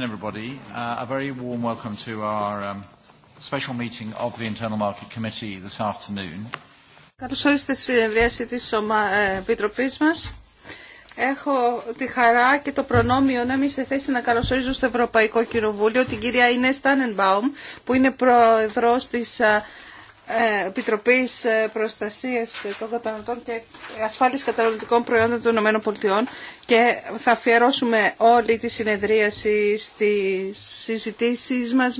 everybody. Uh, a very warm welcome to our um, special meeting of the Internal Market Committee this afternoon. Καλώς ήρθατε στη συνεδρίαση της ε, Επιτροπής μας. Έχω τη χαρά και το προνόμιο να είμαι σε θέση να καλωσορίζω στο Ευρωπαϊκό Κοινοβούλιο την κυρία Ινέ Στάνενμπαουμ, που είναι πρόεδρος της ε, Επιτροπή, ε, Προστασία των Καταναλωτών και Ασφάλισης Καταναλωτικών Προϊόντων των ΗΠΑ και θα αφιερώσουμε όλη τη συνεδρίαση στι συζητήσει μας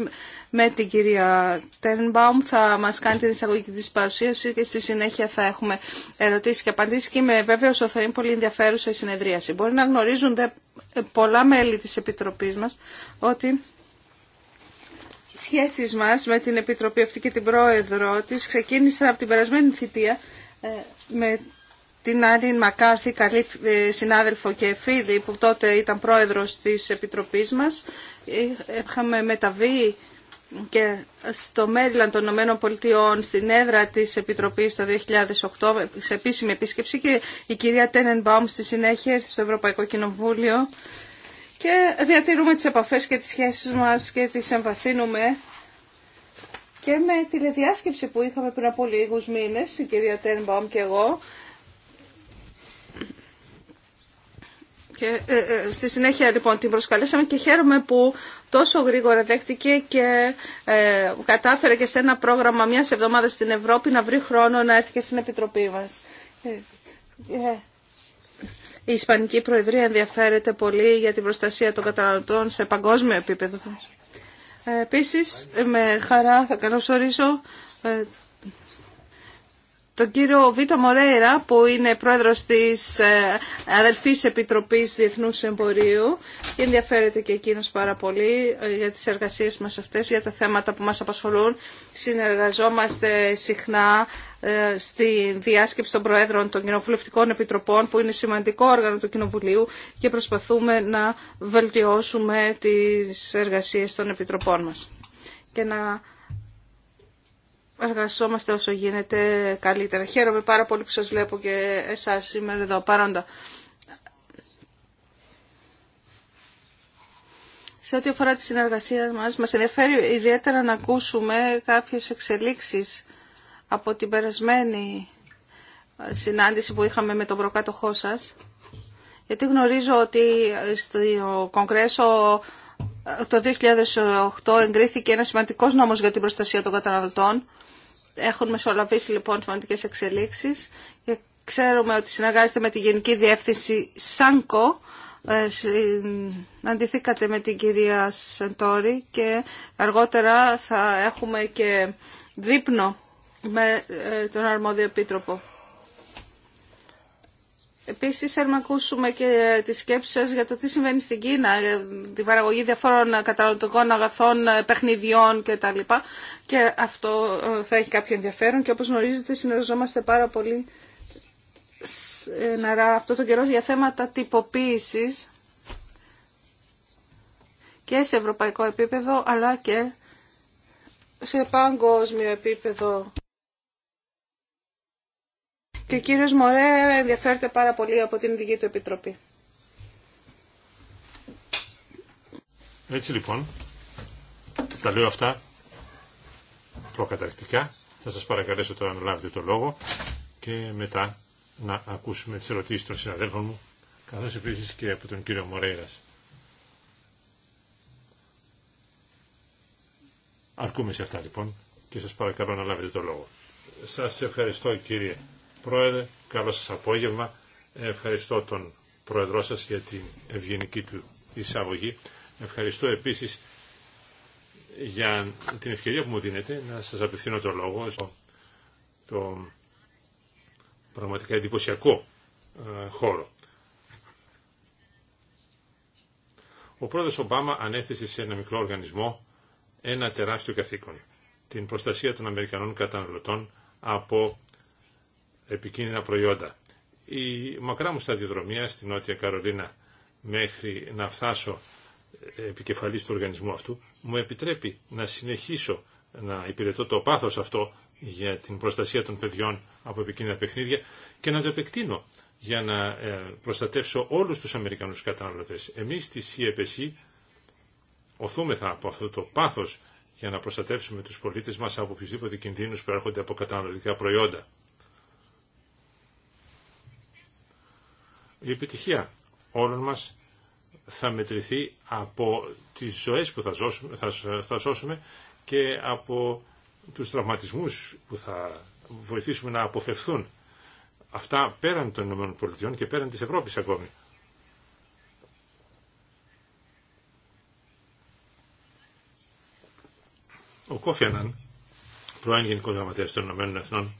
με την κυρία Τέρνμπαουμ. Θα μας κάνει την εισαγωγή τη παρουσίαση και στη συνέχεια θα έχουμε ερωτήσεις και απαντήσεις και είμαι βέβαιο ότι θα είναι πολύ ενδιαφέρουσα η συνεδρίαση. Μπορεί να γνωρίζουν πολλά μέλη τη Επιτροπής μα ότι σχέσει μας με την Επιτροπή αυτή και την Πρόεδρο τη ξεκίνησαν από την περασμένη θητεία ε, με την Αννίν Μακάρθη, καλή ε, συνάδελφο και φίλη που τότε ήταν πρόεδρος της Επιτροπής μας. Ε, είχαμε μεταβεί και στο Μέριλαν των Ηνωμένων Πολιτειών στην έδρα της Επιτροπής το 2008 σε επίσημη επίσκεψη και η κυρία Μπαουμ στη συνέχεια έρθει στο Ευρωπαϊκό Κοινοβούλιο και διατηρούμε τις επαφές και τις σχέσεις μας και τις εμβαθύνουμε και με τηλεδιάσκεψη που είχαμε πριν από λίγους μήνες, η κυρία Τένμπαμ και εγώ, Και, ε, ε, στη συνέχεια λοιπόν την προσκαλέσαμε και χαίρομαι που τόσο γρήγορα δέχτηκε και ε, κατάφερε και σε ένα πρόγραμμα μιας εβδομάδας στην Ευρώπη να βρει χρόνο να έρθει και στην Επιτροπή μας. Η Ισπανική Προεδρία ενδιαφέρεται πολύ για την προστασία των καταναλωτών σε παγκόσμιο επίπεδο. Ε, επίσης, με χαρά θα καλωσορίσω ε, τον κύριο Βίτο Μορέιρα που είναι πρόεδρος της ε, Αδελφής Επιτροπής Διεθνούς Εμπορίου και ενδιαφέρεται και εκείνος πάρα πολύ ε, για τις εργασίες μας αυτές, για τα θέματα που μας απασχολούν. Συνεργαζόμαστε συχνά ε, στη διάσκεψη των Προέδρων των Κοινοβουλευτικών Επιτροπών που είναι σημαντικό όργανο του Κοινοβουλίου και προσπαθούμε να βελτιώσουμε τις εργασίες των Επιτροπών μας και να εργαζόμαστε όσο γίνεται καλύτερα. Χαίρομαι πάρα πολύ που σας βλέπω και εσάς σήμερα εδώ παρόντα. Σε ό,τι αφορά τη συνεργασία μας, μας ενδιαφέρει ιδιαίτερα να ακούσουμε κάποιες εξελίξεις από την περασμένη συνάντηση που είχαμε με τον προκάτοχό σας. Γιατί γνωρίζω ότι στο Κογκρέσο το 2008 εγκρίθηκε ένα σημαντικός νόμος για την προστασία των καταναλωτών έχουν μεσολαβήσει λοιπόν σημαντικέ εξελίξεις και ξέρουμε ότι συνεργάζεται με τη Γενική Διεύθυνση ΣΑΝΚΟ ε, αντιθήκατε με την κυρία Σεντόρη και αργότερα θα έχουμε και δείπνο με ε, τον αρμόδιο επίτροπο θέλουμε να ακούσουμε και τις σκέψεις σα για το τι συμβαίνει στην Κίνα, την παραγωγή διαφόρων καταναλωτικών αγαθών, παιχνιδιών κτλ. Και αυτό ε, θα έχει κάποιο ενδιαφέρον και όπως γνωρίζετε συνεργαζόμαστε πάρα πολύ νερά αυτό τον καιρό για θέματα τυποποίηση και σε ευρωπαϊκό επίπεδο αλλά και σε παγκόσμιο επίπεδο και ο κύριος Μωρέ ενδιαφέρεται πάρα πολύ από την δική του επιτροπή. Έτσι λοιπόν, τα λέω αυτά προκαταρκτικά. Θα σας παρακαλέσω τώρα να λάβετε το λόγο και μετά να ακούσουμε τις ερωτήσεις των συναδέλφων μου, καθώς επίσης και από τον κύριο Μωρέιρας. Αρκούμε σε αυτά λοιπόν και σας παρακαλώ να λάβετε το λόγο. Σας ευχαριστώ κύριε Πρόεδρε, καλό σας απόγευμα. Ευχαριστώ τον Πρόεδρό σας για την ευγενική του εισαγωγή. Ευχαριστώ επίσης για την ευκαιρία που μου δίνετε να σας απευθύνω το λόγο στο το πραγματικά εντυπωσιακό χώρο. Ο πρόεδρος Ομπάμα ανέθεσε σε ένα μικρό οργανισμό ένα τεράστιο καθήκον, την προστασία των Αμερικανών καταναλωτών από επικίνδυνα προϊόντα. Η μακρά μου σταδιοδρομία στη Νότια Καρολίνα μέχρι να φτάσω ε, επικεφαλή του οργανισμού αυτού μου επιτρέπει να συνεχίσω να υπηρετώ το πάθος αυτό για την προστασία των παιδιών από επικίνδυνα παιχνίδια και να το επεκτείνω για να ε, προστατεύσω όλους τους Αμερικανούς καταναλωτές. Εμείς στη CEPC e οθούμεθα από αυτό το πάθος για να προστατεύσουμε τους πολίτες μας από οποιουσδήποτε κινδύνους που έρχονται από καταναλωτικά προϊόντα. Η επιτυχία όλων μας θα μετρηθεί από τις ζωές που θα σώσουμε, και από τους τραυματισμούς που θα βοηθήσουμε να αποφευθούν. Αυτά πέραν των ΗΠΑ και πέραν της Ευρώπης ακόμη. Ο Κόφιαναν, πρώην Γενικό Γραμματέα των Ηνωμένων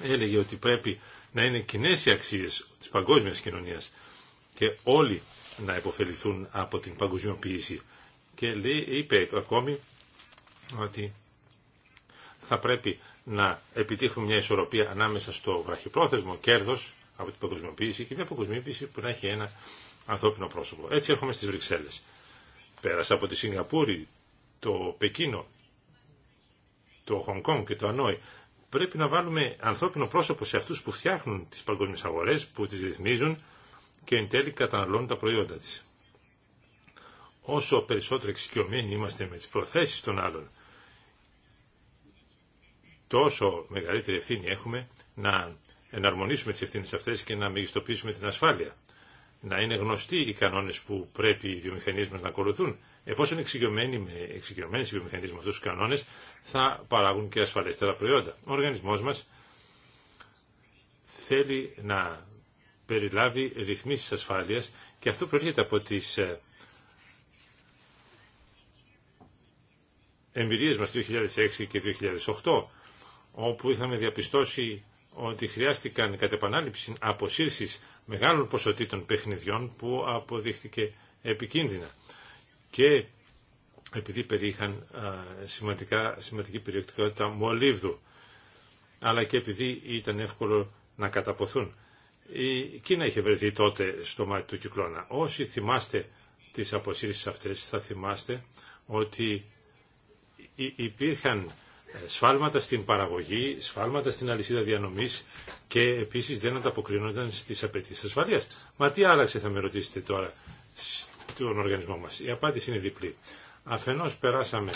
έλεγε ότι πρέπει να είναι κοινέ οι αξίες της παγκόσμιας κοινωνίας και όλοι να υποφεληθούν από την παγκοσμιοποίηση. Και λέει, είπε ακόμη ότι θα πρέπει να επιτύχουμε μια ισορροπία ανάμεσα στο βραχυπρόθεσμο κέρδος από την παγκοσμιοποίηση και μια παγκοσμιοποίηση που να έχει ένα ανθρώπινο πρόσωπο. Έτσι έρχομαι στις Βρυξέλλες. Πέρασα από τη Σιγκαπούρη, το Πεκίνο, το Χονγκ και το Ανόη πρέπει να βάλουμε ανθρώπινο πρόσωπο σε αυτούς που φτιάχνουν τις παγκόσμιες αγορές, που τις ρυθμίζουν και εν τέλει καταναλώνουν τα προϊόντα της. Όσο περισσότερο εξοικειωμένοι είμαστε με τις προθέσεις των άλλων, τόσο μεγαλύτερη ευθύνη έχουμε να εναρμονίσουμε τις ευθύνες αυτές και να μεγιστοποιήσουμε την ασφάλεια να είναι γνωστοί οι κανόνες που πρέπει οι βιομηχανίε μα να ακολουθούν. Εφόσον εξοικειωμένοι με οι βιομηχανίε με αυτού του κανόνες, θα παράγουν και ασφαλέστερα προϊόντα. Ο οργανισμός μας θέλει να περιλάβει ρυθμίσεις ασφάλειας και αυτό προέρχεται από τις ε, εμπειρίες μας 2006 και 2008, όπου είχαμε διαπιστώσει ότι χρειάστηκαν κατ' επανάληψη αποσύρσεις μεγάλων ποσοτήτων παιχνιδιών που αποδείχθηκε επικίνδυνα. Και επειδή περιείχαν σημαντικά, σημαντική περιοχτικότητα μολύβδου, αλλά και επειδή ήταν εύκολο να καταποθούν. Η Κίνα είχε βρεθεί τότε στο μάτι του κυκλώνα. Όσοι θυμάστε τις αποσύρσεις αυτές θα θυμάστε ότι υπήρχαν ε, σφάλματα στην παραγωγή, σφάλματα στην αλυσίδα διανομής και επίσης δεν ανταποκρινόταν στις απαιτήσει ασφαλεία. Μα τι άλλαξε θα με ρωτήσετε τώρα στον οργανισμό μας. Η απάντηση είναι διπλή. Αφενό περάσαμε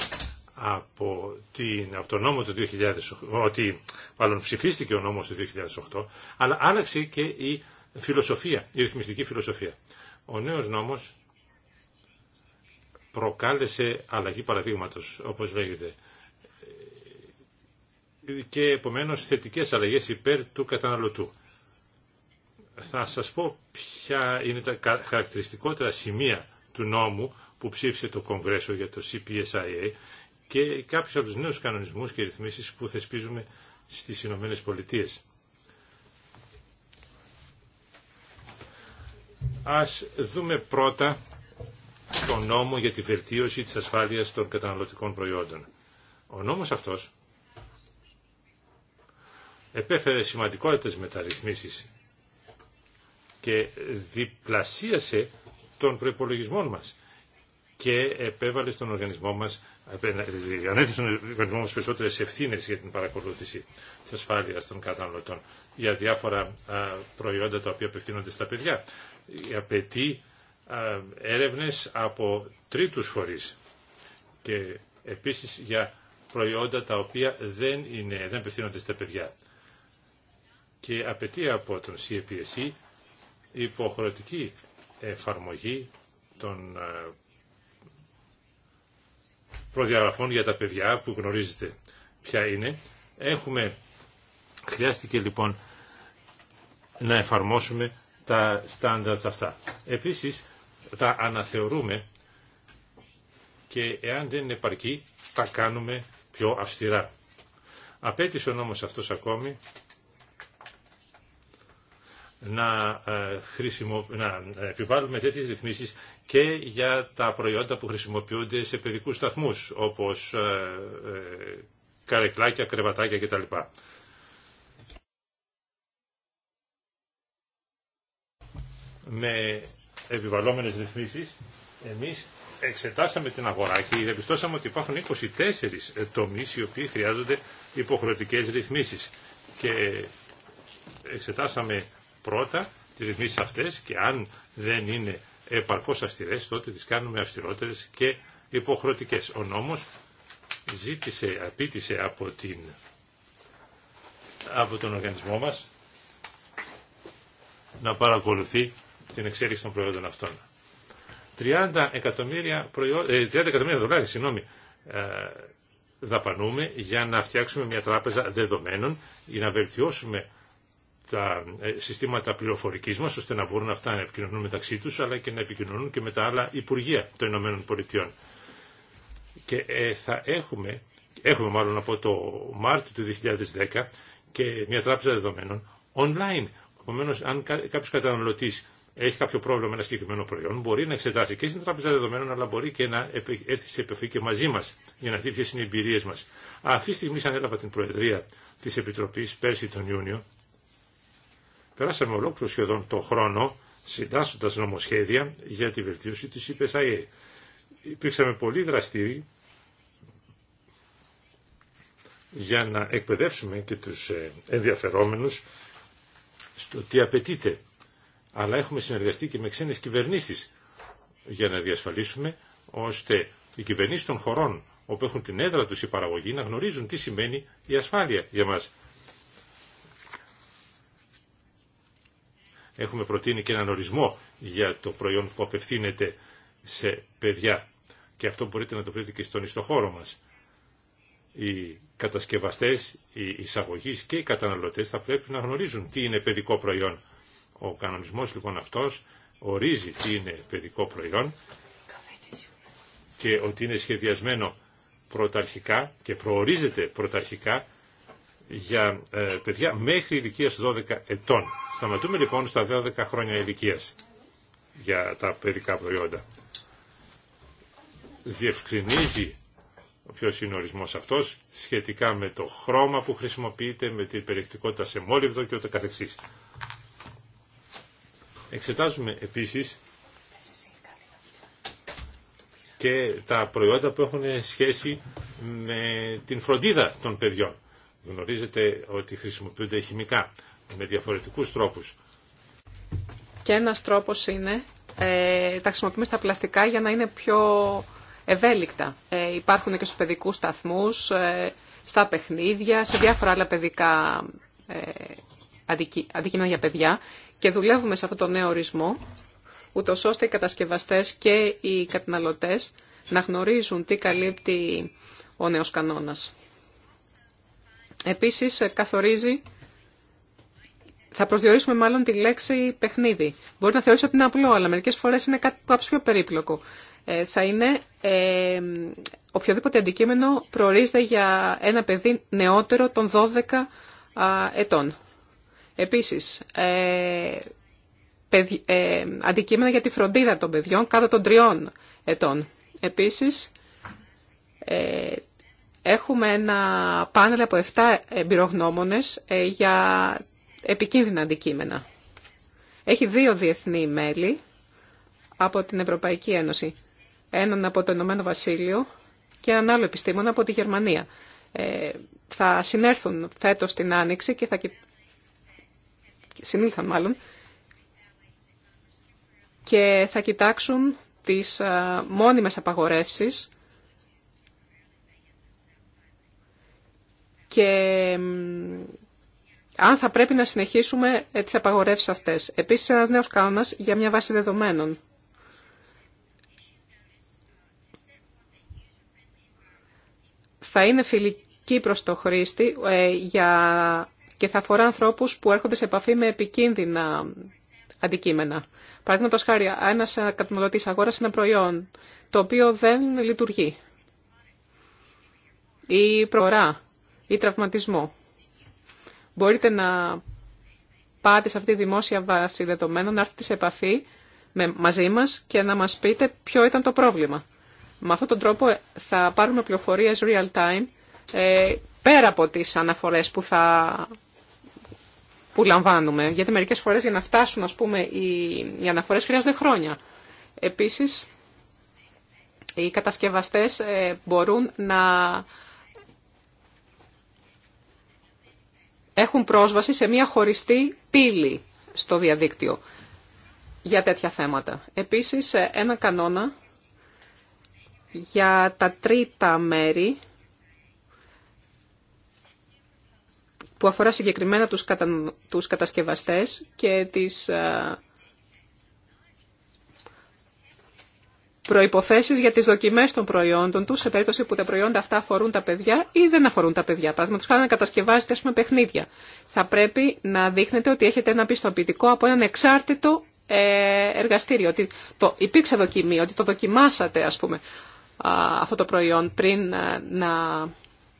από, την, από το νόμο του 2008, ότι μάλλον ψηφίστηκε ο νόμος του 2008, αλλά άλλαξε και η φιλοσοφία, η ρυθμιστική φιλοσοφία. Ο νέος νόμος προκάλεσε αλλαγή παραδείγματος, όπως λέγεται και επομένως θετικές αλλαγές υπέρ του καταναλωτού. Θα σας πω ποια είναι τα χαρακτηριστικότερα σημεία του νόμου που ψήφισε το Κογκρέσο για το CPSIA και κάποιους από τους νέους κανονισμούς και ρυθμίσεις που θεσπίζουμε στις Ηνωμένες Πολιτείες. Ας δούμε πρώτα το νόμο για τη βελτίωση της ασφάλειας των καταναλωτικών προϊόντων. Ο νόμος αυτός επέφερε σημαντικότητες μεταρρυθμίσεις και διπλασίασε τον προϋπολογισμών μας και επέβαλε στον οργανισμό μας ανέθεσε στον οργανισμό μας περισσότερες ευθύνες για την παρακολούθηση της ασφάλειας των καταναλωτών για διάφορα προϊόντα τα οποία απευθύνονται στα παιδιά. Απαιτεί έρευνες από τρίτους φορείς και επίσης για προϊόντα τα οποία δεν, είναι, δεν απευθύνονται στα παιδιά και απαιτεί από τον CPSC e υποχρεωτική εφαρμογή των ε, προδιαγραφών για τα παιδιά που γνωρίζετε ποια είναι. Έχουμε, χρειάστηκε λοιπόν να εφαρμόσουμε τα standards αυτά. Επίσης τα αναθεωρούμε και εάν δεν είναι επαρκή τα κάνουμε πιο αυστηρά. Απέτησε ο νόμος αυτός ακόμη να, ε, χρησιμο... να ε, επιβάλλουμε τέτοιες ρυθμίσεις και για τα προϊόντα που χρησιμοποιούνται σε παιδικούς σταθμούς, όπως ε, καρεκλάκια, κρεβατάκια κτλ. Με επιβαλλόμενες ρυθμίσεις, εμείς εξετάσαμε την αγορά και διαπιστώσαμε ότι υπάρχουν 24 τομείς οι οποίοι χρειάζονται υποχρεωτικές ρυθμίσεις. Και εξετάσαμε πρώτα τις ρυθμίσεις αυτές και αν δεν είναι επαρκώς αυστηρές τότε τις κάνουμε αυστηρότερες και υποχρεωτικές. Ο νόμος ζήτησε, απίτησε από, την, από τον οργανισμό μας να παρακολουθεί την εξέλιξη των προϊόντων αυτών. 30 εκατομμύρια, προϊό... 30 ε, δολάρια ε, δαπανούμε για να φτιάξουμε μια τράπεζα δεδομένων για να βελτιώσουμε τα ε, συστήματα πληροφορικής μας, ώστε να μπορούν αυτά να επικοινωνούν μεταξύ τους, αλλά και να επικοινωνούν και με τα άλλα Υπουργεία των Ηνωμένων Πολιτειών. Και ε, θα έχουμε, έχουμε μάλλον από το Μάρτιο του 2010 και μια τράπεζα δεδομένων online. Επομένω, αν κάποιο καταναλωτή έχει κάποιο πρόβλημα με ένα συγκεκριμένο προϊόν, μπορεί να εξετάσει και στην τράπεζα δεδομένων, αλλά μπορεί και να έρθει σε επαφή και μαζί μα για να δει ποιε είναι οι εμπειρίε μα. Αυτή τη στιγμή ανέλαβα την Προεδρία τη Επιτροπή πέρσι τον Ιούνιο Πέρασαμε ολόκληρο σχεδόν το χρόνο συντάσσοντας νομοσχέδια για τη βελτίωση της ΥΠΕΣΑΕ. Υπήρξαμε πολύ δραστήριοι για να εκπαιδεύσουμε και τους ε, ενδιαφερόμενους στο τι απαιτείται. Αλλά έχουμε συνεργαστεί και με ξένες κυβερνήσεις για να διασφαλίσουμε ώστε οι κυβερνήσεις των χωρών όπου έχουν την έδρα τους η παραγωγή να γνωρίζουν τι σημαίνει η ασφάλεια για μας. Έχουμε προτείνει και έναν ορισμό για το προϊόν που απευθύνεται σε παιδιά και αυτό μπορείτε να το βρείτε και στον ιστοχώρο μας. Οι κατασκευαστές, οι εισαγωγείς και οι καταναλωτές θα πρέπει να γνωρίζουν τι είναι παιδικό προϊόν. Ο κανονισμός λοιπόν αυτός ορίζει τι είναι παιδικό προϊόν και ότι είναι σχεδιασμένο πρωταρχικά και προορίζεται πρωταρχικά για ε, παιδιά μέχρι ηλικία 12 ετών. Σταματούμε λοιπόν στα 12 χρόνια ηλικία για τα παιδικά προϊόντα. Διευκρινίζει ποιο είναι ο ορισμό αυτό σχετικά με το χρώμα που χρησιμοποιείται, με την περιεκτικότητα σε μόλιβδο και ούτε καθεξής. Εξετάζουμε επίσης και τα προϊόντα που έχουν σχέση με την φροντίδα των παιδιών. Γνωρίζετε ότι χρησιμοποιούνται χημικά με διαφορετικούς τρόπους. Και ένας τρόπος είναι ε, τα χρησιμοποιούμε στα πλαστικά για να είναι πιο ευέλικτα. Ε, υπάρχουν και στους παιδικούς σταθμούς, ε, στα παιχνίδια, σε διάφορα άλλα παιδικά ε, αντικείμενα για παιδιά και δουλεύουμε σε αυτό το νέο ορισμό, ούτω ώστε οι κατασκευαστές και οι καταναλωτές να γνωρίζουν τι καλύπτει ο νέος κανόνας. Επίσης καθορίζει, θα προσδιορίσουμε μάλλον τη λέξη παιχνίδι. Μπορεί να θεωρήσει ότι είναι απλό, αλλά μερικές φορές είναι κάτι που πιο περίπλοκο. Ε, θα είναι ε, οποιοδήποτε αντικείμενο προορίζεται για ένα παιδί νεότερο των 12 ετών. Επίσης, ε, παιδι, ε, αντικείμενα για τη φροντίδα των παιδιών κάτω των τριών ετών. Επίσης, ε, Έχουμε ένα πάνελ από 7 εμπειρογνώμονες ε, για επικίνδυνα αντικείμενα. Έχει δύο διεθνή μέλη από την Ευρωπαϊκή Ένωση. Έναν από το Ηνωμένο Βασίλειο και έναν άλλο επιστήμονα από τη Γερμανία. Ε, θα συνέρθουν φέτος την Άνοιξη και θα συνήλθαν μάλλον και θα κοιτάξουν τις ε, μόνιμες απαγορεύσεις και αν θα πρέπει να συνεχίσουμε ε, τις απαγορεύσεις αυτές. Επίσης, ένας νέος κανόνας για μια βάση δεδομένων. Θα είναι φιλική προς το χρήστη ε, για... και θα αφορά ανθρώπους που έρχονται σε επαφή με επικίνδυνα αντικείμενα. Παραδείγματο χάρη, ένα ε, καταναλωτή αγόρασε ένα προϊόν το οποίο δεν λειτουργεί ή προχωρά ή τραυματισμό. Μπορείτε να πάτε σε αυτή τη δημόσια βάση δεδομένων, να έρθετε σε επαφή με, μαζί μας και να μας πείτε ποιο ήταν το πρόβλημα. Με αυτόν τον τρόπο ε, θα πάρουμε πληροφορίες real time ε, πέρα από τις αναφορές που θα που λαμβάνουμε, γιατί μερικές φορές για να φτάσουν ας πούμε, οι, αναφορές χρειάζονται χρόνια. Επίσης, οι κατασκευαστές ε, μπορούν να έχουν πρόσβαση σε μια χωριστή πύλη στο διαδίκτυο για τέτοια θέματα. Επίσης, ένα κανόνα για τα τρίτα μέρη που αφορά συγκεκριμένα τους, κατασκευαστές και τις ε, προϋποθέσεις για τις δοκιμές των προϊόντων του, σε περίπτωση που τα προϊόντα αυτά αφορούν τα παιδιά ή δεν αφορούν τα παιδιά. Παραδείγματος χάρη να κατασκευάζετε πούμε, παιχνίδια. Θα πρέπει να δείχνετε ότι έχετε ένα πιστοποιητικό από έναν εξάρτητο ε, εργαστήριο, ότι το, υπήρξε δοκιμή, ότι το δοκιμάσατε ας πούμε αυτό το προϊόν πριν ε, να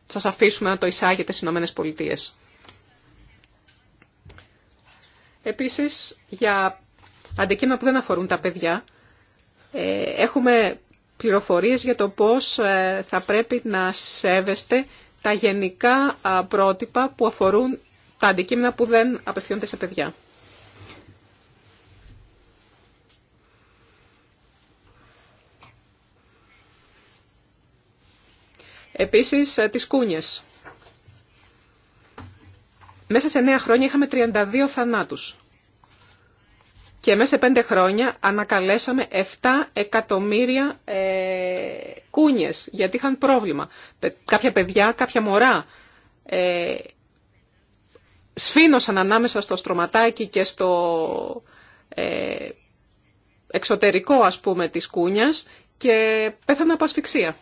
σας αφήσουμε να το εισάγετε στις Ηνωμένες Πολιτείες. Επίσης, για αντικείμενα που δεν αφορούν τα παιδιά, ε, έχουμε πληροφορίες για το πώς ε, θα πρέπει να σέβεστε τα γενικά πρότυπα που αφορούν τα αντικείμενα που δεν απευθύνονται σε παιδιά. Επίσης, ε, τις κούνιες. Μέσα σε νέα χρόνια είχαμε 32 θανάτους και μέσα σε πέντε χρόνια ανακαλέσαμε 7 εκατομμύρια ε, κούνιες γιατί είχαν πρόβλημα. Κάποια παιδιά, κάποια μωρά ε, σφήνωσαν ανάμεσα στο στρωματάκι και στο ε, εξωτερικό ας πούμε της κούνιας και πέθαναν από ασφυξία.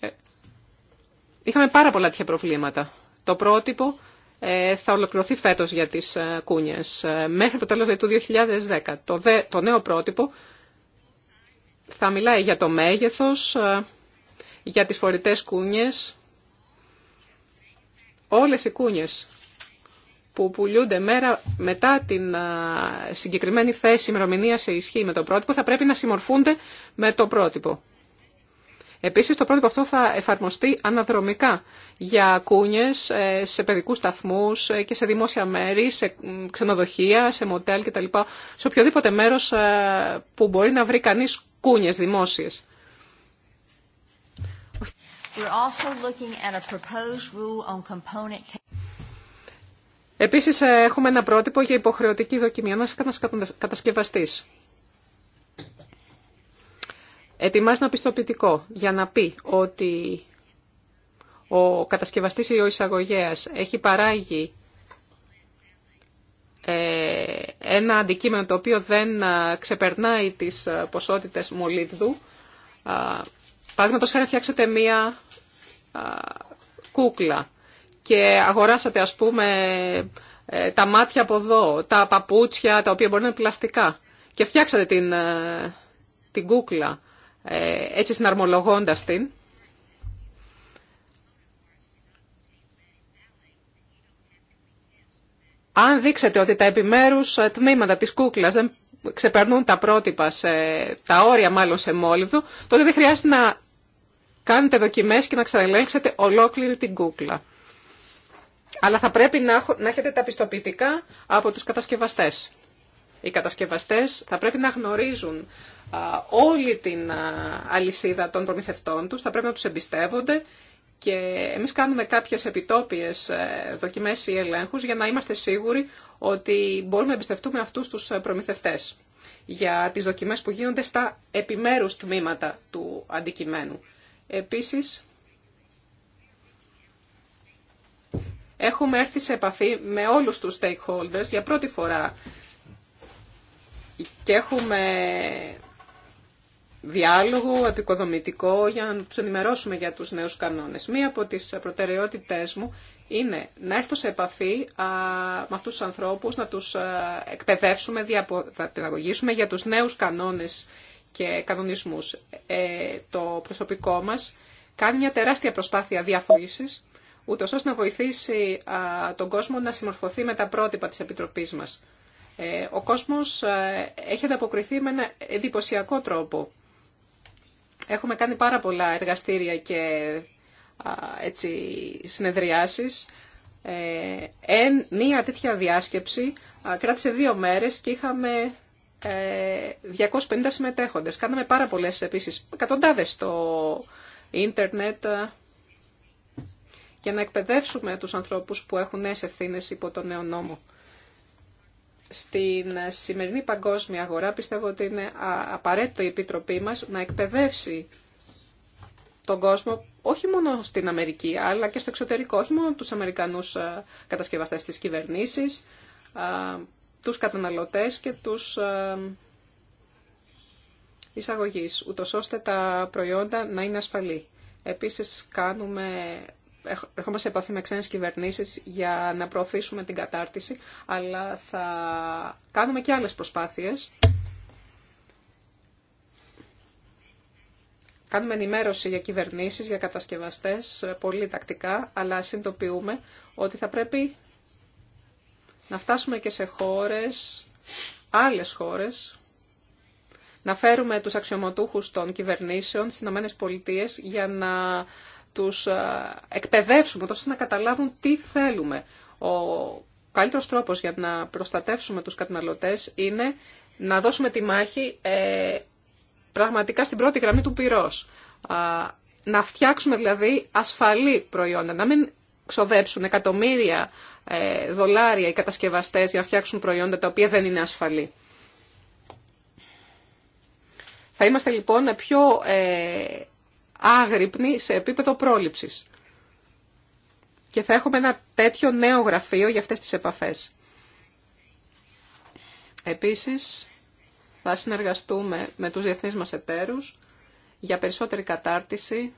Ε, είχαμε πάρα πολλά τέτοια προβλήματα. Το πρότυπο ε, θα ολοκληρωθεί φέτος για τις ε, κούνιες, ε, μέχρι το τέλος δηλαδή, του 2010. Το, το νέο πρότυπο θα μιλάει για το μέγεθος, για τις φορητές κούνιες, όλες οι κούνιες που πουλούνται μέρα μετά την συγκεκριμένη θέση ημερομηνία σε ισχύ με το πρότυπο θα πρέπει να συμμορφούνται με το πρότυπο. Επίσης, το πρότυπο αυτό θα εφαρμοστεί αναδρομικά για κούνιες ε, σε παιδικούς σταθμούς ε, και σε δημόσια μέρη, σε ξενοδοχεία, σε μοντέλ κτλ. Σε οποιοδήποτε μέρος ε, που μπορεί να βρει κανείς κούνιες δημόσιες. We're Επίσης, έχουμε ένα πρότυπο για υποχρεωτική δοκιμή ένα κατασκευαστής ετοιμάζει ένα πιστοποιητικό για να πει ότι ο κατασκευαστής ή ο εισαγωγέας έχει παράγει ε, ένα αντικείμενο το οποίο δεν ξεπερνάει τις ποσότητες μολύβδου. Παραδείγματο χάρη φτιάξετε μία κούκλα και αγοράσατε ας πούμε ε, τα μάτια από εδώ, τα παπούτσια τα οποία μπορεί να είναι πλαστικά και φτιάξατε την, την κούκλα ε, έτσι συναρμολογώντας την. Αν δείξετε ότι τα επιμέρους ε, τμήματα της κούκλας δεν ξεπερνούν τα πρότυπα, σε, τα όρια μάλλον σε μόλιβδο, τότε δεν χρειάζεται να κάνετε δοκιμές και να ξαναλέξετε ολόκληρη την κούκλα. Αλλά θα πρέπει να έχετε τα πιστοποιητικά από τους κατασκευαστές οι κατασκευαστές θα πρέπει να γνωρίζουν όλη την αλυσίδα των προμηθευτών τους, θα πρέπει να τους εμπιστεύονται και εμείς κάνουμε κάποιες επιτόπιες ε, δοκιμές ή ελέγχους για να είμαστε σίγουροι ότι μπορούμε να εμπιστευτούμε αυτούς τους ε, προμηθευτές για τις δοκιμές που γίνονται στα επιμέρους τμήματα του αντικειμένου. Επίσης, έχουμε έρθει σε επαφή με όλους τους stakeholders για πρώτη φορά και έχουμε διάλογο επικοδομητικό για να τους ενημερώσουμε για τους νέους κανόνες. Μία από τις προτεραιότητές μου είναι να έρθω σε επαφή α, με αυτούς τους ανθρώπους, να τους εκπαιδεύσουμε, να να παιδαγωγήσουμε για τους νέους κανόνες και κανονισμούς. Ε, το προσωπικό μας κάνει μια τεράστια προσπάθεια διαφορήσης, ούτως ώστε να βοηθήσει τον κόσμο να συμμορφωθεί με τα πρότυπα της Επιτροπής μας. Ε, ο κόσμος ε, έχει ανταποκριθεί με ένα εντυπωσιακό τρόπο. Έχουμε κάνει πάρα πολλά εργαστήρια και έτσι, συνεδριάσεις. Ε, μία τέτοια διάσκεψη κράτησε δύο μέρες και είχαμε 250 ε, συμμετέχοντες. Κάναμε πάρα πολλές επίσης, εκατοντάδες στο ίντερνετ για να εκπαιδεύσουμε τους ανθρώπους που έχουν νέες ευθύνες υπό τον νέο νόμο στην σημερινή παγκόσμια αγορά πιστεύω ότι είναι απαραίτητο η Επιτροπή μας να εκπαιδεύσει τον κόσμο όχι μόνο στην Αμερική αλλά και στο εξωτερικό, όχι μόνο τους Αμερικανούς κατασκευαστές της κυβερνήσης, τους καταναλωτές και τους εισαγωγείς, ούτως ώστε τα προϊόντα να είναι ασφαλή. Επίσης κάνουμε ερχόμαστε σε επαφή με ξένες κυβερνήσεις για να προωθήσουμε την κατάρτιση, αλλά θα κάνουμε και άλλες προσπάθειες. Κάνουμε ενημέρωση για κυβερνήσεις, για κατασκευαστές, πολύ τακτικά, αλλά συνειδητοποιούμε ότι θα πρέπει να φτάσουμε και σε χώρες, άλλες χώρες, να φέρουμε τους αξιωματούχους των κυβερνήσεων στις ΗΠΑ για να τους ε, εκπαιδεύσουμε τόσο να καταλάβουν τι θέλουμε. Ο καλύτερος τρόπος για να προστατεύσουμε τους καταναλωτές είναι να δώσουμε τη μάχη ε, πραγματικά στην πρώτη γραμμή του πυρός. να φτιάξουμε δηλαδή ασφαλή προϊόντα, να μην ξοδέψουν εκατομμύρια ε, δολάρια οι κατασκευαστές για να φτιάξουν προϊόντα τα οποία δεν είναι ασφαλή. Θα είμαστε λοιπόν πιο ε, Άγρυπνη σε επίπεδο πρόληψης. Και θα έχουμε ένα τέτοιο νέο γραφείο για αυτές τις επαφές. Επίσης, θα συνεργαστούμε με τους διεθνείς μας εταίρους για περισσότερη κατάρτιση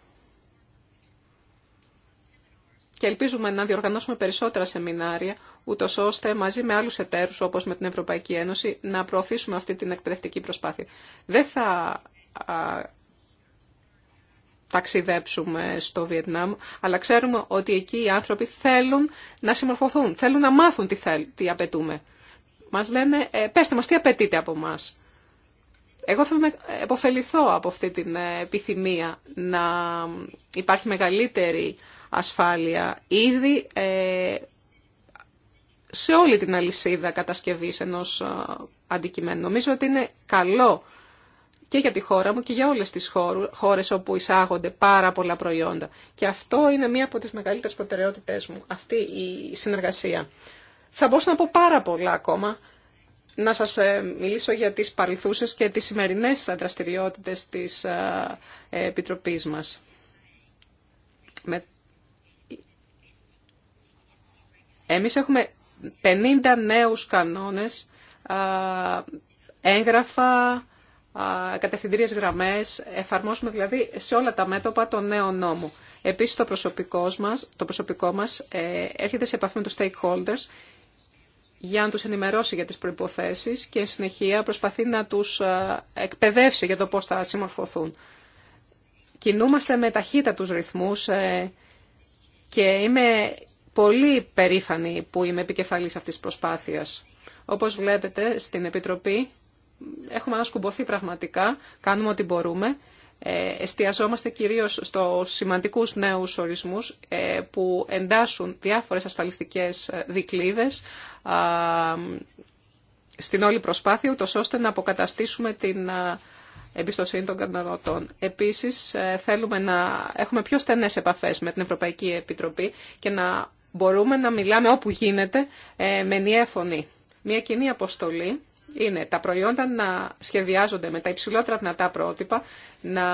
και ελπίζουμε να διοργανώσουμε περισσότερα σεμινάρια, ούτω ώστε μαζί με άλλους εταίρους όπως με την Ευρωπαϊκή Ένωση, να προωθήσουμε αυτή την εκπαιδευτική προσπάθεια. Δεν θα ταξιδέψουμε στο Βιετνάμ, αλλά ξέρουμε ότι εκεί οι άνθρωποι θέλουν να συμμορφωθούν, θέλουν να μάθουν τι, θέλ, τι απαιτούμε. Μας λένε, ε, πέστε μας τι απαιτείτε από μας. Εγώ θα με επωφεληθώ από αυτή την ε, επιθυμία να υπάρχει μεγαλύτερη ασφάλεια ήδη ε, σε όλη την αλυσίδα κατασκευής ενός ε, αντικειμένου. Νομίζω ότι είναι καλό και για τη χώρα μου και για όλες τις χώρες όπου εισάγονται πάρα πολλά προϊόντα. Και αυτό είναι μία από τις μεγαλύτερες προτεραιότητές μου, αυτή η συνεργασία. Θα μπορούσα να πω πάρα πολλά ακόμα, να σας ε, μιλήσω για τις παρελθούσες και τις σημερινές δραστηριότητες της ε, Επιτροπής μας. Εμείς έχουμε 50 νέους κανόνες, ε, έγγραφα, κατευθυντήριες γραμμές, εφαρμόσουμε δηλαδή σε όλα τα μέτωπα τον νέο νόμο. Επίσης το, προσωπικό μας, το προσωπικό μας ε, έρχεται σε επαφή με τους stakeholders για να τους ενημερώσει για τις προϋποθέσεις και συνεχεία προσπαθεί να τους εκπαιδεύσει για το πώς θα συμμορφωθούν. Κινούμαστε με ταχύτητα τους ρυθμούς ε, και είμαι πολύ περήφανη που είμαι επικεφαλής αυτής της προσπάθειας. Όπως βλέπετε στην Επιτροπή έχουμε ανασκουμπωθεί πραγματικά, κάνουμε ό,τι μπορούμε. Ε, εστιαζόμαστε κυρίως στο σημαντικούς νέους ορισμούς ε, που εντάσσουν διάφορες ασφαλιστικές ε, δικλίδες στην όλη προσπάθεια, ούτως ώστε να αποκαταστήσουμε την εμπιστοσύνη των καταναλωτών. Επίσης, ε, θέλουμε να έχουμε πιο στενές επαφές με την Ευρωπαϊκή Επιτροπή και να μπορούμε να μιλάμε όπου γίνεται με ενιαία φωνή. Μια κοινή αποστολή είναι τα προϊόντα να σχεδιάζονται με τα υψηλότερα δυνατά πρότυπα, να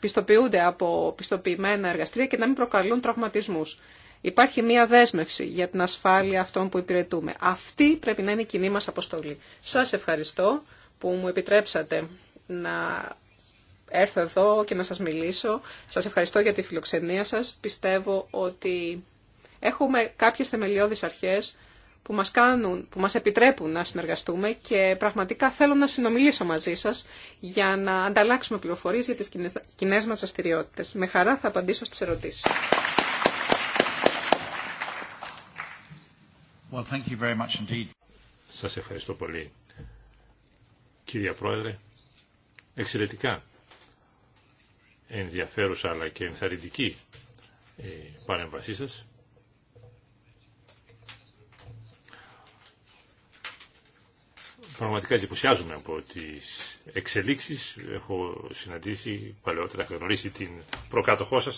πιστοποιούνται από πιστοποιημένα εργαστήρια και να μην προκαλούν τραυματισμούς. Υπάρχει μία δέσμευση για την ασφάλεια αυτών που υπηρετούμε. Αυτή πρέπει να είναι η κοινή μας αποστολή. Σας ευχαριστώ που μου επιτρέψατε να έρθω εδώ και να σας μιλήσω. Σας ευχαριστώ για τη φιλοξενία σας. Πιστεύω ότι έχουμε κάποιες θεμελιώδεις αρχές που μας, κάνουν, που μας επιτρέπουν να συνεργαστούμε και πραγματικά θέλω να συνομιλήσω μαζί σας για να ανταλλάξουμε πληροφορίες για τις κοινέ μας δραστηριότητε. Με χαρά θα απαντήσω στις ερωτήσεις. Well, thank you very much indeed. Σας ευχαριστώ πολύ. Κύριε Πρόεδρε, εξαιρετικά ενδιαφέρουσα αλλά και ενθαρρυντική η ε, παρέμβασή σας. Πραγματικά εντυπωσιάζομαι από τι εξελίξει Έχω συναντήσει παλαιότερα, έχω γνωρίσει την προκάτοχό σα.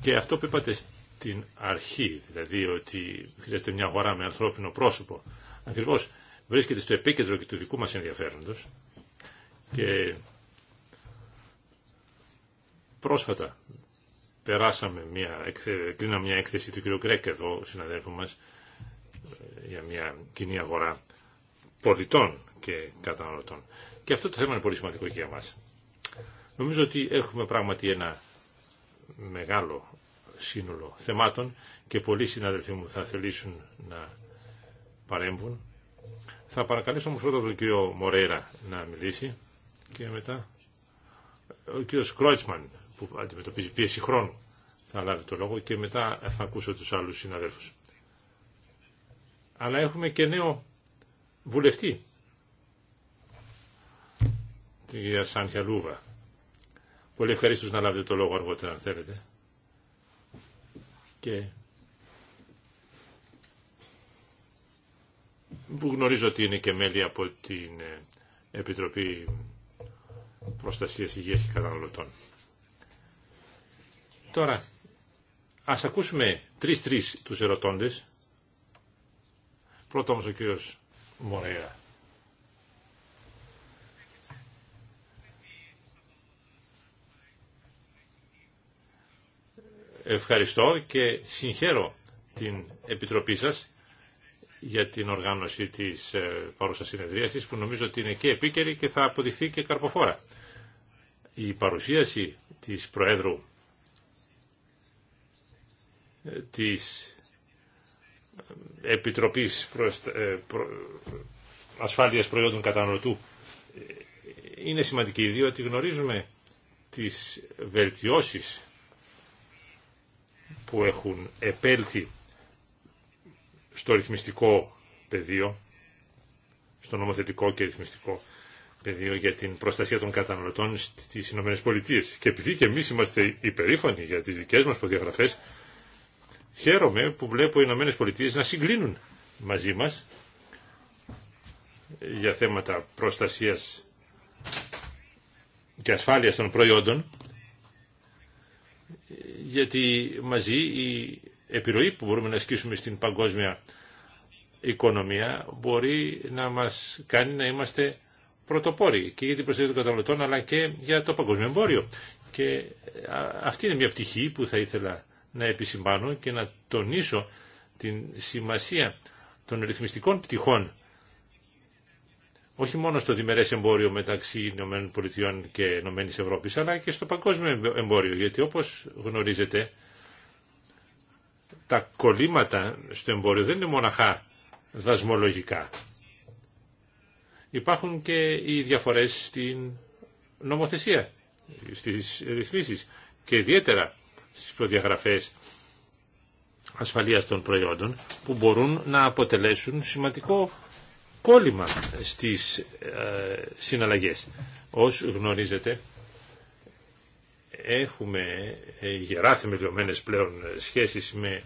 Και αυτό που είπατε στην αρχή, δηλαδή ότι χρειάζεται μια αγορά με ανθρώπινο πρόσωπο, Ακριβώ βρίσκεται στο επίκεντρο και του δικού μα ενδιαφέροντος. Και πρόσφατα περάσαμε μια, κλείναμε μια έκθεση του κ. Γκρέκ εδώ, συναδέλφου μας, ε, για μια κοινή αγορά πολιτών και καταναλωτών. Και αυτό το θέμα είναι πολύ σημαντικό για μας. Νομίζω ότι έχουμε πράγματι ένα μεγάλο σύνολο θεμάτων και πολλοί συναδελφοί μου θα θελήσουν να παρέμβουν. Θα παρακαλέσω όμως πρώτα τον κύριο Μορέρα να μιλήσει και μετά ο κύριος Κρότσμαν που αντιμετωπίζει πίεση χρόνου θα λάβει το λόγο και μετά θα ακούσω τους άλλους συναδέλφους. Αλλά έχουμε και νέο βουλευτή, την κυρία Σάντια Λούβα. Πολύ ευχαρίστως να λάβετε το λόγο αργότερα αν θέλετε. Και που γνωρίζω ότι είναι και μέλη από την ε, Επιτροπή Προστασίας Υγείας και Καταναλωτών. Τώρα, ας ακούσουμε τρεις-τρεις τους ερωτώντες. Πρώτα όμως ο κύριος Ευχαριστώ και συγχαίρω την Επιτροπή σας για την οργάνωση της ε, παρούσας συνεδρίασης που νομίζω ότι είναι και επίκαιρη και θα αποδειχθεί και καρποφόρα. Η παρουσίαση της Προέδρου ε, της Επιτροπής ε, Ασφάλειας Προϊόντων Καταναλωτού είναι σημαντική διότι γνωρίζουμε τις βελτιώσεις που έχουν επέλθει στο ρυθμιστικό πεδίο, στο νομοθετικό και ρυθμιστικό πεδίο για την προστασία των καταναλωτών στις ΗΠΑ Και επειδή και εμείς είμαστε υπερήφανοι για τις δικές μας προδιαγραφές, Χαίρομαι που βλέπω οι Ηνωμένε Πολιτείε να συγκλίνουν μαζί μας για θέματα προστασίας και ασφάλειας των προϊόντων γιατί μαζί η επιρροή που μπορούμε να ασκήσουμε στην παγκόσμια οικονομία μπορεί να μας κάνει να είμαστε πρωτοπόροι και για την προστασία των καταναλωτών αλλά και για το παγκόσμιο εμπόριο. Και αυτή είναι μια πτυχή που θα ήθελα να επισημάνω και να τονίσω την σημασία των ρυθμιστικών πτυχών όχι μόνο στο διμερές εμπόριο μεταξύ ΗΠΑ και ΕΕ, αλλά και στο παγκόσμιο εμπόριο, γιατί όπως γνωρίζετε, τα κολλήματα στο εμπόριο δεν είναι μοναχά δασμολογικά. Υπάρχουν και οι διαφορές στην νομοθεσία, στις ρυθμίσεις και ιδιαίτερα στις προδιαγραφές ασφαλείας των προϊόντων που μπορούν να αποτελέσουν σημαντικό κόλλημα στις ε, συναλλαγές. Ως γνωρίζετε έχουμε ε, γερά θεμελιωμένες πλέον ε, σχέσεις με,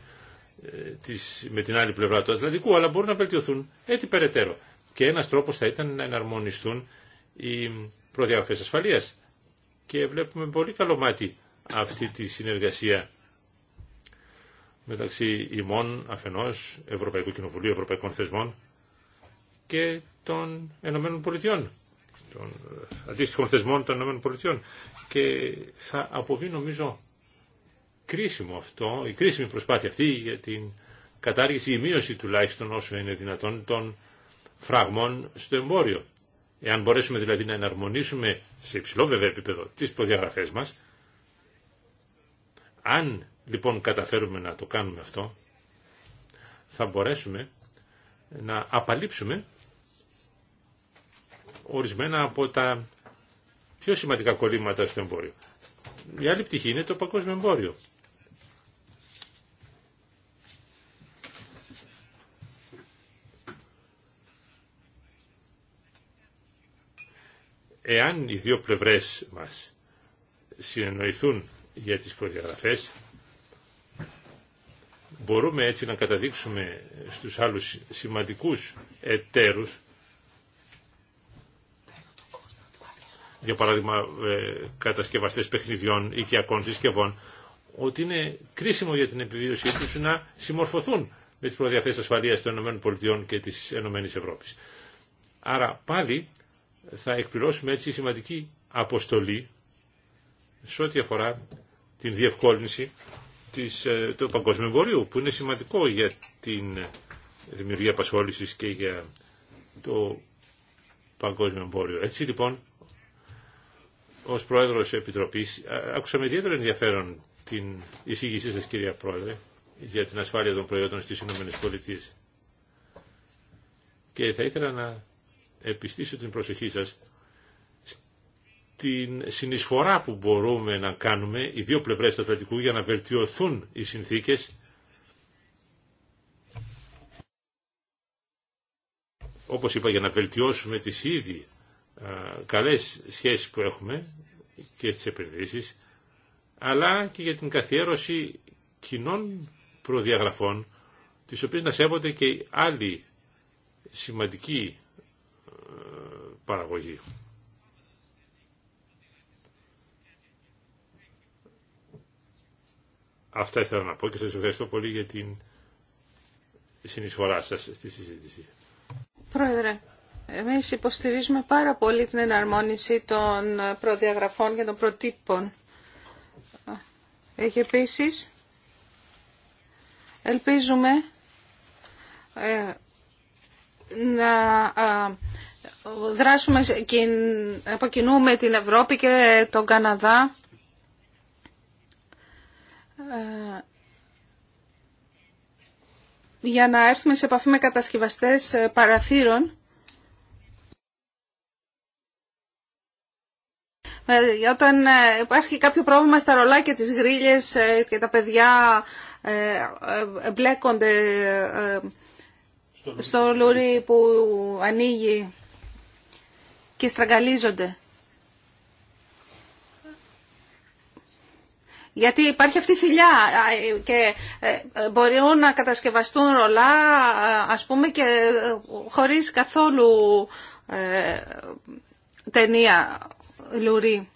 ε, τις, με την άλλη πλευρά του Ατλαντικού αλλά μπορούν να βελτιωθούν έτσι περαιτέρω. Και ένας τρόπος θα ήταν να εναρμονιστούν οι προδιαγραφές ασφαλείας. Και βλέπουμε πολύ καλό μάτι αυτή τη συνεργασία μεταξύ ημών αφενός Ευρωπαϊκού Κοινοβουλίου, Ευρωπαϊκών Θεσμών και των Ενωμένων Πολιτειών, των αντίστοιχων θεσμών των Ενωμένων Πολιτειών. Και θα αποβεί νομίζω κρίσιμο αυτό, η κρίσιμη προσπάθεια αυτή για την κατάργηση ή μείωση τουλάχιστον όσο είναι δυνατόν των φραγμών στο εμπόριο. Εάν μπορέσουμε δηλαδή να εναρμονίσουμε σε υψηλό βέβαια επίπεδο τις προδιαγραφές μας, αν λοιπόν καταφέρουμε να το κάνουμε αυτό, θα μπορέσουμε να απαλείψουμε ορισμένα από τα πιο σημαντικά κολλήματα στο εμπόριο. Η άλλη πτυχή είναι το παγκόσμιο εμπόριο. Εάν οι δύο πλευρές μας συνεννοηθούν για τις προδιαγραφές. Μπορούμε έτσι να καταδείξουμε στους άλλους σημαντικούς εταίρους για παράδειγμα ε, κατασκευαστές παιχνιδιών, οικιακών συσκευών, ότι είναι κρίσιμο για την επιβίωσή τους να συμμορφωθούν με τις προδιαθέσεις ασφαλείας των ΗΠΑ και της ΕΕ. Άρα πάλι θα εκπληρώσουμε έτσι σημαντική αποστολή σε ό,τι αφορά την διευκόλυνση της, ε, του παγκόσμιου εμπορίου, που είναι σημαντικό για την δημιουργία απασχόληση και για το παγκόσμιο εμπόριο. Έτσι λοιπόν, ως Πρόεδρος Επιτροπής, άκουσα με ιδιαίτερο ενδιαφέρον την εισήγησή σα, κυρία Πρόεδρε για την ασφάλεια των προϊόντων στις ΗΠΑ. Και θα ήθελα να επιστήσω την προσοχή σα την συνεισφορά που μπορούμε να κάνουμε οι δύο πλευρές του Ατλαντικού για να βελτιωθούν οι συνθήκες όπως είπα για να βελτιώσουμε τις ήδη καλές σχέσεις που έχουμε και στις επενδύσεις αλλά και για την καθιέρωση κοινών προδιαγραφών τις οποίες να σέβονται και άλλοι σημαντικοί παραγωγή Αυτά ήθελα να πω και σας ευχαριστώ πολύ για την συνεισφορά σας στη συζήτηση. Πρόεδρε, εμείς υποστηρίζουμε πάρα πολύ την εναρμόνιση των προδιαγραφών και των προτύπων. Και επίσης, ελπίζουμε ε, να ε, δράσουμε από κοινού με την Ευρώπη και τον Καναδά ε, για να έρθουμε σε επαφή με κατασκευαστές ε, παραθύρων ε, όταν υπάρχει κάποιο πρόβλημα στα ρολάκια της γρίλες και τα παιδιά μπλέκονται στο λουρί που ανοίγει και στραγγαλίζονται. Γιατί υπάρχει αυτή η φιλιά ε, και ε, μπορούν να κατασκευαστούν ρολά ας πούμε και ε, χωρίς καθόλου ταινία λουρί.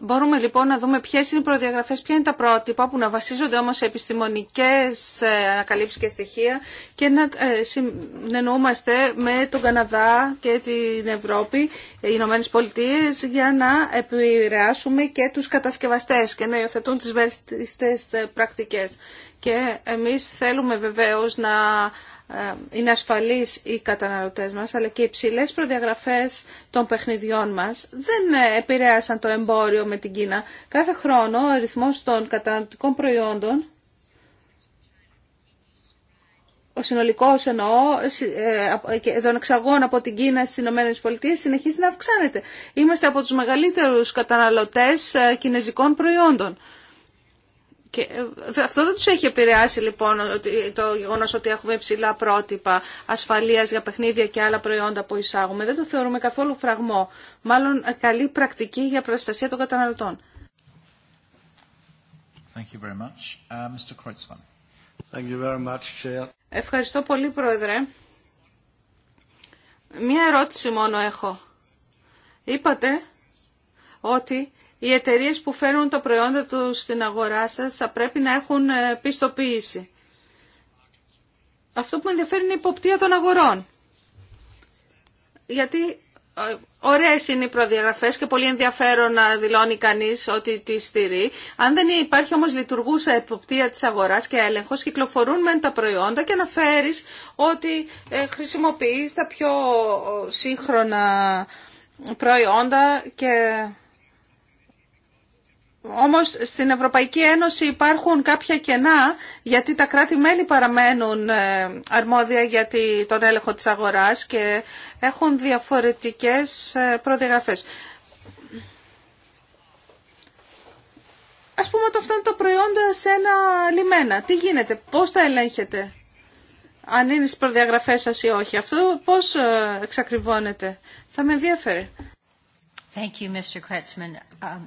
Μπορούμε λοιπόν να δούμε ποιε είναι οι προδιαγραφέ, ποια είναι τα πρότυπα που να βασίζονται όμω σε επιστημονικέ ε, ανακαλύψει και στοιχεία και να ε, συνεννοούμαστε με τον Καναδά και την Ευρώπη, οι Ηνωμένε Πολιτείε, για να επηρεάσουμε και του κατασκευαστέ και να υιοθετούν τι βέστιστες ε, πρακτικέ και εμείς θέλουμε βεβαίως να ε, είναι ασφαλείς οι καταναλωτές μας, αλλά και οι προδιαγραφές των παιχνιδιών μας δεν ε, επηρέασαν το εμπόριο με την Κίνα. Κάθε χρόνο ο αριθμός των καταναλωτικών προϊόντων, ο συνολικός εννοώ, ε, των εξαγών από την Κίνα στις Ηνωμένες Πολιτείες συνεχίζει να αυξάνεται. Είμαστε από τους μεγαλύτερους καταναλωτές κινέζικων προϊόντων. Ε, αυτό δεν τους έχει επηρεάσει λοιπόν το γεγονός ότι έχουμε ψηλά πρότυπα ασφαλείας για παιχνίδια και άλλα προϊόντα που εισάγουμε. Δεν το θεωρούμε καθόλου φραγμό. Μάλλον ε, καλή πρακτική για προστασία των καταναλωτών. Ευχαριστώ πολύ Πρόεδρε. Μία ερώτηση μόνο έχω. Είπατε ότι οι εταιρείε που φέρουν τα προϊόντα του στην αγορά σα θα πρέπει να έχουν ε, πιστοποίηση. Αυτό που με ενδιαφέρει είναι η υποπτία των αγορών. Γιατί ε, ωραίε είναι οι προδιαγραφές και πολύ ενδιαφέρον να δηλώνει κανείς ότι τη στηρεί. Αν δεν υπάρχει όμως λειτουργούσα υποπτία της αγοράς και έλεγχο κυκλοφορούν μεν τα προϊόντα και αναφέρει ότι ε, χρησιμοποιεί τα πιο σύγχρονα προϊόντα και όμως στην Ευρωπαϊκή Ένωση υπάρχουν κάποια κενά γιατί τα κράτη-μέλη παραμένουν ε, αρμόδια για τον έλεγχο της αγοράς και έχουν διαφορετικές ε, προδιαγραφές. Ας πούμε ότι αυτά είναι τα προϊόντα σε ένα λιμένα. Τι γίνεται, πώς τα ελέγχετε, αν είναι στις προδιαγραφές σας ή όχι. Αυτό πώς ε, εξακριβώνεται. Θα με ενδιαφέρει. Thank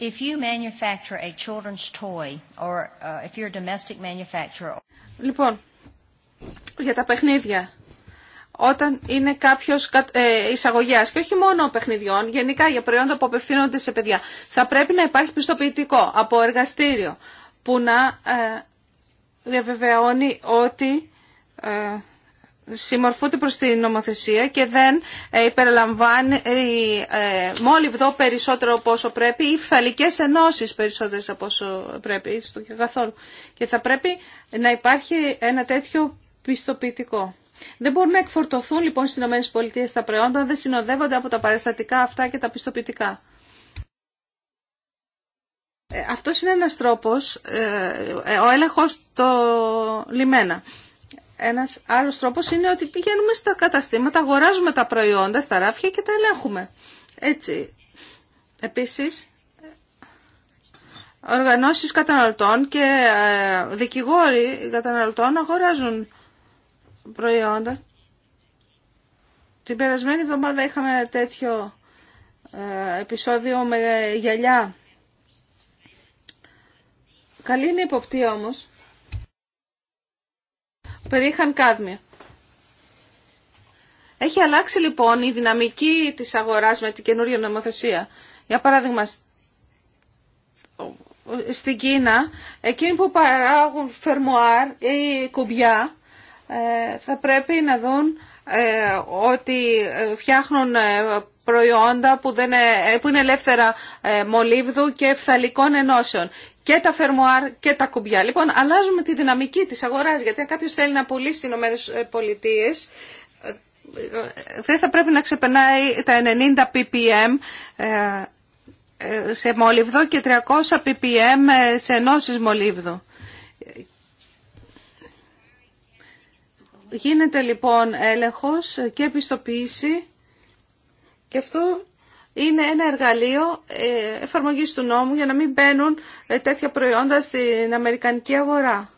If you manufacture a children's toy or uh, if you're domestic manufacturer. Λοιπόν, για τα παιχνίδια. Όταν είναι κάποιο ε, εισαγωγέα και όχι μόνο παιχνιδιών, γενικά για προϊόντα που απευθύνονται σε παιδιά, θα πρέπει να υπάρχει πιστοποιητικό από εργαστήριο που να ε, διαβεβαιώνει ότι ε, συμμορφούνται προς την νομοθεσία και δεν ε, υπερλαμβάνει ε, ε, μόλιβδο περισσότερο από όσο πρέπει ή φθαλικές ενώσεις περισσότερες από όσο πρέπει στο και καθόλου. Και θα πρέπει να υπάρχει ένα τέτοιο πιστοποιητικό. Δεν μπορούν να εκφορτωθούν λοιπόν στι ΗΠΑ τα προϊόντα, δεν συνοδεύονται από τα παραστατικά αυτά και τα πιστοποιητικά. Αυτός είναι ένας τρόπος, ο έλεγχος το λιμένα. Ένας άλλος τρόπος είναι ότι πηγαίνουμε στα καταστήματα, αγοράζουμε τα προϊόντα, στα ράφια και τα ελέγχουμε. Έτσι. Επίσης, οργανώσεις καταναλωτών και ε, δικηγόροι καταναλωτών αγοράζουν προϊόντα. Την περασμένη εβδομάδα είχαμε ένα τέτοιο ε, επεισόδιο με γυαλιά. Καλή είναι η υποπτή όμως περίχαν κάδμια. Έχει αλλάξει λοιπόν η δυναμική της αγοράς με την καινούργια νομοθεσία. Για παράδειγμα, στην Κίνα, εκείνοι που παράγουν φερμοάρ ή κουμπιά, ε, θα πρέπει να δουν ε, ότι ε, φτιάχνουν προϊόντα που, δεν, που είναι ελεύθερα μολύβδου και φθαλικών ενώσεων και τα φερμοάρ και τα κουμπιά. Λοιπόν, αλλάζουμε τη δυναμική της αγοράς, γιατί αν κάποιος θέλει να πουλήσει στις Ηνωμένες Πολιτείες, ε, δεν θα πρέπει να ξεπερνάει τα 90 ppm ε, ε, σε μολύβδο και 300 ppm σε ενώσεις μολύβδου. Γίνεται λοιπόν έλεγχος και επιστοποίηση και αυτό είναι ένα εργαλείο ε, εφαρμογής του νόμου για να μην μπαίνουν ε, τέτοια προϊόντα στην Αμερικανική αγορά.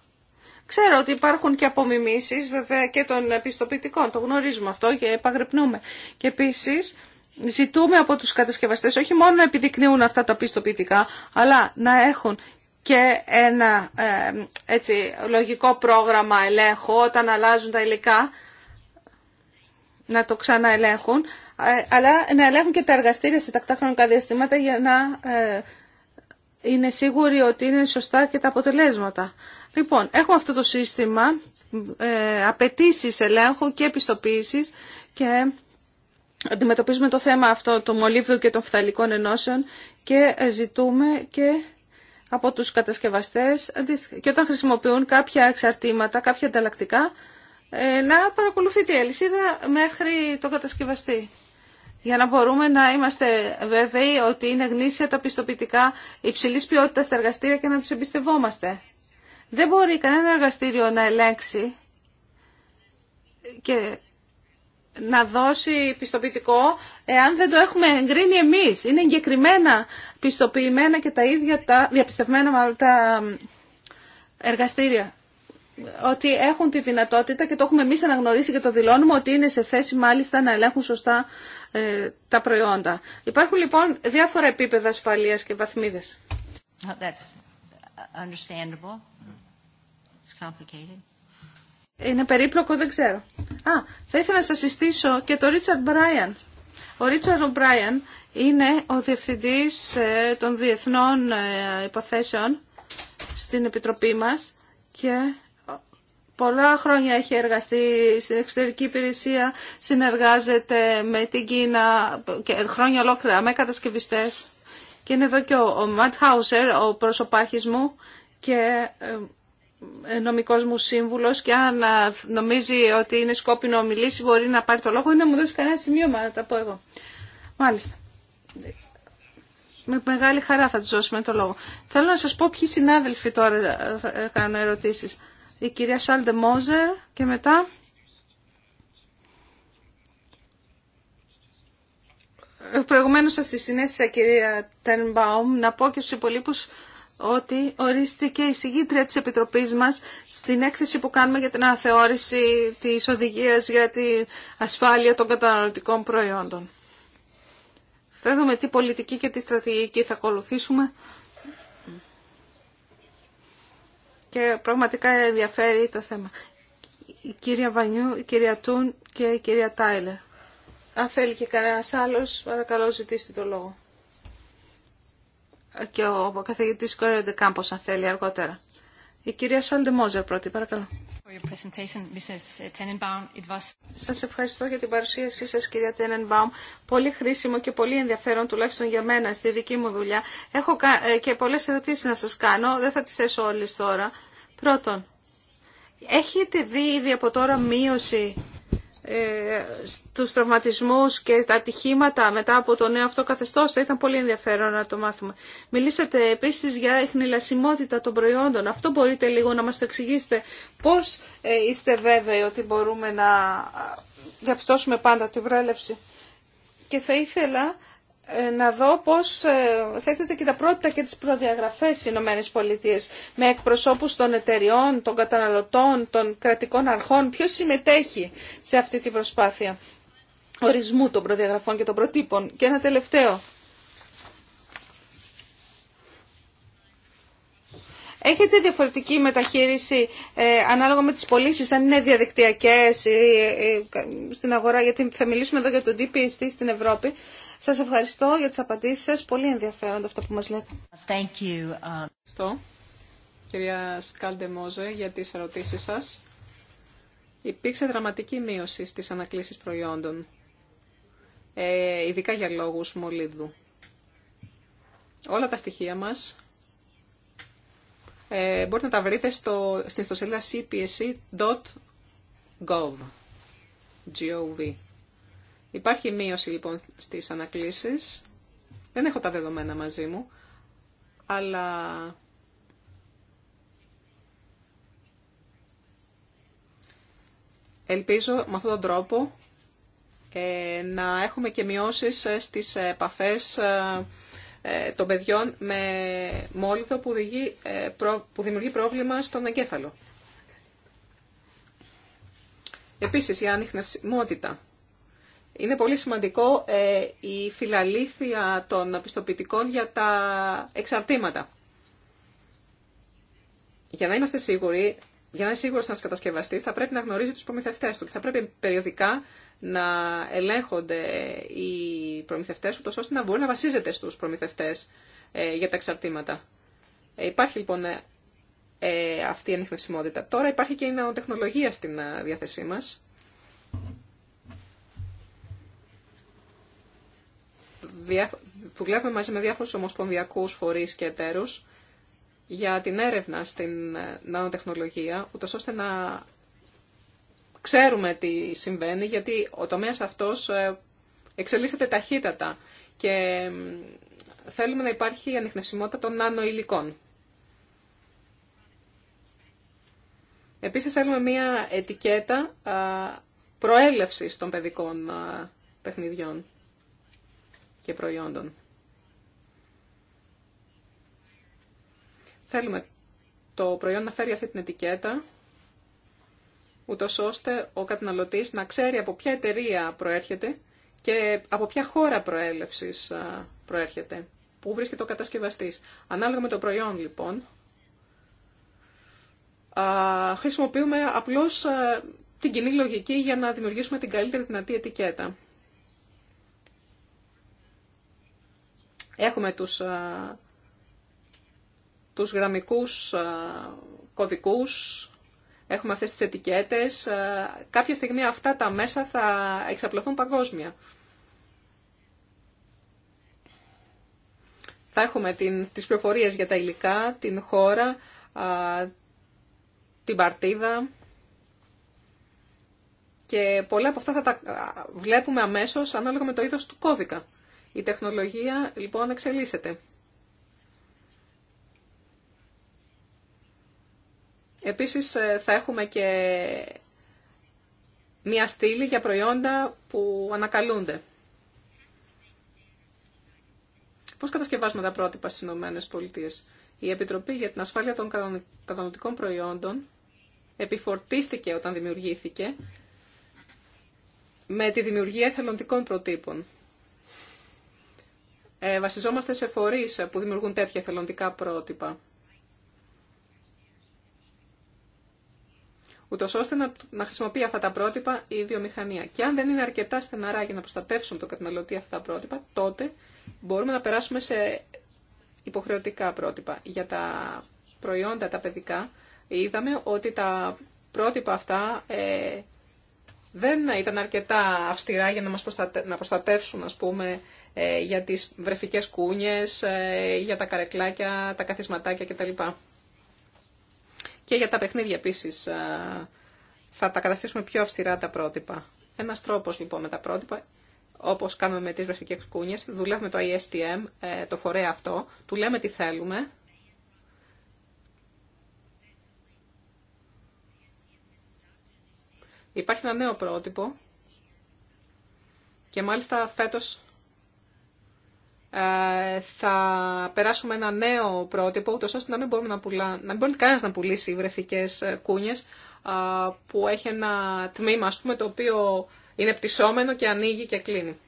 Ξέρω ότι υπάρχουν και απομιμήσεις βέβαια και των πιστοποιητικών, το γνωρίζουμε αυτό και επαγρυπνούμε. Και επίσης ζητούμε από τους κατασκευαστές όχι μόνο να επιδεικνύουν αυτά τα πιστοποιητικά, αλλά να έχουν και ένα ε, έτσι, λογικό πρόγραμμα ελέγχου όταν αλλάζουν τα υλικά, να το ξαναελέγχουν αλλά να ελέγχουν και τα εργαστήρια σε τακτά χρονικά διαστήματα για να ε, είναι σίγουροι ότι είναι σωστά και τα αποτελέσματα. Λοιπόν, έχουμε αυτό το σύστημα ε, απαιτήσει ελέγχου και επιστοποίηση και αντιμετωπίζουμε το θέμα αυτό του μολύβδου και των φθαλικών ενώσεων και ζητούμε και από τους κατασκευαστές και όταν χρησιμοποιούν κάποια εξαρτήματα, κάποια ανταλλακτικά, ε, να παρακολουθεί τη αλυσίδα μέχρι τον κατασκευαστή για να μπορούμε να είμαστε βέβαιοι ότι είναι γνήσια τα πιστοποιητικά υψηλή ποιότητα στα εργαστήρια και να του εμπιστευόμαστε. Δεν μπορεί κανένα εργαστήριο να ελέγξει και να δώσει πιστοποιητικό εάν δεν το έχουμε εγκρίνει εμείς. Είναι εγκεκριμένα πιστοποιημένα και τα ίδια τα διαπιστευμένα μάλλον τα εργαστήρια. Ότι έχουν τη δυνατότητα και το έχουμε εμείς αναγνωρίσει και το δηλώνουμε ότι είναι σε θέση μάλιστα να ελέγχουν σωστά ε, τα προϊόντα. Υπάρχουν λοιπόν διάφορα επίπεδα ασφαλείας και βαθμίδες. Είναι περίπλοκο, δεν ξέρω. Α, θα ήθελα να σας συστήσω και το Ρίτσαρντ Μπράιαν. Ο Ρίτσαρντ Μπράιαν είναι ο Διευθυντής ε, των Διεθνών ε, Υποθέσεων στην Επιτροπή μας και πολλά χρόνια έχει εργαστεί στην εξωτερική υπηρεσία, συνεργάζεται με την Κίνα και χρόνια ολόκληρα με κατασκευιστέ. Και είναι εδώ και ο Ματ Χάουσερ, ο προσωπάρχης μου και ε, νομικός μου σύμβουλος και αν ε, νομίζει ότι είναι σκόπινο να μιλήσει μπορεί να πάρει το λόγο ή να μου δώσει κανένα σημείωμα να τα πω εγώ. Μάλιστα. Με μεγάλη χαρά θα του δώσουμε το λόγο. Θέλω να σας πω ποιοι συνάδελφοι τώρα θα ε, κάνουν ερωτήσεις η κυρία Σάλντε Μόζερ και μετά προηγουμένω σα τη συνέστησα κυρία Τενμπάουμ να πω και στους υπολείπους ότι ορίστηκε η συγγήτρια της Επιτροπής μας στην έκθεση που κάνουμε για την αναθεώρηση της οδηγίας για την ασφάλεια των καταναλωτικών προϊόντων. Θα δούμε τι πολιτική και τι στρατηγική θα ακολουθήσουμε και πραγματικά ενδιαφέρει το θέμα. Η κυρία Βανιού, η κυρία Τούν και η κυρία Τάιλερ. Αν θέλει και κανένας άλλος, παρακαλώ ζητήστε το λόγο. Και ο καθηγητής Κορέντε Κάμπος, αν θέλει αργότερα. Η κυρία Σάλντε Μόζερ πρώτη, παρακαλώ. Σας ευχαριστώ για την παρουσίασή σας, κυρία Τένενμπαουμ. Πολύ χρήσιμο και πολύ ενδιαφέρον, τουλάχιστον για μένα, στη δική μου δουλειά. Έχω ε, και πολλές ερωτήσεις να σας κάνω, δεν θα τις θέσω όλες τώρα. Πρώτον, έχετε δει ήδη από τώρα μείωση ε, στους τραυματισμούς και τα ατυχήματα μετά από το νέο αυτό καθεστώς. Θα ήταν πολύ ενδιαφέρον να το μάθουμε. Μιλήσατε επίσης για εχνηλασιμότητα των προϊόντων. Αυτό μπορείτε λίγο να μας το εξηγήσετε. Πώς ε, είστε βέβαιοι ότι μπορούμε να διαπιστώσουμε πάντα την προέλευση. Και θα ήθελα ε, να δω πώς ε, θέτεται και τα πρότυπα και τις προδιαγραφές στις Ηνωμένες Πολιτείες με εκπροσώπους των εταιριών, των καταναλωτών, των κρατικών αρχών. Ποιος συμμετέχει σε αυτή την προσπάθεια ορισμού των προδιαγραφών και των προτύπων. Και ένα τελευταίο. Έχετε διαφορετική μεταχείριση ε, ανάλογα με τις πωλήσει, αν είναι διαδικτυακές ή στην αγορά, γιατί θα μιλήσουμε εδώ για τον DPST στην Ευρώπη. Σας ευχαριστώ για τις απαντήσεις σας. Πολύ ενδιαφέροντα αυτά που μας λέτε. Thank you. Uh, ευχαριστώ, κυρία Σκάλντε Μόζε, για τις ερωτήσεις σας. Υπήρξε δραματική μείωση στις ανακλήσεις προϊόντων, ε, ειδικά για λόγους μολύβδου. Όλα τα στοιχεία μας ε, μπορείτε να τα βρείτε στο, στην ιστοσελίδα cpsc.gov. Υπάρχει μείωση λοιπόν στις ανακλήσεις. Δεν έχω τα δεδομένα μαζί μου, αλλά ελπίζω με αυτόν τον τρόπο ε, να έχουμε και μειώσεις ε, στις επαφές ε, των παιδιών με μόλιδο που, που δημιουργεί πρόβλημα στον εγκέφαλο. Επίσης, η ανιχνευσιμότητα είναι πολύ σημαντικό ε, η φιλαλήθεια των πιστοποιητικών για τα εξαρτήματα. Για να είμαστε σίγουροι, για να είναι σίγουρος ένα κατασκευαστής, θα πρέπει να γνωρίζει τους προμηθευτές του και θα πρέπει περιοδικά να ελέγχονται οι προμηθευτές του, ώστε να μπορεί να βασίζεται στους προμηθευτές ε, για τα εξαρτήματα. Ε, υπάρχει λοιπόν αυτή η ανιχνευσιμότητα. Τώρα υπάρχει και η νεοτεχνολογία στην διάθεσή μας. που μαζί με διάφορους ομοσπονδιακούς φορείς και εταίρους για την έρευνα στην ε, νανοτεχνολογία, ούτω ώστε να ξέρουμε τι συμβαίνει, γιατί ο τομέας αυτός ε, εξελίσσεται ταχύτατα και θέλουμε να υπάρχει η ανιχνευσιμότητα των νανοηλικών. Επίσης θέλουμε μία ετικέτα προέλευσης των παιδικών παιχνιδιών και προϊόντων. Θέλουμε το προϊόν να φέρει αυτή την ετικέτα, ούτω ώστε ο καταναλωτής να ξέρει από ποια εταιρεία προέρχεται και από ποια χώρα προέλευσης προέρχεται, που βρίσκεται ο κατασκευαστής. Ανάλογα με το προϊόν, λοιπόν, χρησιμοποιούμε απλώς την κοινή λογική για να δημιουργήσουμε την καλύτερη δυνατή ετικέτα. Έχουμε τους, τους γραμμικούς κωδικούς, έχουμε αυτές τις ετικέτες. Κάποια στιγμή αυτά τα μέσα θα εξαπλωθούν παγκόσμια. Θα έχουμε την, τις πληροφορίες για τα υλικά, την χώρα, την παρτίδα και πολλά από αυτά θα τα βλέπουμε αμέσως ανάλογα με το είδος του κώδικα. Η τεχνολογία λοιπόν εξελίσσεται. Επίσης ε, θα έχουμε και μια στήλη για προϊόντα που ανακαλούνται. Πώς κατασκευάζουμε τα πρότυπα στις Ηνωμένες Πολιτείες. Η Επιτροπή για την Ασφάλεια των Κατανοητικών Προϊόντων επιφορτίστηκε όταν δημιουργήθηκε με τη δημιουργία εθελοντικών προτύπων. Ε, βασιζόμαστε σε φορείς που δημιουργούν τέτοια θελοντικά πρότυπα. ούτω ώστε να, να χρησιμοποιεί αυτά τα πρότυπα η βιομηχανία. Και αν δεν είναι αρκετά στεναρά για να προστατεύσουν το καταναλωτή αυτά τα πρότυπα, τότε μπορούμε να περάσουμε σε υποχρεωτικά πρότυπα. Για τα προϊόντα τα παιδικά είδαμε ότι τα πρότυπα αυτά ε, δεν ήταν αρκετά αυστηρά για να μας να προστατεύσουν ας πούμε, ε, για τις βρεφικές κούνιες, ε, για τα καρεκλάκια, τα καθισματάκια κτλ. Και για τα παιχνίδια επίσης ε, θα τα καταστήσουμε πιο αυστηρά τα πρότυπα. Ένας τρόπος λοιπόν με τα πρότυπα, όπως κάνουμε με τις βρεφικές κούνιες, δουλεύουμε το ISTM, το φορέα αυτό, του λέμε τι θέλουμε, Υπάρχει ένα νέο πρότυπο και μάλιστα φέτος ε, θα περάσουμε ένα νέο πρότυπο, ούτως ώστε να μην, να, πουλά, να μπορεί να πουλήσει βρεφικές ε, κούνιες που έχει ένα τμήμα, πούμε, το οποίο είναι πτυσσόμενο και ανοίγει και κλείνει.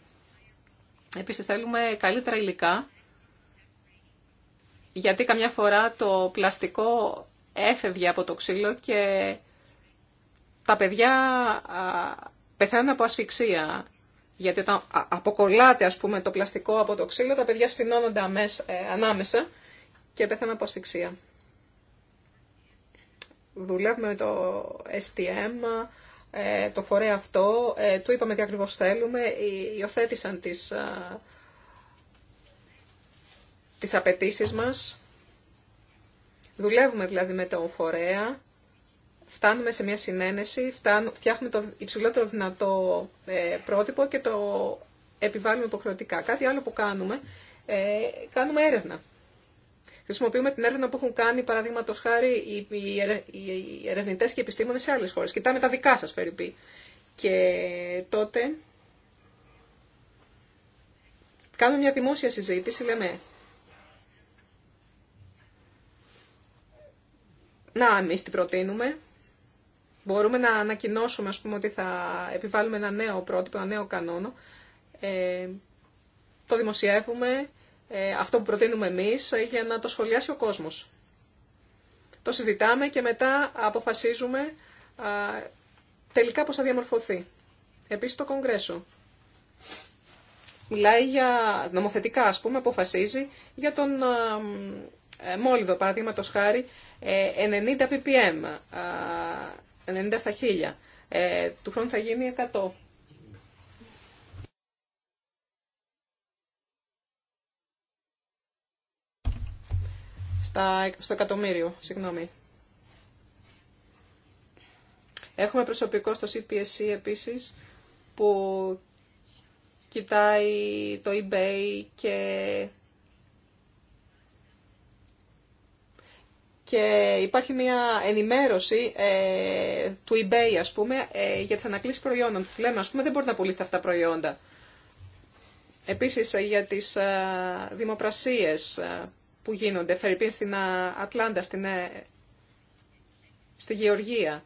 Επίσης θέλουμε καλύτερα υλικά, γιατί καμιά φορά το πλαστικό έφευγε από το ξύλο και τα παιδιά πεθαίνουν από ασφυξία γιατί όταν αποκολλάται πούμε το πλαστικό από το ξύλο, τα παιδιά σφινώνονται ε, ανάμεσα και πέθανε από ασφυξία. Δουλεύουμε με το STM, ε, το φορέα αυτό, ε, του είπαμε τι ακριβώς θέλουμε, υιοθέτησαν τις, α, τις απαιτήσεις μας. Δουλεύουμε δηλαδή με το φορέα, φτάνουμε σε μια συνένεση, φτάνουμε, φτιάχνουμε το υψηλότερο δυνατό ε, πρότυπο και το επιβάλλουμε υποχρεωτικά. Κάτι άλλο που κάνουμε, ε, κάνουμε έρευνα. Χρησιμοποιούμε την έρευνα που έχουν κάνει, παραδείγματο χάρη, οι ερευνητέ και οι επιστήμονε σε άλλε χώρε. Κοιτάμε τα δικά σα, περιπεί. Και τότε κάνουμε μια δημόσια συζήτηση, λέμε. Να, εμεί την προτείνουμε. Μπορούμε να ανακοινώσουμε, ας πούμε, ότι θα επιβάλλουμε ένα νέο πρότυπο, ένα νέο κανόνο. Ε, το δημοσιεύουμε, ε, αυτό που προτείνουμε εμείς, ε, για να το σχολιάσει ο κόσμος. Το συζητάμε και μετά αποφασίζουμε α, τελικά πώς θα διαμορφωθεί. Επίσης το Κογκρέσο. Μιλάει για, νομοθετικά ας πούμε, αποφασίζει για τον α, ε, μόλιδο, παραδείγματος χάρη, 90 ppm 90 στα 1000. Ε, του χρόνου θα γίνει 100. στο εκατομμύριο, συγγνώμη. Έχουμε προσωπικό στο CPSC επίσης που κοιτάει το eBay και και υπάρχει μια ενημέρωση ε, του eBay, ας πούμε, ε, για τις ανακλήσεις προϊόντων. λέμε, ας πούμε, δεν μπορεί να πουλήσετε αυτά τα προϊόντα. Επίσης, ε, για τις ε, δημοπρασίες που γίνονται, Φερρυπίν στην Ατλάντα, στην, στη Γεωργία.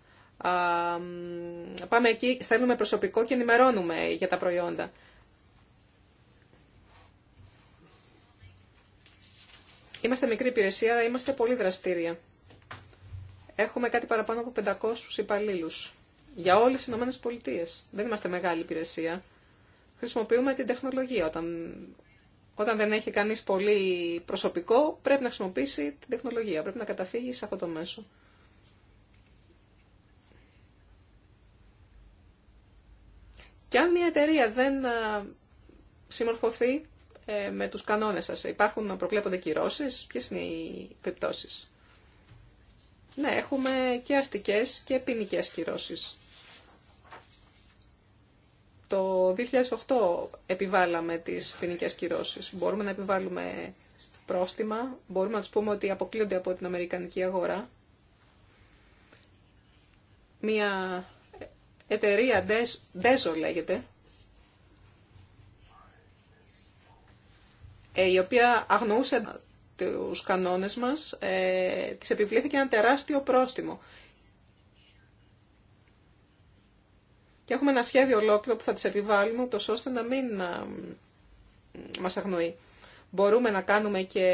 πάμε εκεί, στέλνουμε προσωπικό και ενημερώνουμε για τα προϊόντα. Είμαστε μικρή υπηρεσία, αλλά είμαστε πολύ δραστήρια. Έχουμε κάτι παραπάνω από 500 υπαλλήλου για όλες τι ΗΠΑ. Δεν είμαστε μεγάλη υπηρεσία. Χρησιμοποιούμε την τεχνολογία. Όταν, όταν δεν έχει κανείς πολύ προσωπικό, πρέπει να χρησιμοποιήσει την τεχνολογία. Πρέπει να καταφύγει σε αυτό το μέσο. Και αν μια εταιρεία δεν συμμορφωθεί ε, με τους κανόνες σας. Υπάρχουν, να προβλέπονται κυρώσεις, ποιες είναι οι επιπτώσεις. Ναι, έχουμε και αστικές και ποινικέ κυρώσεις. Το 2008 επιβάλαμε τις ποινικέ κυρώσεις. Μπορούμε να επιβάλλουμε πρόστιμα, μπορούμε να τους πούμε ότι αποκλείονται από την Αμερικανική αγορά. Μια εταιρεία, Dezo λέγεται, Ε, η οποία αγνοούσε τους κανόνες μας, ε, της επιβλήθηκε ένα τεράστιο πρόστιμο. Και έχουμε ένα σχέδιο ολόκληρο που θα τις επιβάλλουμε, ούτως ώστε να μην να, ε, μας αγνοεί. Μπορούμε να κάνουμε και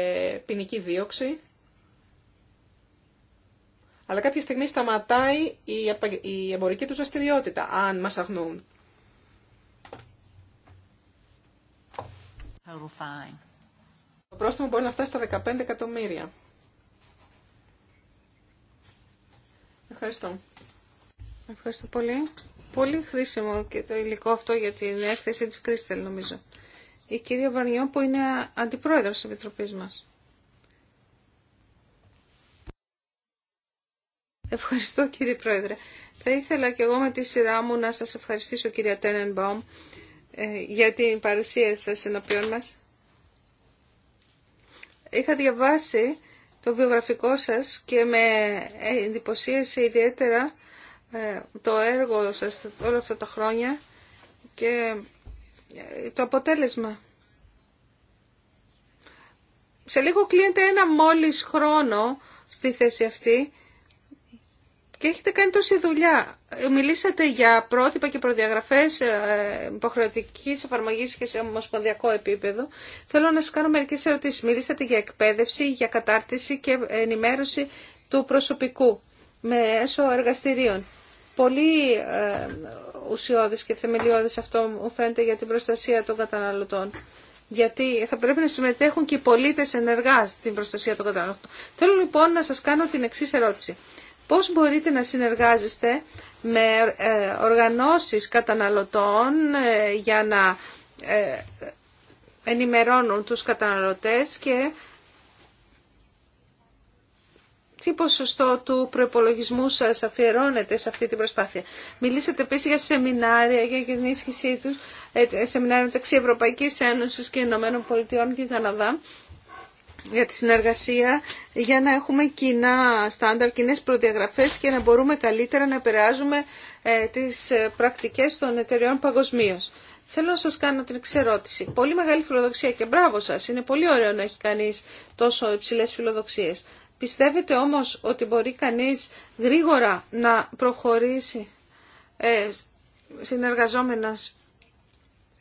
ποινική δίωξη, αλλά κάποια στιγμή σταματάει η εμπορική τους δραστηριότητα, αν μας αγνοούν. fine. Το πρόστιμο μπορεί να φτάσει στα 15 εκατομμύρια. Ευχαριστώ. Ευχαριστώ πολύ. Πολύ χρήσιμο και το υλικό αυτό για την έκθεση της Κρίστελ νομίζω. Η κυρία Βαρνιό που είναι αντιπρόεδρος της Επιτροπής μας. Ευχαριστώ κύριε Πρόεδρε. Θα ήθελα και εγώ με τη σειρά μου να σας ευχαριστήσω κυρία Τένενμπαουμ ε, για την παρουσία σας ενώπιον μας. Είχα διαβάσει το βιογραφικό σας και με εντυπωσίασε ιδιαίτερα ε, το έργο σας όλα αυτά τα χρόνια και ε, το αποτέλεσμα. Σε λίγο κλείνεται ένα μόλις χρόνο στη θέση αυτή και έχετε κάνει τόση δουλειά. Μιλήσατε για πρότυπα και προδιαγραφέ, ε, υποχρεωτική εφαρμογή και σε ομοσπονδιακό επίπεδο. Θέλω να σα κάνω μερικέ ερωτήσει. Μιλήσατε για εκπαίδευση, για κατάρτιση και ενημέρωση του προσωπικού μέσω εργαστηρίων. Πολύ ε, ουσιώδης και θεμελιώδης αυτό μου φαίνεται για την προστασία των καταναλωτών. Γιατί θα πρέπει να συμμετέχουν και οι πολίτες ενεργά στην προστασία των καταναλωτών. Θέλω λοιπόν να σας κάνω την εξής ερώτηση. Πώς μπορείτε να συνεργάζεστε με ε, οργανώσεις καταναλωτών ε, για να ε, ενημερώνουν τους καταναλωτές και τι ποσοστό του προπολογισμού σας αφιερώνεται σε αυτή την προσπάθεια. Μιλήσατε επίσης για σεμινάρια, για ενίσχυσή τους, σεμινάρια μεταξύ Ευρωπαϊκής Ένωσης και Ηνωμένων Πολιτειών και Καναδά για τη συνεργασία για να έχουμε κοινά στάνταρ, κοινέ προδιαγραφές και να μπορούμε καλύτερα να επηρεάζουμε ε, τις ε, πρακτικές των εταιριών παγκοσμίω. Θέλω να σας κάνω την εξερώτηση. Πολύ μεγάλη φιλοδοξία και μπράβο σας. Είναι πολύ ωραίο να έχει κανείς τόσο υψηλές φιλοδοξίες. Πιστεύετε όμως ότι μπορεί κανείς γρήγορα να προχωρήσει ε, συνεργαζόμενος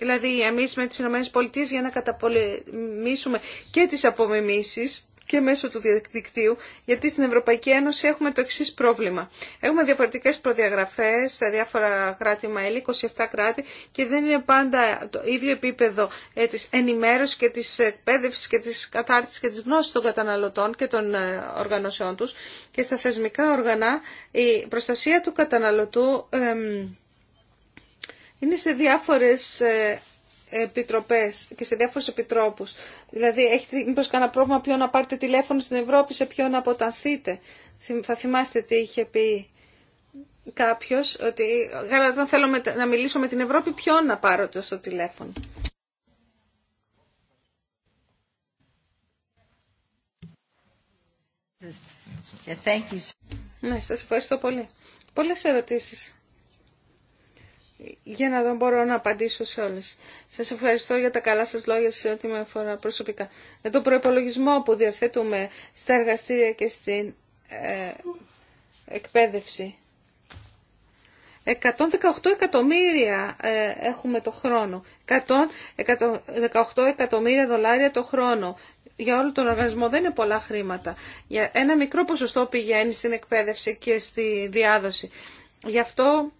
Δηλαδή εμείς με τις Ηνωμένες Πολιτείες για να καταπολεμήσουμε και τις απομιμήσεις και μέσω του διαδικτύου, γιατί στην Ευρωπαϊκή Ένωση έχουμε το εξή πρόβλημα. Έχουμε διαφορετικέ προδιαγραφέ στα διάφορα κράτη μέλη, 27 κράτη, και δεν είναι πάντα το ίδιο επίπεδο ε, τη ενημέρωση και τη εκπαίδευση και τη κατάρτιση και τη γνώση των καταναλωτών και των ε, οργανώσεών του. Και στα θεσμικά όργανα η προστασία του καταναλωτού είναι σε διάφορες ε, επιτροπές και σε διάφορους επιτρόπους. Δηλαδή, έχετε μήπως κανένα πρόβλημα ποιο να πάρετε τηλέφωνο στην Ευρώπη, σε ποιο να αποταθείτε. Θα θυμάστε τι είχε πει κάποιος, ότι δεν θέλω να μιλήσω με την Ευρώπη, ποιο να πάρω το στο τηλέφωνο. Thank you. Ναι, σας ευχαριστώ πολύ. Πολλές ερωτήσεις για να δεν μπορώ να απαντήσω σε όλες. Σας ευχαριστώ για τα καλά σας λόγια σε ό,τι με αφορά προσωπικά. Με τον προϋπολογισμό που διαθέτουμε στα εργαστήρια και στην ε, εκπαίδευση. 118 εκατομμύρια ε, έχουμε το χρόνο. 118 εκατομμύρια δολάρια το χρόνο. Για όλο τον οργανισμό δεν είναι πολλά χρήματα. Για ένα μικρό ποσοστό πηγαίνει στην εκπαίδευση και στη διάδοση. Γι' αυτό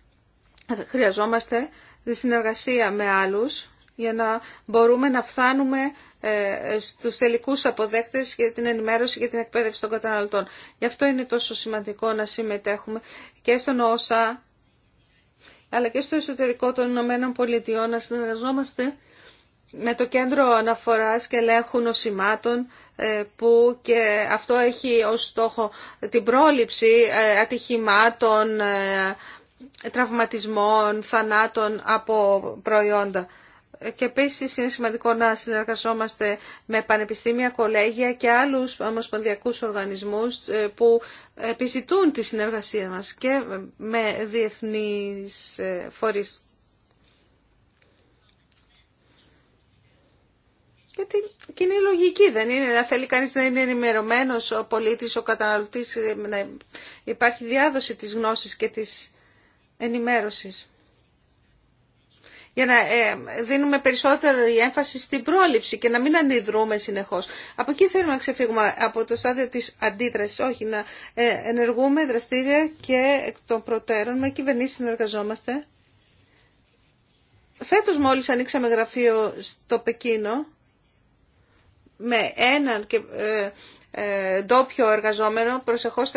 χρειαζόμαστε τη συνεργασία με άλλους για να μπορούμε να φτάνουμε ε, στους τελικούς αποδέκτες για την ενημέρωση και την εκπαίδευση των καταναλωτών. Γι' αυτό είναι τόσο σημαντικό να συμμετέχουμε και στον ΩΣΑ αλλά και στο εσωτερικό των Ηνωμένων Πολιτειών να συνεργαζόμαστε με το κέντρο αναφοράς και ελέγχου νοσημάτων ε, που και αυτό έχει ως στόχο την πρόληψη ε, ατυχημάτων, τραυματισμών, θανάτων από προϊόντα. Και επίση είναι σημαντικό να συνεργαζόμαστε με πανεπιστήμια, κολέγια και άλλους ομοσπονδιακούς οργανισμούς ε, που επιζητούν τη συνεργασία μας και με διεθνείς ε, φορείς. Γιατί και είναι λογική, δεν είναι, να θέλει κανείς να είναι ενημερωμένος ο πολίτης, ο καταναλωτής, ε, να υπάρχει διάδοση της γνώσης και της ενημέρωσης. Για να ε, δίνουμε περισσότερη έμφαση στην πρόληψη και να μην αντιδρούμε συνεχώς. Από εκεί θέλουμε να ξεφύγουμε από το στάδιο της αντίδρασης. Όχι, να ε, ενεργούμε δραστήρια και εκ των προτέρων. Με κυβερνήσεις συνεργαζόμαστε. Φέτος μόλις ανοίξαμε γραφείο στο Πεκίνο με έναν και ε, ε ντόπιο εργαζόμενο, προσεχώς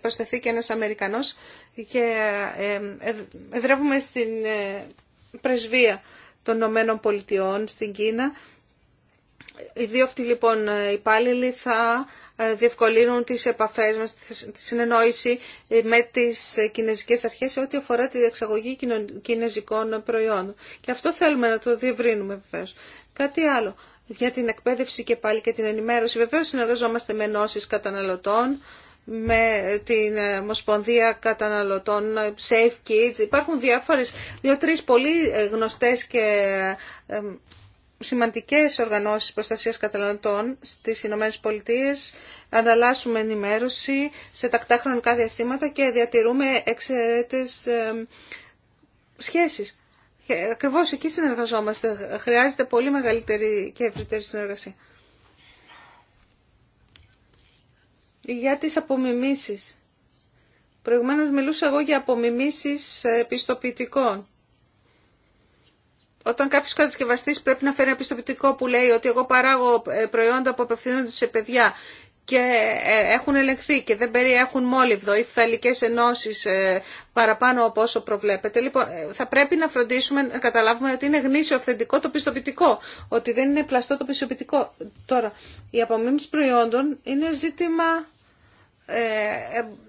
προσθεθεί και ένας Αμερικανός, και ε, ε, εδρεύουμε στην ε, πρεσβεία των Ηνωμένων Πολιτειών στην Κίνα. Οι δύο αυτοί λοιπόν υπάλληλοι θα διευκολύνουν τις επαφές μας, τη συνεννόηση με τις κινέζικες αρχές σε ό,τι αφορά τη διεξαγωγή κινέζικων προϊόντων. Και αυτό θέλουμε να το διευρύνουμε βεβαίω. Κάτι άλλο. Για την εκπαίδευση και πάλι και την ενημέρωση. Βεβαίως συνεργαζόμαστε με ενώσεις καταναλωτών, με την ε, Ομοσπονδία Καταναλωτών, ε, Safe Kids. Υπάρχουν διάφορες, δύο-τρεις πολύ ε, γνωστές και σημαντικές οργανώσεις προστασίας καταναλωτών στις Ηνωμένες Πολιτείες. Ανταλλάσσουμε ενημέρωση σε τακτά χρονικά διαστήματα και διατηρούμε εξαιρέτες σχέσεις. Και ακριβώς εκεί συνεργαζόμαστε. Χρειάζεται πολύ μεγαλύτερη και ευρύτερη συνεργασία. για τις απομιμήσεις. Προηγουμένως μιλούσα εγώ για απομιμήσεις ε, πιστοποιητικών. Όταν κάποιο κατασκευαστή πρέπει να φέρει ένα πιστοποιητικό που λέει ότι εγώ παράγω ε, προϊόντα που απευθύνονται σε παιδιά και ε, έχουν ελεγχθεί και δεν περιέχουν μόλιβδο ή φθαλικές ενώσεις ε, παραπάνω από όσο προβλέπετε. Λοιπόν, ε, θα πρέπει να φροντίσουμε να καταλάβουμε ότι είναι γνήσιο αυθεντικό το πιστοποιητικό, ότι δεν είναι πλαστό το πιστοποιητικό. Τώρα, η απομίμηση προϊόντων προβλέπεται. λοιπον ζήτημα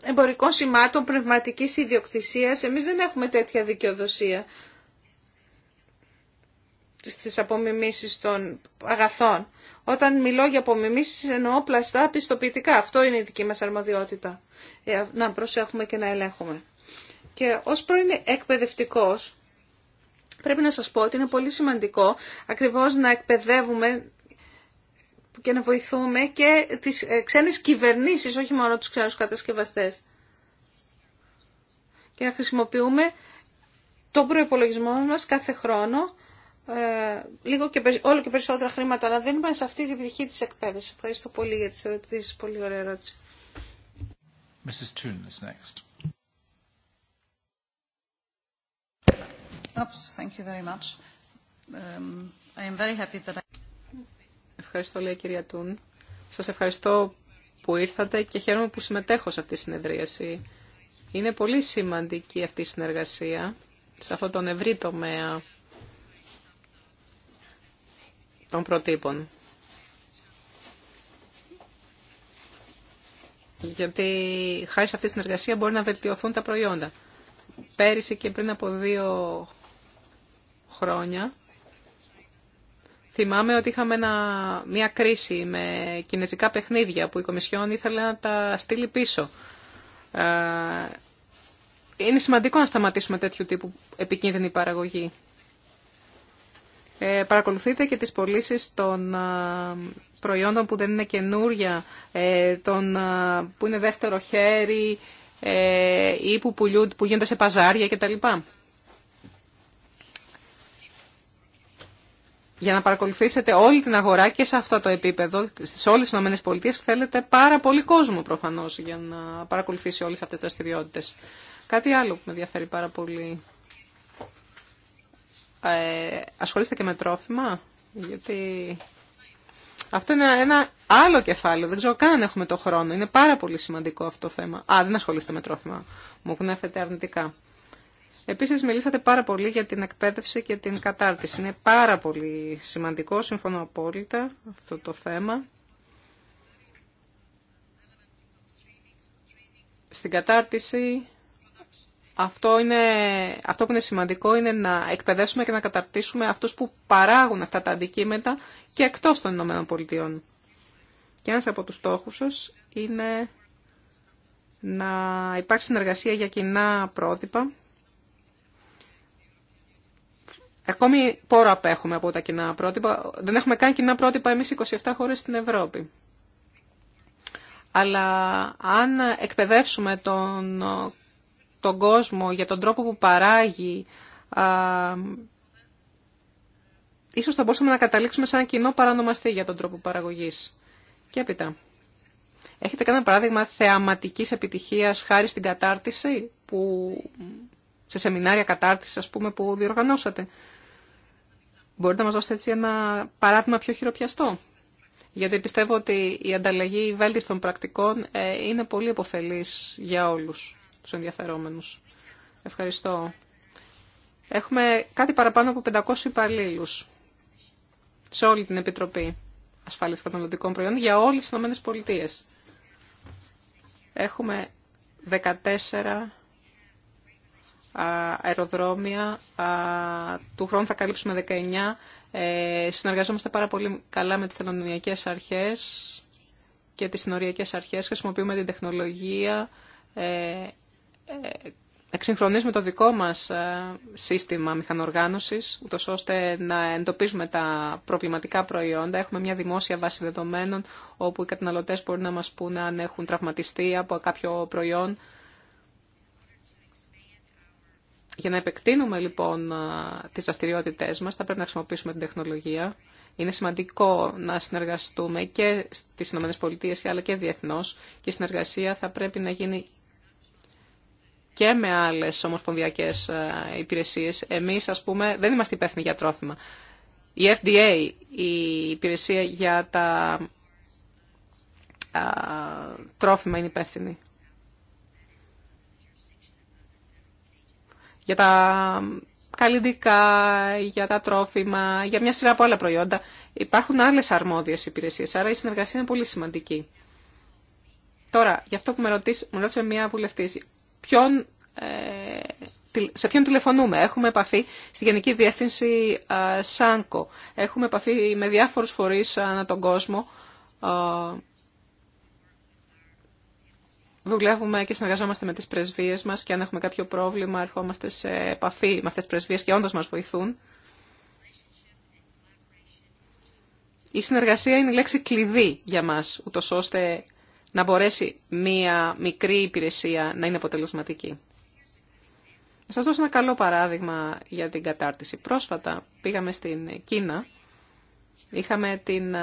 εμπορικών σημάτων πνευματικής ιδιοκτησίας. Εμείς δεν έχουμε τέτοια δικαιοδοσία στις απομιμήσεις των αγαθών. Όταν μιλώ για απομιμήσεις εννοώ πλαστά πιστοποιητικά. Αυτό είναι η δική μας αρμοδιότητα. Ε, να προσέχουμε και να ελέγχουμε. Και ως πρώην εκπαιδευτικό, πρέπει να σας πω ότι είναι πολύ σημαντικό ακριβώς να εκπαιδεύουμε και να βοηθούμε και τις ε, ξένες κυβερνήσεις, όχι μόνο τους ξένους κατασκευαστές. Και να χρησιμοποιούμε τον προϋπολογισμό μας κάθε χρόνο ε, λίγο και, όλο και περισσότερα χρήματα να δίνουμε σε αυτή την πτυχή της εκπαίδευσης. Ευχαριστώ πολύ για τις ερωτήσεις. Πολύ ωραία ερώτηση. is next. Oops, thank you very much. Um, I am very happy that I... Ευχαριστώ, λέει η κυρία Τούν. Σας ευχαριστώ που ήρθατε και χαίρομαι που συμμετέχω σε αυτή τη συνεδρίαση. Είναι πολύ σημαντική αυτή η συνεργασία σε αυτόν τον ευρύ τομέα των προτύπων. Γιατί χάρη σε αυτή τη συνεργασία μπορεί να βελτιωθούν τα προϊόντα. Πέρυσι και πριν από δύο χρόνια θυμάμαι ότι είχαμε μια κρίση με κινέζικα παιχνίδια που η Κομισιόν ήθελε να τα στείλει πίσω. Ε, είναι σημαντικό να σταματήσουμε τέτοιου τύπου επικίνδυνη παραγωγή. Ε, παρακολουθείτε και τις πωλήσει των ε, προϊόντων που δεν είναι καινούρια, ε, των, που είναι δεύτερο χέρι ή που, πουλιού, που γίνονται σε παζάρια κτλ. Για να παρακολουθήσετε όλη την αγορά και σε αυτό το επίπεδο, στις όλες τις ΗΠΑ, θέλετε πάρα πολύ κόσμο προφανώς για να παρακολουθήσει όλες αυτές τις δραστηριότητε. Κάτι άλλο που με ενδιαφέρει πάρα πολύ ε, ασχολείστε και με τρόφιμα, γιατί αυτό είναι ένα άλλο κεφάλαιο. Δεν ξέρω καν αν έχουμε το χρόνο. Είναι πάρα πολύ σημαντικό αυτό το θέμα. Α, δεν ασχολείστε με τρόφιμα. Μου γνέφεται αρνητικά. Επίση, μιλήσατε πάρα πολύ για την εκπαίδευση και την κατάρτιση. Είναι πάρα πολύ σημαντικό, συμφωνώ απόλυτα, αυτό το θέμα. Στην κατάρτιση αυτό, είναι, αυτό που είναι σημαντικό είναι να εκπαιδεύσουμε και να καταρτήσουμε αυτούς που παράγουν αυτά τα αντικείμενα και εκτός των Ηνωμένων Πολιτειών. Και ένας από τους στόχους σας είναι να υπάρξει συνεργασία για κοινά πρότυπα. Ακόμη πόρο απέχουμε από τα κοινά πρότυπα. Δεν έχουμε καν κοινά πρότυπα εμείς 27 χώρες στην Ευρώπη. Αλλά αν εκπαιδεύσουμε τον τον κόσμο, για τον τρόπο που παράγει, α, ίσως θα μπορούσαμε να καταλήξουμε σε ένα κοινό παρανομαστή για τον τρόπο παραγωγής. Και έπειτα, έχετε κανένα παράδειγμα θεαματικής επιτυχίας χάρη στην κατάρτιση, που, σε σεμινάρια κατάρτισης ας πούμε που διοργανώσατε. Μπορείτε να μας δώσετε έτσι ένα παράδειγμα πιο χειροπιαστό. Γιατί πιστεύω ότι η ανταλλαγή βέλτιστων πρακτικών ε, είναι πολύ επωφελής για όλους τους ενδιαφερόμενους. Ευχαριστώ. Έχουμε κάτι παραπάνω από 500 υπαλλήλου σε όλη την Επιτροπή Ασφάλειας Καταναλωτικών Προϊόντων για όλες τις Πολιτείες. Έχουμε 14 αεροδρόμια, του χρόνου θα καλύψουμε 19. Ε, συνεργαζόμαστε πάρα πολύ καλά με τις θελονιακές αρχές και τις συνοριακές αρχές. Χρησιμοποιούμε την τεχνολογία ε, ε, εξυγχρονίζουμε το δικό μας ε, σύστημα μηχανοργάνωσης, ούτως ώστε να εντοπίζουμε τα προβληματικά προϊόντα. Έχουμε μια δημόσια βάση δεδομένων, όπου οι καταναλωτές μπορούν να μας πούνε αν έχουν τραυματιστεί από κάποιο προϊόν. Για να επεκτείνουμε λοιπόν ε, τις δραστηριότητε μας, θα πρέπει να χρησιμοποιήσουμε την τεχνολογία. Είναι σημαντικό να συνεργαστούμε και στις ΗΠΑ αλλά και διεθνώς και η συνεργασία θα πρέπει να γίνει και με άλλε ομοσπονδιακέ ε, υπηρεσίες. Εμείς, ας πούμε, δεν είμαστε υπεύθυνοι για τρόφιμα. Η FDA, η υπηρεσία για τα τρόφιμα, είναι υπεύθυνη. Για τα καλλιντικά, για τα τρόφιμα, για μια σειρά από άλλα προϊόντα. Υπάρχουν άλλες αρμόδιες υπηρεσίες, άρα η συνεργασία είναι πολύ σημαντική. Τώρα, για αυτό που με, ρωτήσε, με ρώτησε μια βουλευτής... Ε, σε ποιον τηλεφωνούμε. Έχουμε επαφή στη Γενική Διεύθυνση ε, ΣΑΝΚΟ. Έχουμε επαφή με διάφορους φορείς ανά τον κόσμο. Ε, δουλεύουμε και συνεργαζόμαστε με τις πρεσβείες μας και αν έχουμε κάποιο πρόβλημα ερχόμαστε σε επαφή με αυτές τις πρεσβείες και όντως μας βοηθούν. Η συνεργασία είναι η λέξη κλειδί για μας, ούτως ώστε να μπορέσει μία μικρή υπηρεσία να είναι αποτελεσματική. Να σας δώσω ένα καλό παράδειγμα για την κατάρτιση. Πρόσφατα πήγαμε στην Κίνα, είχαμε την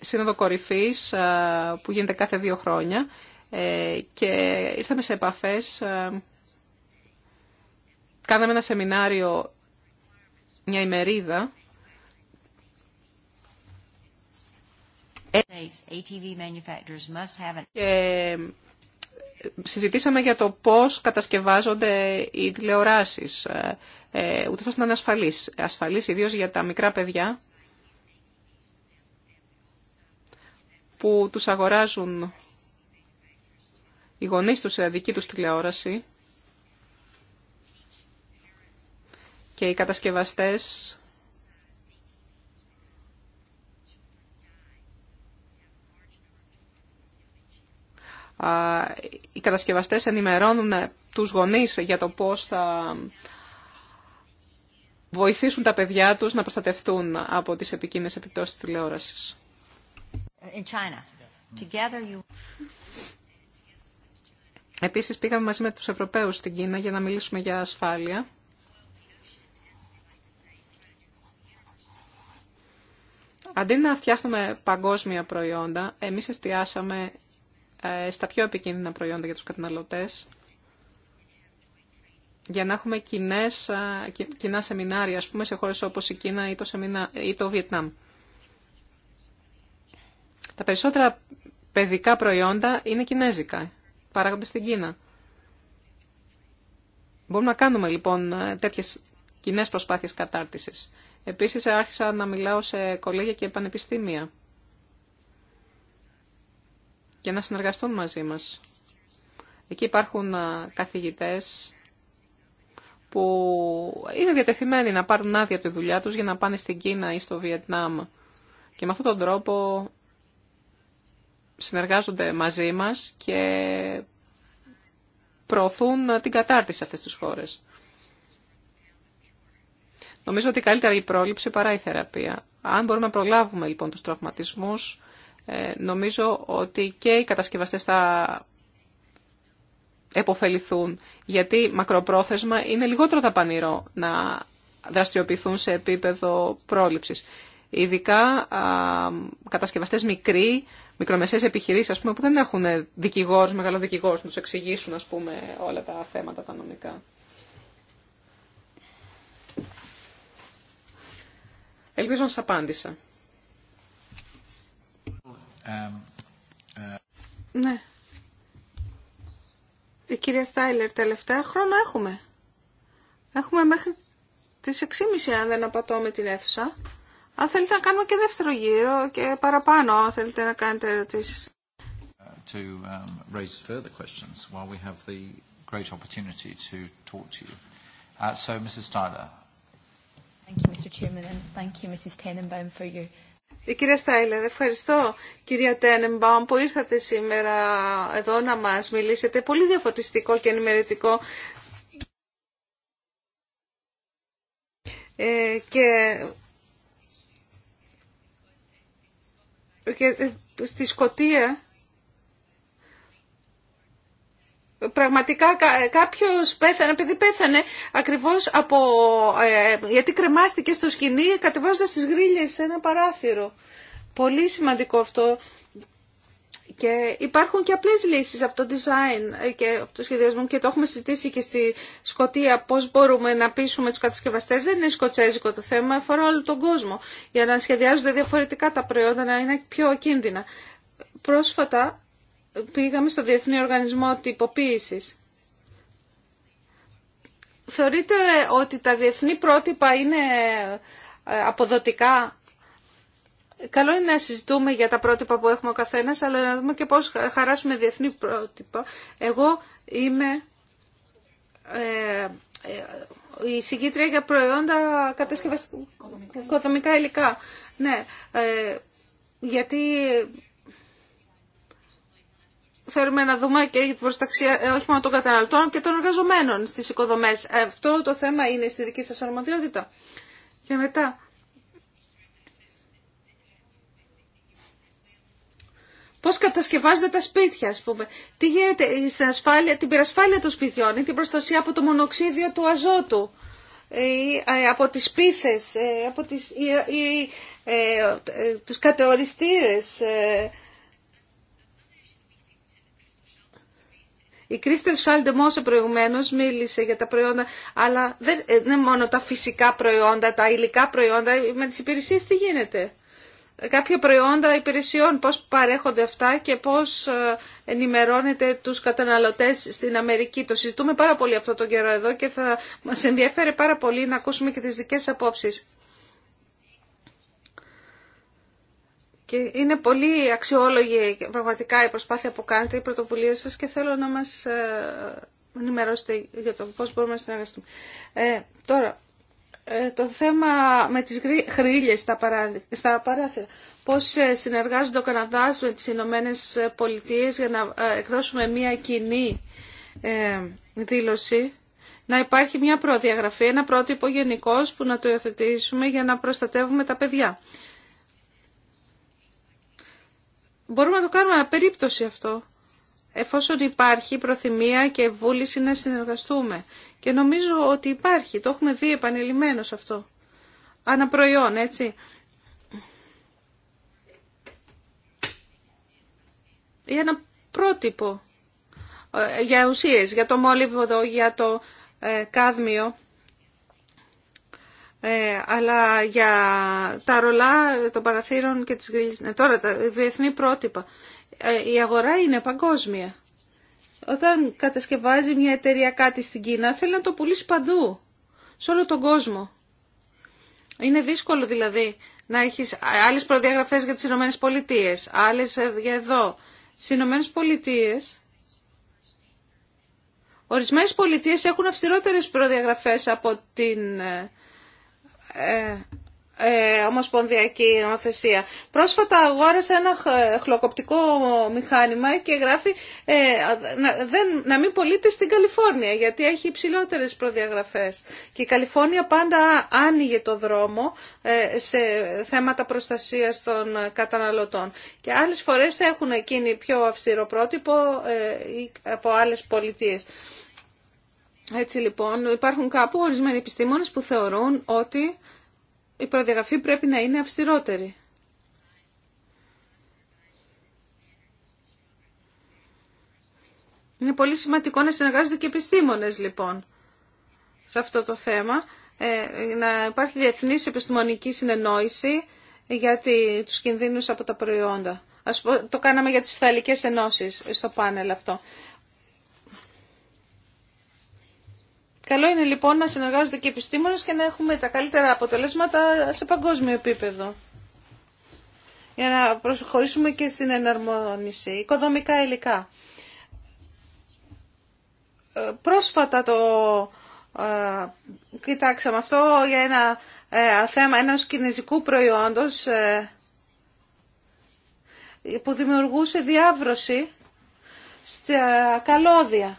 Σύνοδο Κορυφής που γίνεται κάθε δύο χρόνια ε, και ήρθαμε σε επαφές, κάναμε ένα σεμινάριο, μια ημερίδα Ε, συζητήσαμε για το πώς κατασκευάζονται οι τηλεοράσεις, ε, ε, ούτως ώστε να είναι ασφαλείς. Ασφαλείς ιδίως για τα μικρά παιδιά που τους αγοράζουν οι γονείς τους σε δική τους τηλεόραση και οι κατασκευαστές οι κατασκευαστές ενημερώνουν τους γονείς για το πώς θα βοηθήσουν τα παιδιά τους να προστατευτούν από τις επικίνδυνες επιπτώσεις της τηλεόρασης. you... Επίσης πήγαμε μαζί με τους Ευρωπαίους στην Κίνα για να μιλήσουμε για ασφάλεια. Αντί να φτιάχνουμε παγκόσμια προϊόντα, εμείς εστιάσαμε ε, στα πιο επικίνδυνα προϊόντα για τους καταναλωτές, για να έχουμε κοινές, ε, κοινά σεμινάρια, ας πούμε, σε χώρες όπως η Κίνα ή το, σεμινά, το Βιετνάμ. Τα περισσότερα παιδικά προϊόντα είναι κινέζικα, παράγονται στην Κίνα. Μπορούμε να κάνουμε λοιπόν ε, τέτοιες κοινέ προσπάθειες κατάρτισης. Επίσης άρχισα να μιλάω σε κολέγια και πανεπιστήμια και να συνεργαστούν μαζί μας. Εκεί υπάρχουν καθηγητές που είναι διατεθειμένοι να πάρουν άδεια από τη δουλειά τους για να πάνε στην Κίνα ή στο Βιετνάμ. Και με αυτόν τον τρόπο συνεργάζονται μαζί μας και προωθούν την κατάρτιση αυτές τις χώρες. Νομίζω ότι καλύτερα η πρόληψη παρά η θεραπεία. Αν μπορούμε να προλάβουμε λοιπόν τους τραυματισμούς, ε, νομίζω ότι και οι κατασκευαστές θα εποφεληθούν, γιατί μακροπρόθεσμα είναι λιγότερο δαπανηρό να δραστηριοποιηθούν σε επίπεδο πρόληψης. Ειδικά α, κατασκευαστές μικροί, μικρομεσαίες επιχειρήσεις, ας πούμε, που δεν έχουν δικηγόρους, μεγάλο δικηγόρους, να τους εξηγήσουν, ας πούμε, όλα τα θέματα τα νομικά. Ελπίζω να σας απάντησα. Ναι. Η κυρία Στάιλερ, τελευταία χρόνο έχουμε. Έχουμε μέχρι τις 6.30 αν δεν απατώ με την αίθουσα. Αν θέλετε να κάνουμε και δεύτερο γύρο και παραπάνω, αν θέλετε να κάνετε ερωτήσεις. To um, raise further questions while we have the great opportunity to talk to you. Uh, so, Mrs. Styler. Thank you, Mr. Chairman, and thank you, Mrs. Tenenbaum, for your η κυρία Στάιλερ, ευχαριστώ κυρία Τένεμπαουμ που ήρθατε σήμερα εδώ να μας μιλήσετε. Πολύ διαφωτιστικό και ενημερωτικό ε, και... και στη Σκοτία Πραγματικά ε, κάποιος πέθανε, επειδή πέθανε ακριβώς από, ε, γιατί κρεμάστηκε στο σκηνή κατεβάζοντας τις γρίλες σε ένα παράθυρο. Πολύ σημαντικό αυτό. Και υπάρχουν και απλές λύσεις από το design ε, και από το σχεδιασμό και το έχουμε συζητήσει και στη Σκοτία πώς μπορούμε να πείσουμε τους κατασκευαστές. Δεν είναι σκοτσέζικο το θέμα, αφορά όλο τον κόσμο για να σχεδιάζονται διαφορετικά τα προϊόντα, να είναι πιο κίνδυνα. Πρόσφατα πήγαμε στο Διεθνή Οργανισμό Τυποποίησης. Θεωρείτε ότι τα διεθνή πρότυπα είναι ε, αποδοτικά. Καλό είναι να συζητούμε για τα πρότυπα που έχουμε ο καθένας, αλλά να δούμε και πώς χαράσουμε διεθνή πρότυπα. Εγώ είμαι ε, ε, η συγκήτρια για προϊόντα κατασκευαστικά υλικά. Ναι, γιατί θέλουμε να δούμε και την προστασία ε, όχι μόνο των καταναλωτών και των εργαζομένων στις οικοδομές. Αυτό το θέμα είναι στη δική σας αρμοδιότητα. Και μετά, Πώ κατασκευάζονται τα σπίτια, α πούμε. Τι γίνεται στην ασφάλεια, την πυρασφάλεια των σπιτιών ή την προστασία από το μονοξίδιο του αζότου ή ε, από τις πίθες, ε, από τις, ή, τους κατεοριστήρες, Η Κρίστερ Σάλντε Μόσε προηγουμένω μίλησε για τα προϊόντα, αλλά δεν είναι μόνο τα φυσικά προϊόντα, τα υλικά προϊόντα, με τι υπηρεσίε τι γίνεται. Κάποια προϊόντα υπηρεσιών, πώς παρέχονται αυτά και πώς ε, ενημερώνεται τους καταναλωτές στην Αμερική. Το συζητούμε πάρα πολύ αυτό τον καιρό εδώ και θα μας ενδιαφέρει πάρα πολύ να ακούσουμε και τις δικές απόψεις. Και είναι πολύ αξιόλογη πραγματικά η προσπάθεια που κάνετε, η πρωτοβουλία σας και θέλω να μας ε, ενημερώσετε για το πώς μπορούμε να συνεργαστούμε. Ε, τώρα, ε, το θέμα με τις χρήλες στα, στα παράθυρα. Πώς συνεργάζονται ο Καναδάς με τις Ηνωμένε Πολιτείε για να εκδώσουμε μια κοινή δήλωση. Να υπάρχει μια προδιαγραφή, ένα πρότυπο που να το υιοθετήσουμε για να προστατεύουμε τα παιδιά. Μπορούμε να το κάνουμε αναπερίπτωση αυτό, εφόσον υπάρχει προθυμία και βούληση να συνεργαστούμε. Και νομίζω ότι υπάρχει, το έχουμε δει επανειλημμένο αυτό. Αναπροϊόν, έτσι. για ένα πρότυπο ε, για ουσίες, για το μόλυβδο για το ε, κάδμιο. Ε, αλλά για τα ρολά των παραθύρων και τις γκρίλης. Ε, τώρα τα διεθνή πρότυπα. Ε, η αγορά είναι παγκόσμια. Όταν κατασκευάζει μια εταιρεία κάτι στην Κίνα, θέλει να το πουλήσει παντού, σε όλο τον κόσμο. Είναι δύσκολο δηλαδή να έχεις άλλες προδιαγραφές για τις Ηνωμένες Πολιτείες, άλλες για εδώ. Στις Ηνωμένες Πολιτείες, ορισμένες πολιτείες έχουν αυστηρότερες προδιαγραφές από την ε, ε, ομοσπονδιακή νομοθεσία. Πρόσφατα αγόρασε ένα χλοκοπτικό μηχάνημα και γράφει ε, να, δεν, να μην πωλείται στην Καλιφόρνια γιατί έχει υψηλότερε προδιαγραφές. Και η Καλιφόρνια πάντα άνοιγε το δρόμο ε, σε θέματα προστασίας των καταναλωτών. Και άλλες φορές έχουν εκείνη πιο αυστηρό πρότυπο ε, από άλλες πολιτείες. Έτσι λοιπόν υπάρχουν κάπου ορισμένοι επιστήμονες που θεωρούν ότι η προδιαγραφή πρέπει να είναι αυστηρότερη. Είναι πολύ σημαντικό να συνεργάζονται και επιστήμονες λοιπόν σε αυτό το θέμα, ε, να υπάρχει διεθνής επιστημονική συνεννόηση για τους κινδύνους από τα προϊόντα. Ας πω, το κάναμε για τις φθαλικές ενώσεις στο πάνελ αυτό. Καλό είναι λοιπόν να συνεργάζονται και οι επιστήμονες και να έχουμε τα καλύτερα αποτελέσματα σε παγκόσμιο επίπεδο. Για να προχωρήσουμε και στην εναρμόνιση. Οικοδομικά υλικά. Ε, πρόσφατα το ε, κοιτάξαμε αυτό για ένα ε, θέμα ενός κινέζικου προϊόντος που δημιουργούσε διάβρωση στα καλώδια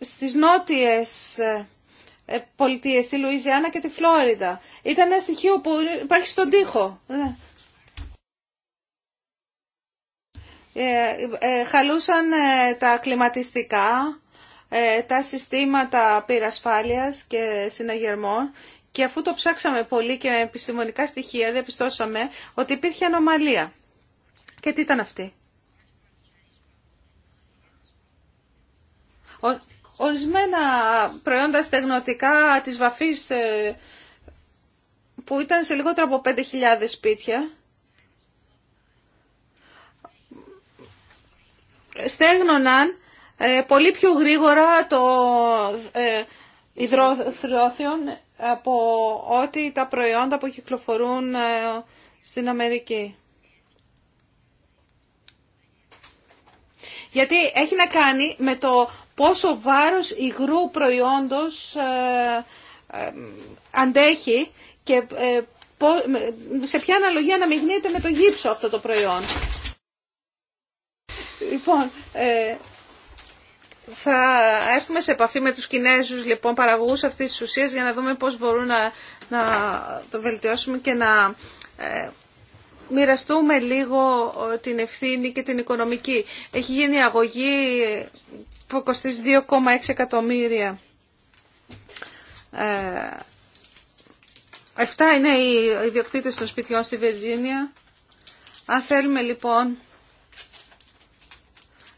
στις νότιες ε, ε, πολιτείες, στη Λουιζιάννα και τη Φλόριντα. Ήταν ένα στοιχείο που υπάρχει στον τοίχο. Ε. χαλούσαν τα κλιματιστικά, τα συστήματα πυρασφάλειας και συναγερμών και αφού το ψάξαμε πολύ και με επιστημονικά στοιχεία διαπιστώσαμε ότι υπήρχε ανομαλία. Και τι ήταν αυτή. Ορισμένα προϊόντα στεγνωτικά της βαφής ε, που ήταν σε λιγότερο από 5.000 σπίτια στέγνωναν ε, πολύ πιο γρήγορα το ε, υδροθρόθιον από ό,τι τα προϊόντα που κυκλοφορούν στην Αμερική. Γιατί έχει να κάνει με το πόσο βάρος υγρού προϊόντος ε, ε, αντέχει και ε, σε ποια αναλογία να με το γύψο αυτό το προϊόν. Λοιπόν, θα έρθουμε σε επαφή με τους Κινέζους λοιπόν, παραγωγούς αυτής της ουσίας για να δούμε πώς μπορούν να, να το βελτιώσουμε και να μοιραστούμε λίγο ε, την ευθύνη και την οικονομική. Έχει γίνει αγωγή που κοστίζει 2,6 εκατομμύρια. Ε, εφτά είναι οι ιδιοκτήτες των σπιτιών στη Βερζίνια. Αν θέλουμε λοιπόν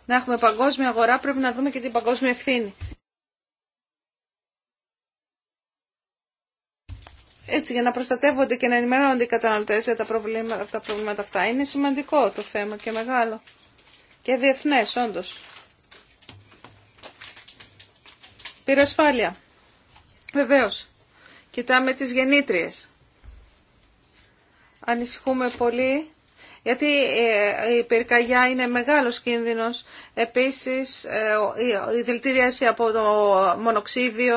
να έχουμε παγκόσμια αγορά πρέπει να δούμε και την παγκόσμια ευθύνη. έτσι για να προστατεύονται και να ενημερώνονται οι καταναλωτές για τα προβλήματα, τα προβλήματα αυτά. Είναι σημαντικό το θέμα και μεγάλο. Και διεθνές όντως. Πυροσφάλεια. Βεβαίως. Κοιτάμε τις γεννήτριες. Ανησυχούμε πολύ γιατί ε, η πυρκαγιά είναι μεγάλος κίνδυνος. Επίσης, ε, η δηλητηρίαση από το μονοξίδιο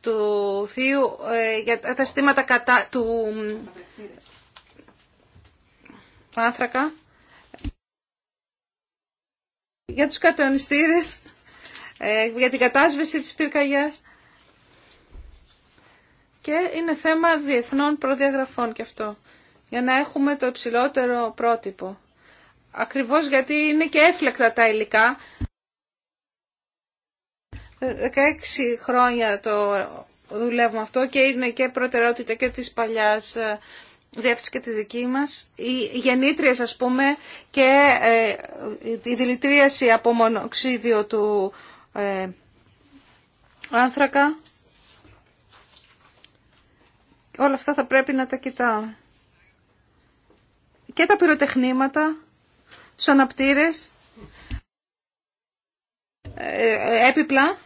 του θείου ε, για τα συστήματα κατά του άνθρακα για τους κατονιστήρες, ε, για την κατάσβεση της πυρκαγιάς και είναι θέμα διεθνών προδιαγραφών και αυτό για να έχουμε το υψηλότερο πρότυπο. Ακριβώς γιατί είναι και έφλεκτα τα υλικά 16 χρόνια το δουλεύουμε αυτό και είναι και προτεραιότητα και της παλιάς ε, διεύθυνση και τη δική μας. Οι γεννήτριες ας πούμε και ε, η δηλητρίαση από μονοξίδιο του ε, άνθρακα. Όλα αυτά θα πρέπει να τα κοιτάμε. Και τα πυροτεχνήματα, τους αναπτήρες, έπιπλα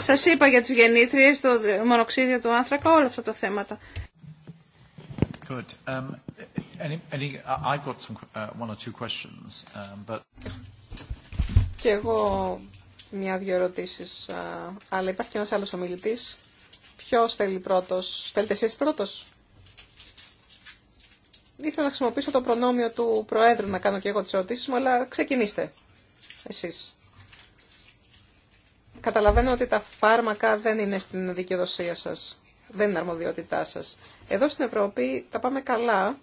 σας είπα για τις γεννήτριες, το μονοξίδιο του άνθρακα, όλα αυτά τα θέματα. Good. Um, got uh, one or two questions, um, but... Και εγώ μια-δυο ερωτήσεις, uh, αλλά υπάρχει και ένας άλλος ομιλητής. Ποιος θέλει πρώτος, θέλετε εσείς πρώτος. Ήθελα να χρησιμοποιήσω το προνόμιο του Προέδρου να κάνω και εγώ τις ερωτήσεις μου, αλλά ξεκινήστε εσείς. Καταλαβαίνω ότι τα φάρμακα δεν είναι στην δικαιοδοσία σας, δεν είναι αρμοδιότητά σας. Εδώ στην Ευρώπη τα πάμε καλά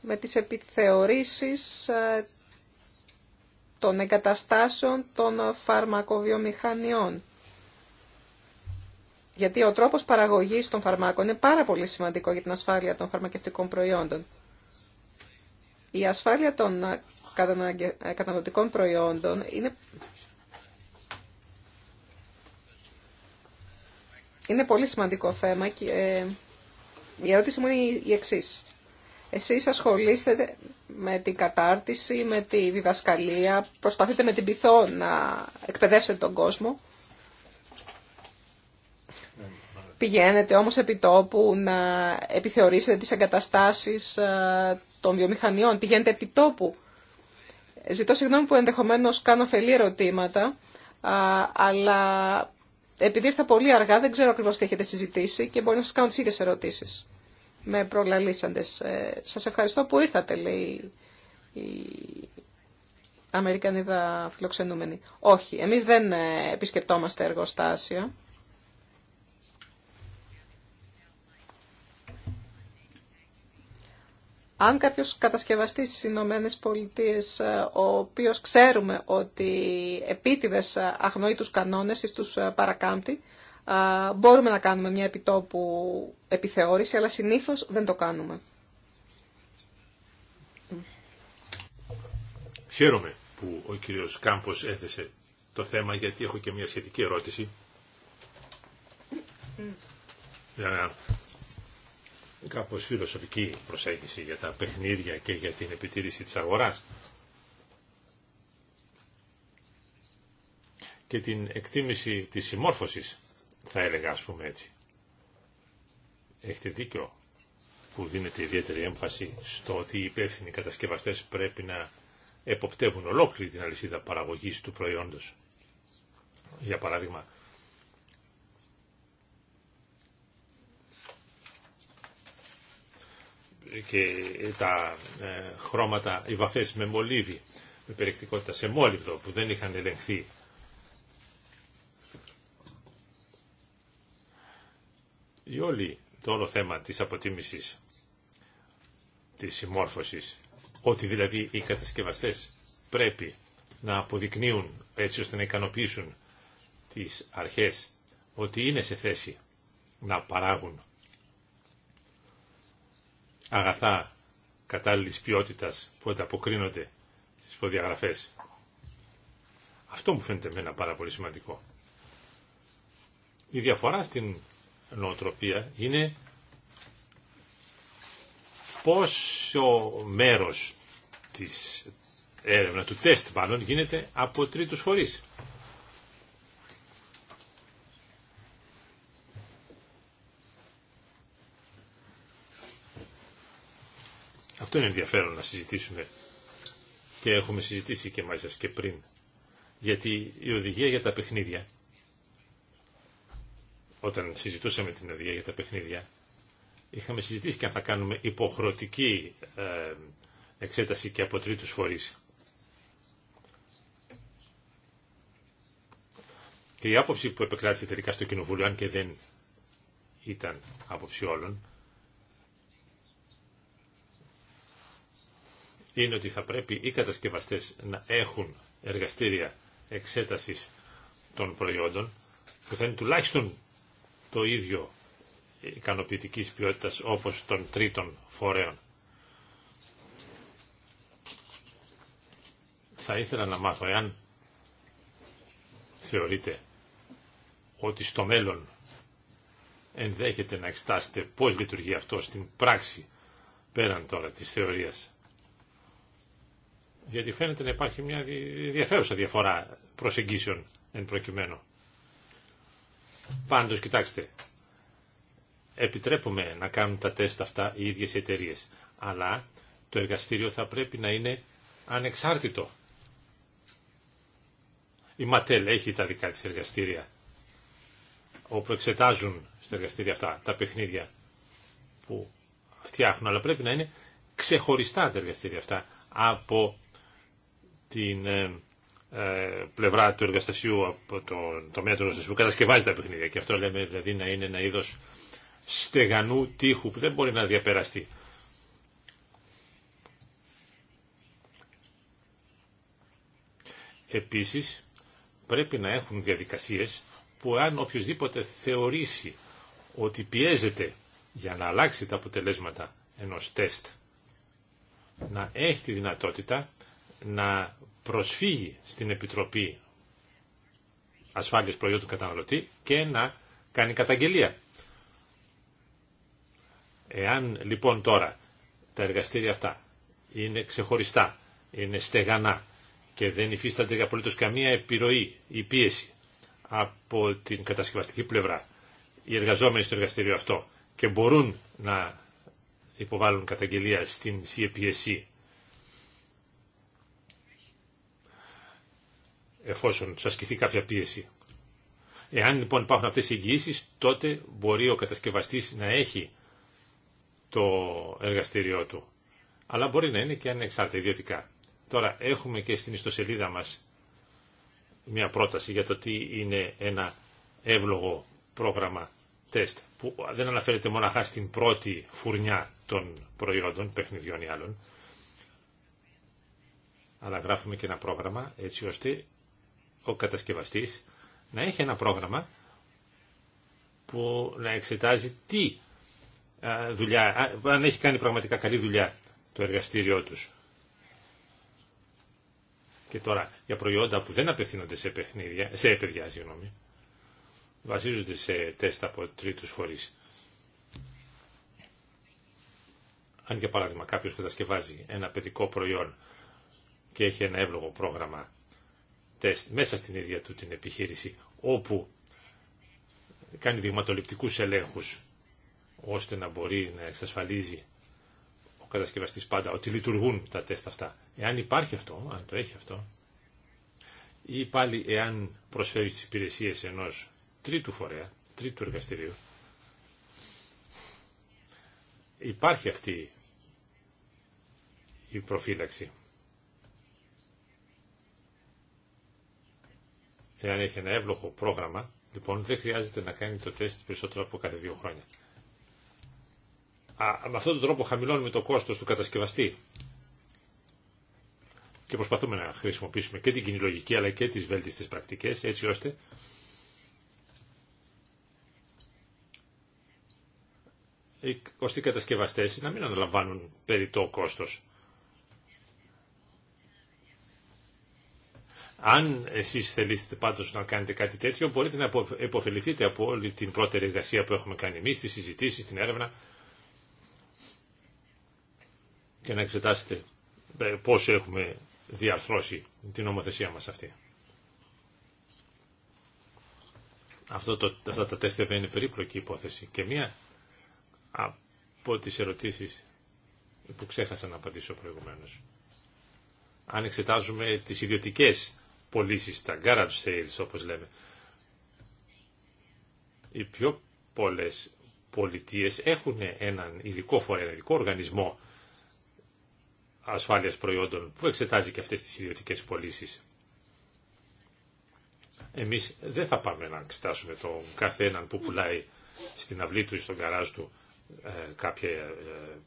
με τις επιθεωρήσεις ε, των εγκαταστάσεων των φαρμακοβιομηχανιών. Γιατί ο τρόπος παραγωγής των φαρμάκων είναι πάρα πολύ σημαντικό για την ασφάλεια των φαρμακευτικών προϊόντων. Η ασφάλεια των καταναλωτικών προϊόντων είναι Είναι πολύ σημαντικό θέμα και ε, η ερώτηση μου είναι η εξή. Εσείς ασχολείστε με την κατάρτιση, με τη διδασκαλία, προσπαθείτε με την πυθό να εκπαιδεύσετε τον κόσμο. Πηγαίνετε όμως επί τόπου να επιθεωρήσετε τις εγκαταστάσεις ε, των βιομηχανιών. Πηγαίνετε επί τόπου. Ζητώ συγγνώμη που ενδεχομένως κάνω φελή ερωτήματα, αλλά επειδή ήρθα πολύ αργά, δεν ξέρω ακριβώ τι έχετε συζητήσει και μπορεί να σα κάνω τι ίδιες ερωτήσεις με προλαλήσαντε. Ε, σας ευχαριστώ που ήρθατε, λέει η Αμερικανίδα φιλοξενούμενη. Όχι, εμείς δεν ε, επισκεπτόμαστε εργοστάσια. Αν κάποιος κατασκευαστής στις Ηνωμένε Πολιτείε, ε, ο οποίος ξέρουμε ότι επίτηδες ε, αγνοεί τους κανόνες ή τους ε, παρακάμπτει, μπορούμε να κάνουμε μια επιτόπου επιθεώρηση, αλλά συνήθως δεν το κάνουμε. Χαίρομαι που ο κύριος Κάμπος έθεσε το θέμα γιατί έχω και μια σχετική ερώτηση. Για κάπως φιλοσοφική προσέγγιση για τα παιχνίδια και για την επιτήρηση της αγοράς και την εκτίμηση της συμμόρφωσης, θα έλεγα ας πούμε έτσι. Έχετε δίκιο που δίνεται ιδιαίτερη έμφαση στο ότι οι υπεύθυνοι κατασκευαστές πρέπει να εποπτεύουν ολόκληρη την αλυσίδα παραγωγής του προϊόντος. Για παράδειγμα, και τα ε, χρώματα, οι βαφές με μολύβι, με περιεκτικότητα σε μόλυβδο που δεν είχαν ελεγχθεί. Η όλη, το όλο θέμα της αποτίμησης, της συμμόρφωσης, ότι δηλαδή οι κατασκευαστές πρέπει να αποδεικνύουν έτσι ώστε να ικανοποιήσουν τις αρχές ότι είναι σε θέση να παράγουν αγαθά κατάλληλης ποιότητας που ανταποκρίνονται στις προδιαγραφέ. Αυτό μου φαίνεται εμένα πάρα πολύ σημαντικό. Η διαφορά στην νοοτροπία είναι πόσο μέρος της έρευνα, του τεστ μάλλον, γίνεται από τρίτους φορείς. Αυτό είναι ενδιαφέρον να συζητήσουμε και έχουμε συζητήσει και μαζί σας και πριν. Γιατί η οδηγία για τα παιχνίδια, όταν συζητούσαμε την οδηγία για τα παιχνίδια, είχαμε συζητήσει και αν θα κάνουμε υποχρεωτική ε, εξέταση και από τρίτους φορείς. Και η άποψη που επεκράτησε τελικά στο Κοινοβούλιο, αν και δεν ήταν άποψη όλων, είναι ότι θα πρέπει οι κατασκευαστές να έχουν εργαστήρια εξέτασης των προϊόντων που θα είναι τουλάχιστον το ίδιο ικανοποιητικής ποιότητας όπως των τρίτων φορέων. Θα ήθελα να μάθω εάν θεωρείτε ότι στο μέλλον ενδέχεται να εξτάσετε πώς λειτουργεί αυτό στην πράξη πέραν τώρα της θεωρίας γιατί φαίνεται να υπάρχει μια ενδιαφέρουσα διαφορά προσεγγίσεων εν προκειμένου. Πάντως, κοιτάξτε, επιτρέπουμε να κάνουν τα τεστ αυτά οι ίδιες οι αλλά το εργαστήριο θα πρέπει να είναι ανεξάρτητο. Η Ματέλ έχει τα δικά της εργαστήρια, όπου εξετάζουν στα εργαστήρια αυτά τα παιχνίδια που φτιάχνουν, αλλά πρέπει να είναι ξεχωριστά τα εργαστήρια αυτά από την ε, ε, πλευρά του εργαστασίου από το τομέα του εργαστασίου που κατασκευάζει τα παιχνίδια και αυτό λέμε δηλαδή να είναι ένα είδος στεγανού τείχου που δεν μπορεί να διαπεραστεί. Επίσης πρέπει να έχουν διαδικασίες που αν οποιοδήποτε θεωρήσει ότι πιέζεται για να αλλάξει τα αποτελέσματα ενός τεστ να έχει τη δυνατότητα να προσφύγει στην Επιτροπή Ασφάλειας Προϊόντων Καταναλωτή και να κάνει καταγγελία. Εάν λοιπόν τώρα τα εργαστήρια αυτά είναι ξεχωριστά, είναι στεγανά και δεν υφίστανται απολύτως καμία επιρροή ή πίεση από την κατασκευαστική πλευρά οι εργαζόμενοι στο εργαστήριο αυτό και μπορούν να υποβάλουν καταγγελία στην CPSC εφόσον σας ασκηθεί κάποια πίεση. Εάν λοιπόν υπάρχουν αυτές οι εγγυήσεις, τότε μπορεί ο κατασκευαστής να έχει το εργαστήριό του. Αλλά μπορεί να είναι και ανεξάρτητα ιδιωτικά. Τώρα έχουμε και στην ιστοσελίδα μας μια πρόταση για το τι είναι ένα εύλογο πρόγραμμα τεστ που δεν αναφέρεται μοναχά στην πρώτη φουρνιά των προϊόντων, παιχνιδιών ή άλλων, αλλά γράφουμε και ένα πρόγραμμα έτσι ώστε ο κατασκευαστής να έχει ένα πρόγραμμα που να εξετάζει τι δουλειά, αν έχει κάνει πραγματικά καλή δουλειά το εργαστήριό τους. Και τώρα για προϊόντα που δεν απευθύνονται σε, παιχνίδια, σε παιδιά, συγγνώμη, βασίζονται σε τεστ από τρίτους φορείς. Αν για παράδειγμα κάποιος κατασκευάζει ένα παιδικό προϊόν και έχει ένα εύλογο πρόγραμμα τεστ μέσα στην ίδια του την επιχείρηση, όπου κάνει δειγματοληπτικούς ελέγχους, ώστε να μπορεί να εξασφαλίζει ο κατασκευαστής πάντα ότι λειτουργούν τα τεστ αυτά. Εάν υπάρχει αυτό, αν το έχει αυτό, ή πάλι εάν προσφέρει τις υπηρεσίες ενός τρίτου φορέα, τρίτου εργαστηρίου, υπάρχει αυτή η προφύλαξη. Εάν έχει ένα εύλογο πρόγραμμα, λοιπόν δεν χρειάζεται να κάνει το τεστ περισσότερο από κάθε δύο χρόνια. Α, με αυτόν τον τρόπο χαμηλώνουμε το κόστος του κατασκευαστή και προσπαθούμε να χρησιμοποιήσουμε και την κοινή λογική αλλά και τις βέλτιστες πρακτικές έτσι ώστε ώστε οι κατασκευαστές να μην αναλαμβάνουν περιττό κόστος. Αν εσείς θελήσετε πάντως να κάνετε κάτι τέτοιο, μπορείτε να υποφεληθείτε από όλη την πρώτη εργασία που έχουμε κάνει εμεί, τι συζητήσει, την έρευνα και να εξετάσετε ε, πώ έχουμε διαρθρώσει την νομοθεσία μας αυτή. Αυτό το, αυτά τα τεστ είναι περίπλοκη υπόθεση. Και μία από τις ερωτήσεις που ξέχασα να απαντήσω προηγουμένω. Αν εξετάζουμε τι ιδιωτικέ πωλήσει, τα garage sales όπως λέμε. Οι πιο πολλές πολιτείες έχουν έναν ειδικό φορέα, έναν ειδικό οργανισμό ασφάλειας προϊόντων που εξετάζει και αυτές τις ιδιωτικές πωλήσει. Εμείς δεν θα πάμε να εξετάσουμε τον καθέναν που πουλάει στην αυλή του ή στον καράζ του ε, κάποια ε,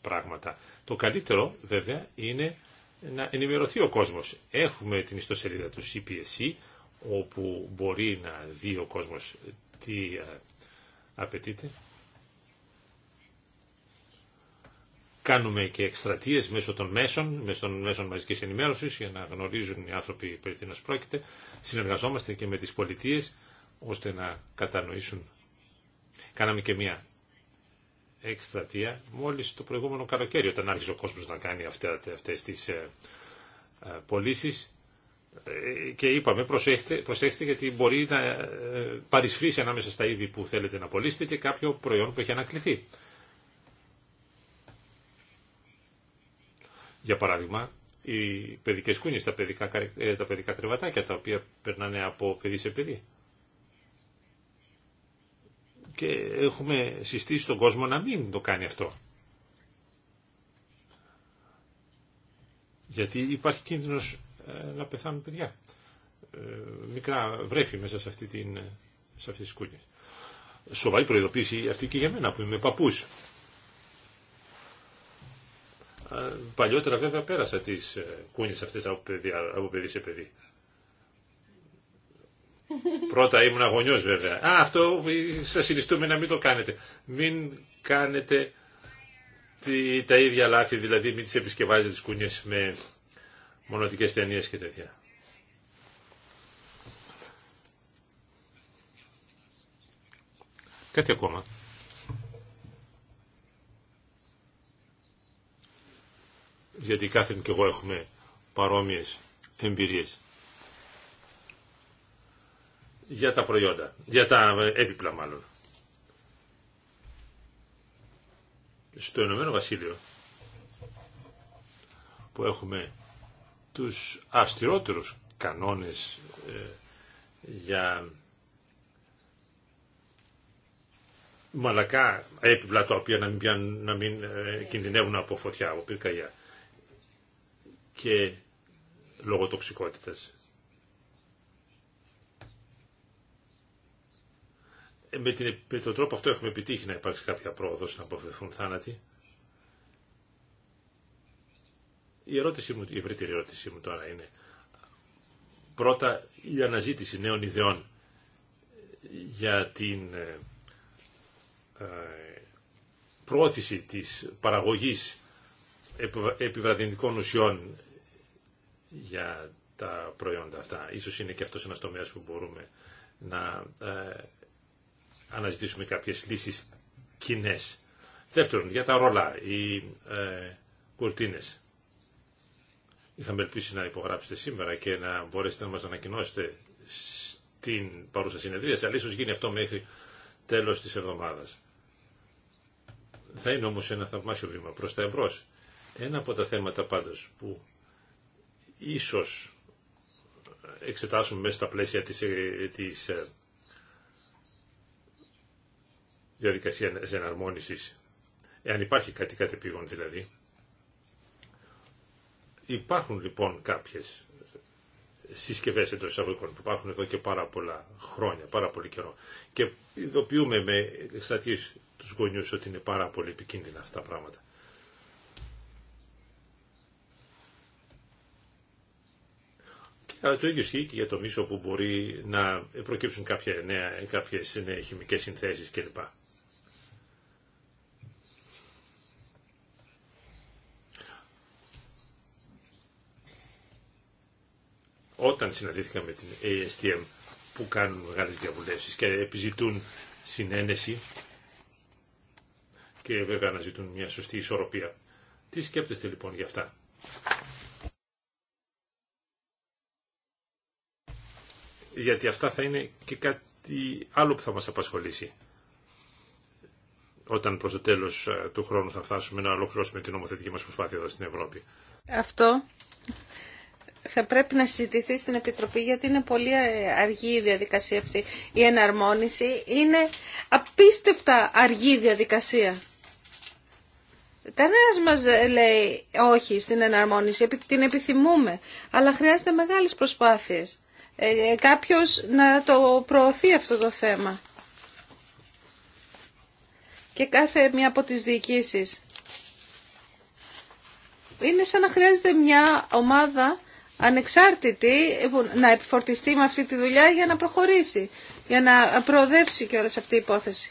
πράγματα. Το καλύτερο βέβαια είναι να ενημερωθεί ο κόσμος. Έχουμε την ιστοσελίδα του CPSC, όπου μπορεί να δει ο κόσμος τι ε, απαιτείται. Κάνουμε και εκστρατείες μέσω των μέσων, μέσω των μέσων μαζικής ενημέρωσης, για να γνωρίζουν οι άνθρωποι περί τίνος πρόκειται. Συνεργαζόμαστε και με τις πολιτείες, ώστε να κατανοήσουν. Κάναμε και μια εκστρατεία μόλις το προηγούμενο καλοκαίρι όταν άρχισε ο κόσμος να κάνει αυτές τις ε, ε, πωλήσει. Ε, και είπαμε προσέχτε, προσέχτε γιατί μπορεί να παρισφρήσει ανάμεσα στα είδη που θέλετε να πωλήσετε και κάποιο προϊόν που έχει ανακληθεί. Για παράδειγμα, οι παιδικές κούνιες, τα παιδικά, τα παιδικά κρεβατάκια τα οποία περνάνε από παιδί σε παιδί και έχουμε συστήσει τον κόσμο να μην το κάνει αυτό. Γιατί υπάρχει κίνδυνος ε, να πεθάνουν παιδιά. Ε, μικρά βρέφη μέσα σε, αυτή την, ε, σε αυτές τις Σοβαρή προειδοποίηση αυτή και για μένα που είμαι παππούς. Παλιότερα βέβαια πέρασα τις κούνιες αυτές από παιδί, από παιδί σε παιδί. Πρώτα ήμουν αγωνιό, βέβαια. Α, αυτό ε, σας συνιστούμε να μην το κάνετε. Μην κάνετε τα ίδια λάθη, δηλαδή μην τι επισκευάζετε τις κούνιε με μονοτικές ταινίε και τέτοια. Κάτι ακόμα. Γιατί κάθε και εγώ έχουμε παρόμοιες εμπειρίες για τα προϊόντα, για τα έπιπλα μάλλον. Στο Ηνωμένο Βασίλειο που έχουμε τους αυστηρότερους κανόνες ε, για μαλακά έπιπλα τα οποία να μην, να μην ε, κινδυνεύουν από φωτιά, από πυρκαγιά και λόγω τοξικότητας. με, τον τρόπο αυτό έχουμε επιτύχει να υπάρξει κάποια πρόοδος, να αποφευθούν θάνατοι. Η ερώτησή μου, η ευρύτερη ερώτησή μου τώρα είναι πρώτα η αναζήτηση νέων ιδεών για την ε, ε πρόθεση της παραγωγής επιβραδυντικών ουσιών για τα προϊόντα αυτά. Ίσως είναι και αυτός ένας τομέας που μπορούμε να ε, αναζητήσουμε κάποιες λύσεις κοινέ. Δεύτερον, για τα ρόλα, οι ε, κουρτίνες. Είχαμε ελπίσει να υπογράψετε σήμερα και να μπορέσετε να μας ανακοινώσετε στην παρούσα συνεδρία, αλλά ίσως γίνει αυτό μέχρι τέλος της εβδομάδας. Θα είναι όμως ένα θαυμάσιο βήμα προς τα εμπρός. Ένα από τα θέματα πάντως που ίσως εξετάσουμε μέσα στα πλαίσια της, ε, της ε, διαδικασία εναρμόνισης, εάν υπάρχει κάτι κατεπήγον δηλαδή. Υπάρχουν λοιπόν κάποιες συσκευέ εντό εισαγωγικών που υπάρχουν εδώ και πάρα πολλά χρόνια, πάρα πολύ καιρό. Και ειδοποιούμε με εκστατείε του γονιούς ότι είναι πάρα πολύ επικίνδυνα αυτά τα πράγματα. Και το ίδιο ισχύει και για το μίσο που μπορεί να προκύψουν κάποια νέα, κάποιες χημικές συνθέσεις κλπ. όταν συναντήθηκα με την ASTM που κάνουν μεγάλες διαβουλεύσεις και επιζητούν συνένεση και βέβαια να ζητούν μια σωστή ισορροπία. Τι σκέπτεστε λοιπόν για αυτά. Γιατί αυτά θα είναι και κάτι άλλο που θα μας απασχολήσει. Όταν προς το τέλος ε, του χρόνου θα φτάσουμε να ολοκληρώσουμε την νομοθετική μας προσπάθεια εδώ στην Ευρώπη. Αυτό θα πρέπει να συζητηθεί στην Επιτροπή γιατί είναι πολύ αργή η διαδικασία αυτή. Η εναρμόνιση είναι απίστευτα αργή διαδικασία. Κανένας μας λέει όχι στην εναρμόνιση, την επιθυμούμε, αλλά χρειάζεται μεγάλες προσπάθειες. Ε, ε, κάποιος να το προωθεί αυτό το θέμα. Και κάθε μία από τις διοικήσεις. Είναι σαν να χρειάζεται μια ομάδα ανεξάρτητη να επιφορτιστεί με αυτή τη δουλειά για να προχωρήσει, για να προοδεύσει και σε αυτή η υπόθεση.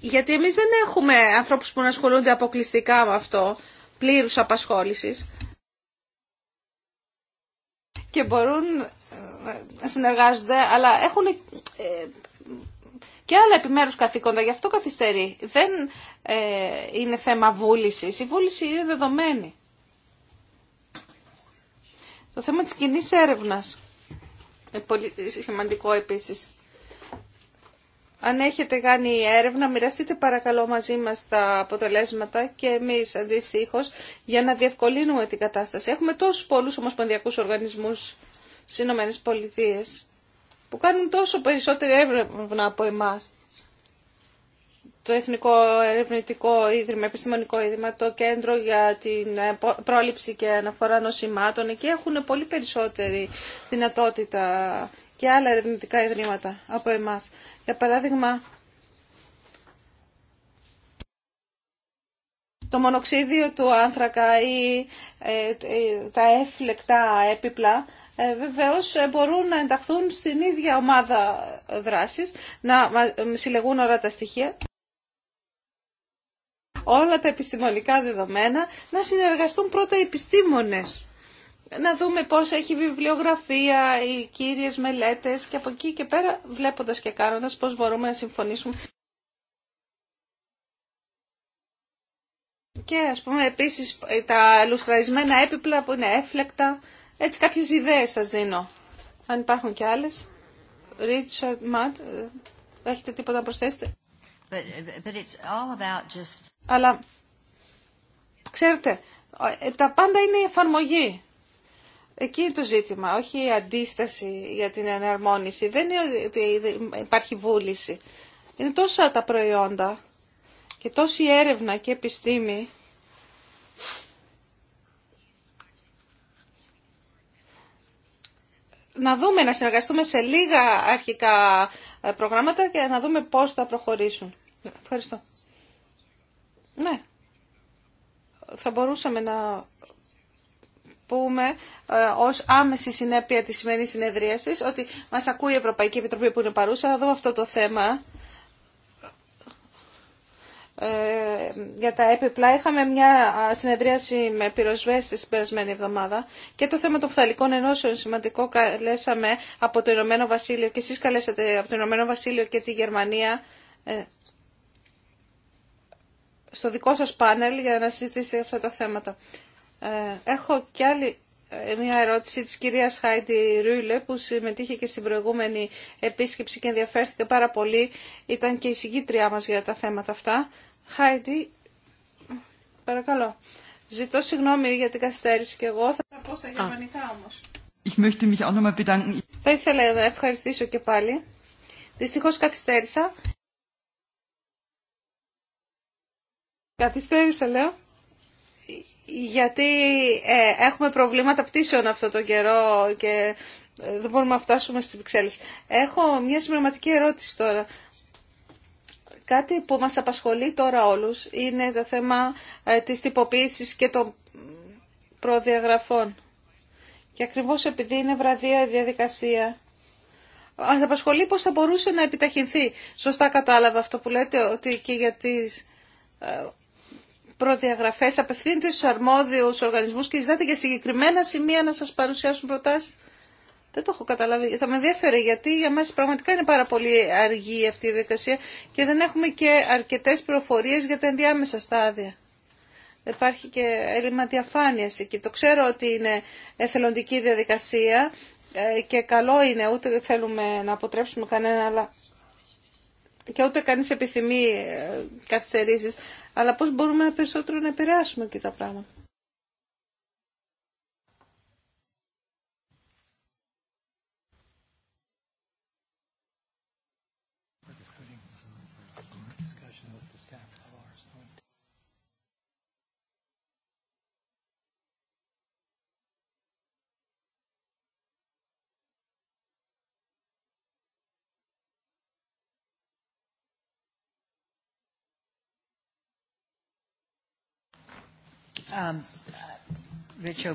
Γιατί εμείς δεν έχουμε ανθρώπους που να ασχολούνται αποκλειστικά με αυτό, πλήρους απασχόλησης. Και μπορούν ε, να συνεργάζονται, αλλά έχουν ε, και άλλα επιμέρους καθήκοντα, γι' αυτό καθυστερεί. Δεν ε, είναι θέμα βούλησης, η βούληση είναι δεδομένη. Το θέμα της κοινή έρευνας. Ε, πολύ σημαντικό επίσης. Αν έχετε κάνει έρευνα, μοιραστείτε παρακαλώ μαζί μας τα αποτελέσματα και εμείς αντίστοιχω για να διευκολύνουμε την κατάσταση. Έχουμε τόσους πολλούς ομοσπονδιακούς οργανισμούς στις ΗΠΑ που κάνουν τόσο περισσότερη έρευνα από εμάς το Εθνικό Ερευνητικό Ίδρυμα, Επιστημονικό Ίδρυμα, το Κέντρο για την ε, Πρόληψη και Αναφορά Νοσημάτων. Εκεί έχουν πολύ περισσότερη δυνατότητα και άλλα ερευνητικά ιδρύματα από εμάς. Για παράδειγμα, το μονοξίδιο του άνθρακα ή ε, ε, τα έφλεκτα έπιπλα ε, βεβαίως μπορούν να ενταχθούν στην ίδια ομάδα δράσης, να συλλεγούν όλα τα στοιχεία όλα τα επιστημονικά δεδομένα, να συνεργαστούν πρώτα οι επιστήμονες. Να δούμε πώς έχει βιβλιογραφία, οι κύριες μελέτες και από εκεί και πέρα βλέποντας και κάνοντας πώς μπορούμε να συμφωνήσουμε. Και ας πούμε επίσης τα λουστραρισμένα έπιπλα που είναι έφλεκτα. Έτσι κάποιες ιδέες σας δίνω. Αν υπάρχουν και άλλες. Ρίτσαρτ Ματ, ε, έχετε τίποτα να προσθέσετε. Αλλά, ξέρετε, ε, τα πάντα είναι η εφαρμογή. Εκεί είναι το ζήτημα, όχι η αντίσταση για την εναρμόνιση. Δεν είναι ότι υπάρχει βούληση. Είναι τόσα τα προϊόντα και τόση έρευνα και επιστήμη να δούμε, να συνεργαστούμε σε λίγα αρχικά ε, προγράμματα και να δούμε πώς θα προχωρήσουν. Ευχαριστώ. Ναι. Θα μπορούσαμε να πούμε ε, ως άμεση συνέπεια της σημερινής συνεδρίασης ότι μας ακούει η Ευρωπαϊκή Επιτροπή που είναι παρούσα να δούμε αυτό το θέμα ε, για τα έπιπλα. Είχαμε μια συνεδρίαση με πυροσβέστες την περασμένη εβδομάδα και το θέμα των φθαλικών ενώσεων σημαντικό καλέσαμε από το Ηνωμένο Βασίλειο και εσείς καλέσατε από το Ηνωμένο Βασίλειο και τη Γερμανία ε, στο δικό σας πάνελ για να συζητήσετε αυτά τα θέματα. Ε, έχω και άλλη ε, μια ερώτηση της κυρίας Χάιντι Ρούιλε που συμμετείχε και στην προηγούμενη επίσκεψη και ενδιαφέρθηκε πάρα πολύ. Ήταν και η συγκήτριά μας για τα θέματα αυτά. Χάιντι, παρακαλώ. Ζητώ συγγνώμη για την καθυστέρηση και εγώ θα πω στα γερμανικά όμως. Ich mich auch noch mal Θα ήθελα να ευχαριστήσω και πάλι. Δυστυχώς καθυστέρησα. Καθυστέρησα, λέω, γιατί ε, έχουμε προβλήματα πτήσεων αυτό το καιρό και ε, δεν μπορούμε να φτάσουμε στις Βρυξέλλες. Έχω μια συμπληρωματική ερώτηση τώρα. Κάτι που μας απασχολεί τώρα όλους είναι το θέμα ε, της τυποποίησης και των προδιαγραφών. Και ακριβώς επειδή είναι βραδία η διαδικασία, μας απασχολεί πώς θα μπορούσε να επιταχυνθεί. Σωστά κατάλαβα αυτό που λέτε, ότι και για τις ε, προδιαγραφές, απευθύνεται στους αρμόδιους οργανισμούς και ζητάτε για συγκεκριμένα σημεία να σας παρουσιάσουν προτάσει. Δεν το έχω καταλάβει. Θα με ενδιαφέρε γιατί για μας πραγματικά είναι πάρα πολύ αργή αυτή η διαδικασία και δεν έχουμε και αρκετές προφορίες για τα ενδιάμεσα στάδια. Υπάρχει και έλλειμμα διαφάνειας εκεί. Το ξέρω ότι είναι εθελοντική διαδικασία ε, και καλό είναι, ούτε θέλουμε να αποτρέψουμε κανένα, αλλά και ούτε κανείς επιθυμεί ε, καθυστερήσεις, αλλά πώς μπορούμε περισσότερο να επηρεάσουμε και τα πράγματα. Um, uh,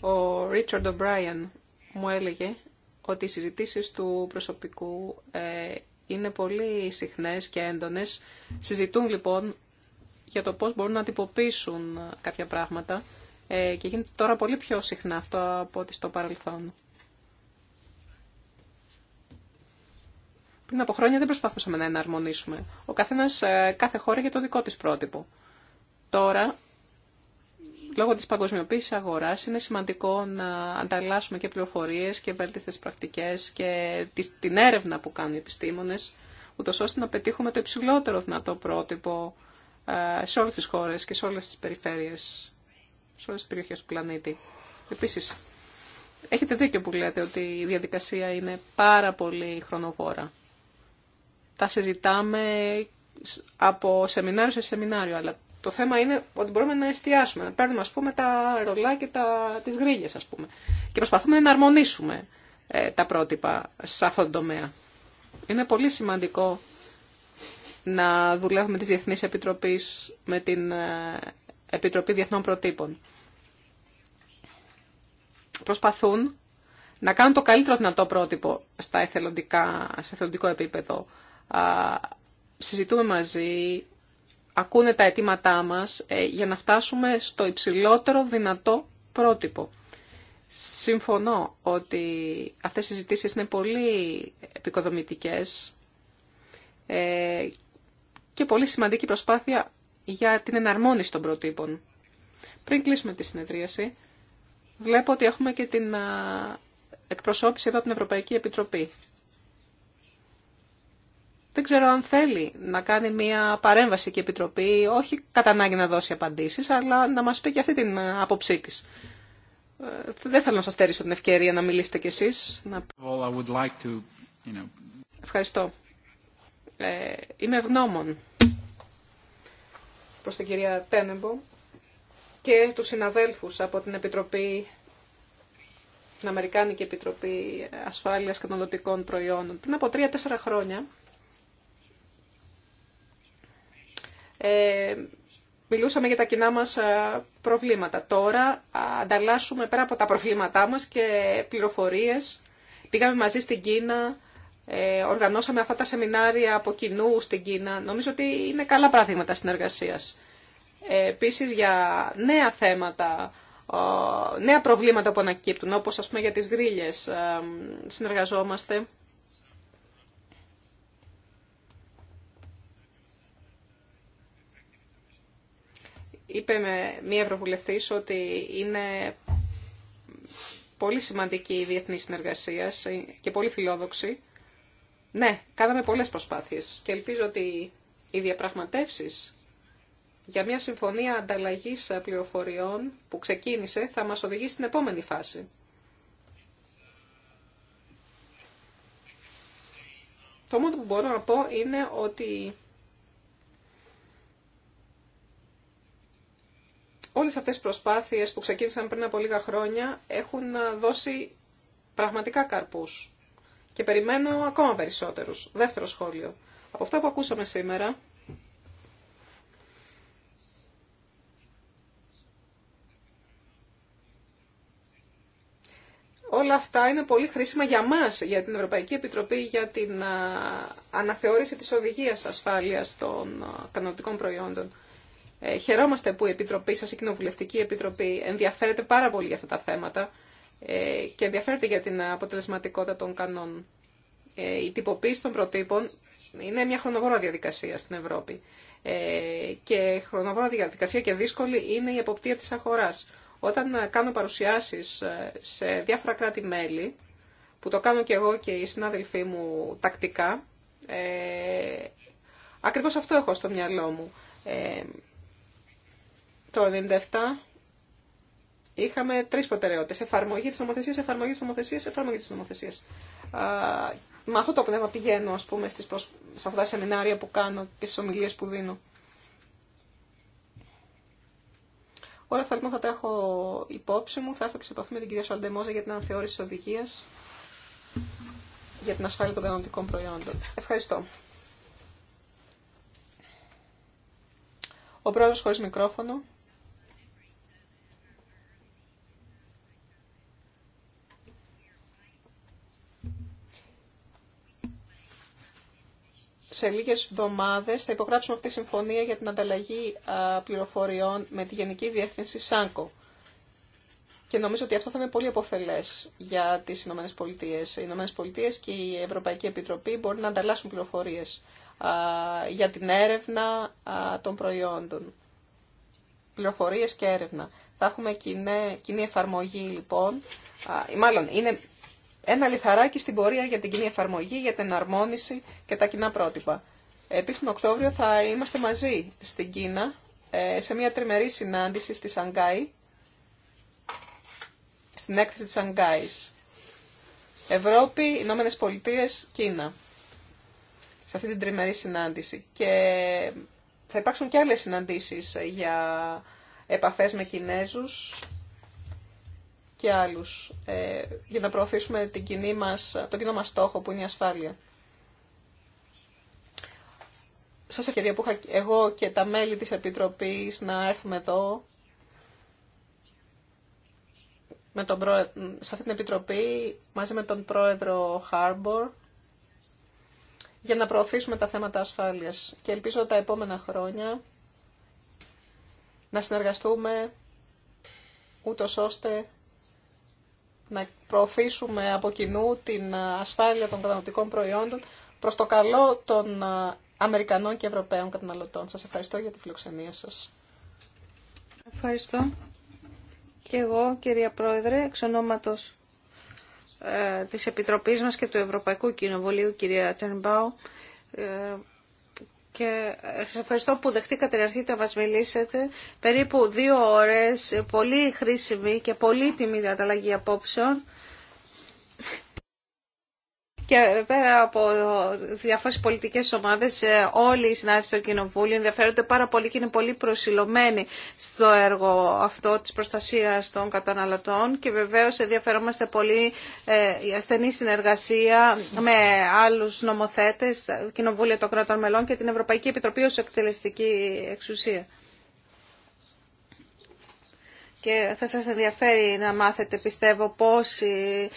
Ο Ρίτσαρντ Ομπράιεν μου έλεγε ότι οι συζητήσεις του προσωπικού ε, είναι πολύ συχνές και έντονες. Συζητούν λοιπόν για το πώς μπορούν να τυποποιήσουν κάποια πράγματα ε, και γίνεται τώρα πολύ πιο συχνά αυτό από ό,τι στο παρελθόν. Πριν από χρόνια δεν προσπαθούσαμε να εναρμονίσουμε. Ο καθένας, ε, κάθε χώρα για το δικό της πρότυπο. Τώρα, λόγω της παγκοσμιοποίησης αγοράς, είναι σημαντικό να ανταλλάσσουμε και πληροφορίες και βέλτιστες πρακτικές και την έρευνα που κάνουν οι επιστήμονες, ούτως ώστε να πετύχουμε το υψηλότερο δυνατό πρότυπο ε, σε όλες τις χώρες και σε όλες τις περιφέρειες, σε όλες τις περιοχές του πλανήτη. Επίσης, έχετε δίκιο που λέτε ότι η διαδικασία είναι πάρα πολύ χρονοβόρα. Τα συζητάμε από σεμινάριο σε σεμινάριο, αλλά το θέμα είναι ότι μπορούμε να εστιάσουμε, να παίρνουμε ας πούμε τα ρολά και τα, τις γρίλες ας πούμε και προσπαθούμε να αρμονίσουμε ε, τα πρότυπα σε αυτόν τον τομέα. Είναι πολύ σημαντικό να δουλεύουμε τις Διεθνείς Επιτροπής με την ε, Επιτροπή Διεθνών Προτύπων. Προσπαθούν να κάνουν το καλύτερο δυνατό πρότυπο στα εθελοντικά, σε εθελοντικό επίπεδο. συζητούμε μαζί, ακούνε τα αιτήματά μας ε, για να φτάσουμε στο υψηλότερο δυνατό πρότυπο. Συμφωνώ ότι αυτές οι συζητήσεις είναι πολύ επικοδομητικές ε, και πολύ σημαντική προσπάθεια για την εναρμόνιση των προτύπων. Πριν κλείσουμε τη συνεδρίαση, βλέπω ότι έχουμε και την εκπροσώπηση εδώ από την Ευρωπαϊκή Επιτροπή. Δεν ξέρω αν θέλει να κάνει μια παρέμβαση και Επιτροπή, όχι κατά ανάγκη να δώσει απαντήσεις, αλλά να μας πει και αυτή την άποψή της. Ε, δεν θέλω να σας τέρισω την ευκαιρία να μιλήσετε κι εσείς. Να... Ευχαριστώ. Ε, είμαι ευγνώμων προς την κυρία Τένεμπο και τους συναδέλφους από την Επιτροπή την Αμερικάνικη Επιτροπή Ασφάλειας Καταναλωτικών Προϊόντων. Πριν από τρία-τέσσερα χρόνια Ε, μιλούσαμε για τα κοινά μας ε, προβλήματα. Τώρα ανταλλάσσουμε πέρα από τα προβλήματά μας και πληροφορίες. Πήγαμε μαζί στην Κίνα, ε, οργανώσαμε αυτά τα σεμινάρια από κοινού στην Κίνα. Νομίζω ότι είναι καλά παραδείγματα συνεργασίας. Επίσης για νέα θέματα, νέα προβλήματα που ανακύπτουν, όπως ας πούμε για τις γρίλες, συνεργαζόμαστε είπε με μία ευρωβουλευτής ότι είναι πολύ σημαντική η διεθνή συνεργασία και πολύ φιλόδοξη. Ναι, κάναμε πολλές προσπάθειες και ελπίζω ότι οι διαπραγματεύσεις για μια συμφωνία ανταλλαγή πληροφοριών που ξεκίνησε θα μας οδηγήσει στην επόμενη φάση. Το μόνο που μπορώ να πω είναι ότι όλες αυτές οι προσπάθειες που ξεκίνησαν πριν από λίγα χρόνια έχουν δώσει πραγματικά καρπούς. Και περιμένω ακόμα περισσότερους. Δεύτερο σχόλιο. Από αυτά που ακούσαμε σήμερα, όλα αυτά είναι πολύ χρήσιμα για μας, για την Ευρωπαϊκή Επιτροπή, για την αναθεώρηση της οδηγίας ασφάλειας των κανονικών προϊόντων. Ε, χαιρόμαστε που η Επιτροπή σας, η Κοινοβουλευτική Επιτροπή, ενδιαφέρεται πάρα πολύ για αυτά τα θέματα ε, και ενδιαφέρεται για την αποτελεσματικότητα των κανόνων. Ε, η τυποποίηση των προτύπων είναι μια χρονοβόρα διαδικασία στην Ευρώπη. Ε, και χρονοβόρα διαδικασία και δύσκολη είναι η εποπτεία της αγοράς. Όταν ε, κάνω παρουσιάσεις σε διάφορα κράτη-μέλη, που το κάνω και εγώ και οι συνάδελφοί μου τακτικά, ε, ακριβώς αυτό έχω στο μυαλό μου. Ε, το 1997 είχαμε τρεις προτεραιότητες. Εφαρμογή της νομοθεσίας, εφαρμογή της νομοθεσίας, εφαρμογή της νομοθεσίας. Με αυτό το πνεύμα πηγαίνω, ας πούμε, στις προσ... σε αυτά τα σεμινάρια που κάνω και στις ομιλίες που δίνω. Όλα αυτά λοιπόν θα τα έχω υπόψη μου. Θα έρθω και σε επαφή με την κυρία Σαλντεμόζα για την αναθεώρηση τη οδηγία για την ασφάλεια των κανονικών προϊόντων. Ευχαριστώ. Ο πρόεδρος χωρίς μικρόφωνο. σε λίγες εβδομάδες θα υπογράψουμε αυτή τη συμφωνία για την ανταλλαγή πληροφοριών με τη Γενική Διεύθυνση ΣΑΝΚΟ. Και νομίζω ότι αυτό θα είναι πολύ αποφελέ για τι Ηνωμένε Πολιτείε. Οι Ηνωμένε Πολιτείες και η Ευρωπαϊκή Επιτροπή μπορεί να ανταλλάσσουν πληροφορίε για την έρευνα των προϊόντων. Πληροφορίε και έρευνα. Θα έχουμε κοινή, κοινή εφαρμογή λοιπόν. μάλλον είναι ένα λιθαράκι στην πορεία για την κοινή εφαρμογή, για την αρμόνιση και τα κοινά πρότυπα. Επίσης, τον Οκτώβριο θα είμαστε μαζί στην Κίνα ε, σε μια τριμερή συνάντηση στη Σανγκάη, στην έκθεση της Σανγκάης. Ευρώπη, Ηνωμένε Πολιτείε, Κίνα. Σε αυτή την τριμερή συνάντηση. Και θα υπάρξουν και άλλες συναντήσεις για επαφές με Κινέζους και άλλους ε, για να προωθήσουμε την μας, το κοινό μας στόχο που είναι η ασφάλεια. Σας ευχαριστώ που είχα εγώ και τα μέλη της Επιτροπής να έρθουμε εδώ με τον πρόεδρο, σε αυτή την Επιτροπή μαζί με τον πρόεδρο Χάρμπορ για να προωθήσουμε τα θέματα ασφάλειας και ελπίζω τα επόμενα χρόνια να συνεργαστούμε ούτως ώστε να προωθήσουμε από κοινού την ε, ασφάλεια των καταναλωτικών προϊόντων προς το καλό των ε, Αμερικανών και Ευρωπαίων καταναλωτών. Σας ευχαριστώ για τη φιλοξενία σας. Ευχαριστώ. Και εγώ, κυρία Πρόεδρε, εξ ονόματος ε, της Επιτροπής μας και του Ευρωπαϊκού Κοινοβουλίου, κυρία Τέρμπαου και ε, σας ευχαριστώ που δεχτήκατε να έρθετε να μας μιλήσετε. Περίπου δύο ώρες, πολύ χρήσιμη και πολύτιμη ανταλλαγή απόψεων και πέρα από διάφορε πολιτικές ομάδες ε, όλοι οι συνάδελφοι στο Κοινοβούλιο ενδιαφέρονται πάρα πολύ και είναι πολύ προσιλωμένοι στο έργο αυτό της προστασίας των καταναλωτών και βεβαίω ενδιαφερόμαστε πολύ ε, η ασθενή συνεργασία με άλλους νομοθέτες, Κοινοβούλια των Κρατών Μελών και την Ευρωπαϊκή Επιτροπή ω εκτελεστική εξουσία και θα σας ενδιαφέρει να μάθετε πιστεύω πώς ε,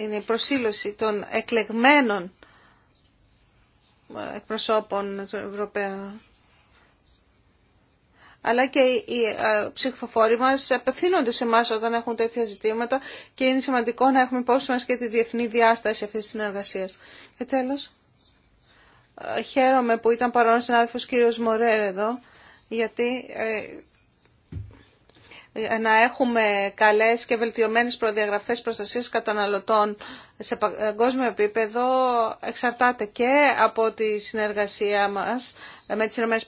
είναι η προσήλωση των εκλεγμένων ε, εκπροσώπων των Ευρωπαίων. Αλλά και οι ε, ψηφοφόροι μας απευθύνονται σε εμά όταν έχουν τέτοια ζητήματα και είναι σημαντικό να έχουμε υπόψη μας και τη διεθνή διάσταση αυτής της συνεργασίας. Και τέλος, χαίρομαι που ήταν παρόν ο συνάδελφος κύριος Μορέρ εδώ, γιατί ε, να έχουμε καλές και βελτιωμένες προδιαγραφές προστασίας καταναλωτών σε παγκόσμιο επίπεδο εξαρτάται και από τη συνεργασία μας με τις ΗΠΑ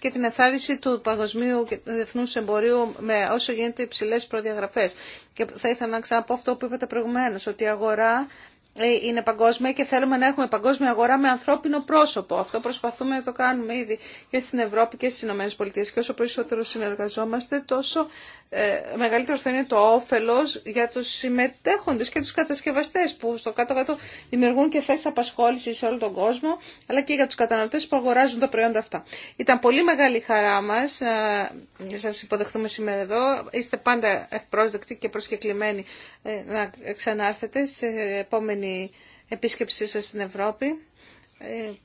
και την εθάρρυνση του παγκοσμίου και του διεθνούς εμπορίου με όσο γίνεται υψηλές προδιαγραφές. Και θα ήθελα να ξαναπώ αυτό που είπατε προηγουμένως, ότι η αγορά ε, είναι παγκόσμια και θέλουμε να έχουμε παγκόσμια αγορά με ανθρώπινο πρόσωπο. Αυτό προσπαθούμε να το κάνουμε ήδη και στην Ευρώπη και στι ΗΠΑ. Και όσο περισσότερο συνεργαζόμαστε, τόσο ε, μεγαλύτερο θα είναι το όφελος για τους συμμετέχοντες και τους κατασκευαστές που στο κάτω-κάτω δημιουργούν και θέσει απασχόληση σε όλο τον κόσμο αλλά και για τους καταναλωτές που αγοράζουν τα προϊόντα αυτά. Ήταν πολύ μεγάλη χαρά μας ε, να σας υποδεχτούμε σήμερα εδώ. Είστε πάντα ευπρόσδεκτοι και προσκεκλημένοι ε, να ξανάρθετε σε επόμενη επίσκεψή σας στην Ευρώπη.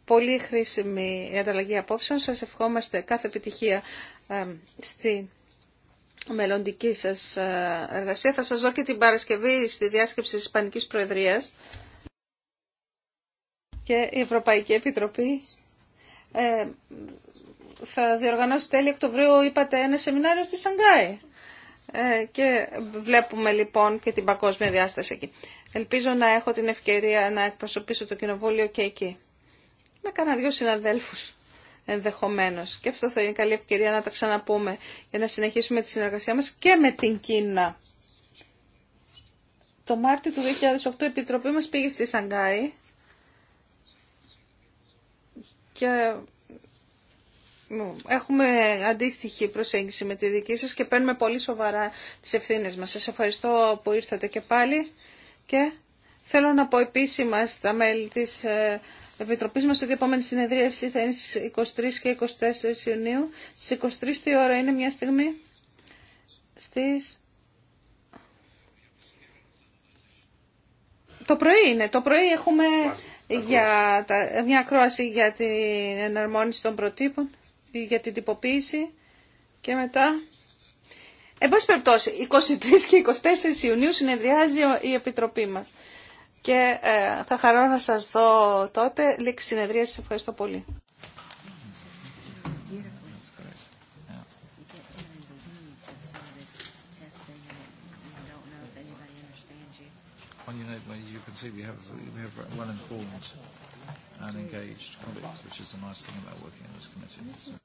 Πολύ χρήσιμη η ανταλλαγή απόψεων. Σας ευχόμαστε κάθε επιτυχία στην μελλοντική σας ε, εργασία. Θα σας δω και την Παρασκευή στη διάσκεψη της Ισπανικής Προεδρίας και η Ευρωπαϊκή Επιτροπή ε, θα διοργανώσει τέλη Οκτωβρίου, είπατε, ένα σεμινάριο στη Σανγκάη. Ε, και βλέπουμε λοιπόν και την παγκόσμια διάσταση εκεί. Ελπίζω να έχω την ευκαιρία να εκπροσωπήσω το κοινοβούλιο και εκεί. Με κανένα δυο συναδέλφους ενδεχομένως. Και αυτό θα είναι καλή ευκαιρία να τα ξαναπούμε για να συνεχίσουμε τη συνεργασία μας και με την Κίνα. Το Μάρτιο του 2008 η Επιτροπή μας πήγε στη Σανγκάη και έχουμε αντίστοιχη προσέγγιση με τη δική σας και παίρνουμε πολύ σοβαρά τις ευθύνες μας. Σας ευχαριστώ που ήρθατε και πάλι και θέλω να πω επίσημα στα μέλη της ε, Επιτροπή μας σε η επόμενη συνεδρίαση θα είναι στι 23 και 24 Ιουνίου. Στι 23 τι ώρα είναι μια στιγμή στις... Το πρωί είναι. Το πρωί έχουμε για τα... μια ακρόαση για την εναρμόνιση των προτύπων, για την τυποποίηση και μετά... Εν πάση 23 και 24 Ιουνίου συνεδριάζει η Επιτροπή μας και θα χαρώ να σας δω τότε. Λήξη συνεδρία. Σας ευχαριστώ πολύ. you can see we have we have well and engaged colleagues, which is a nice thing about working in this committee.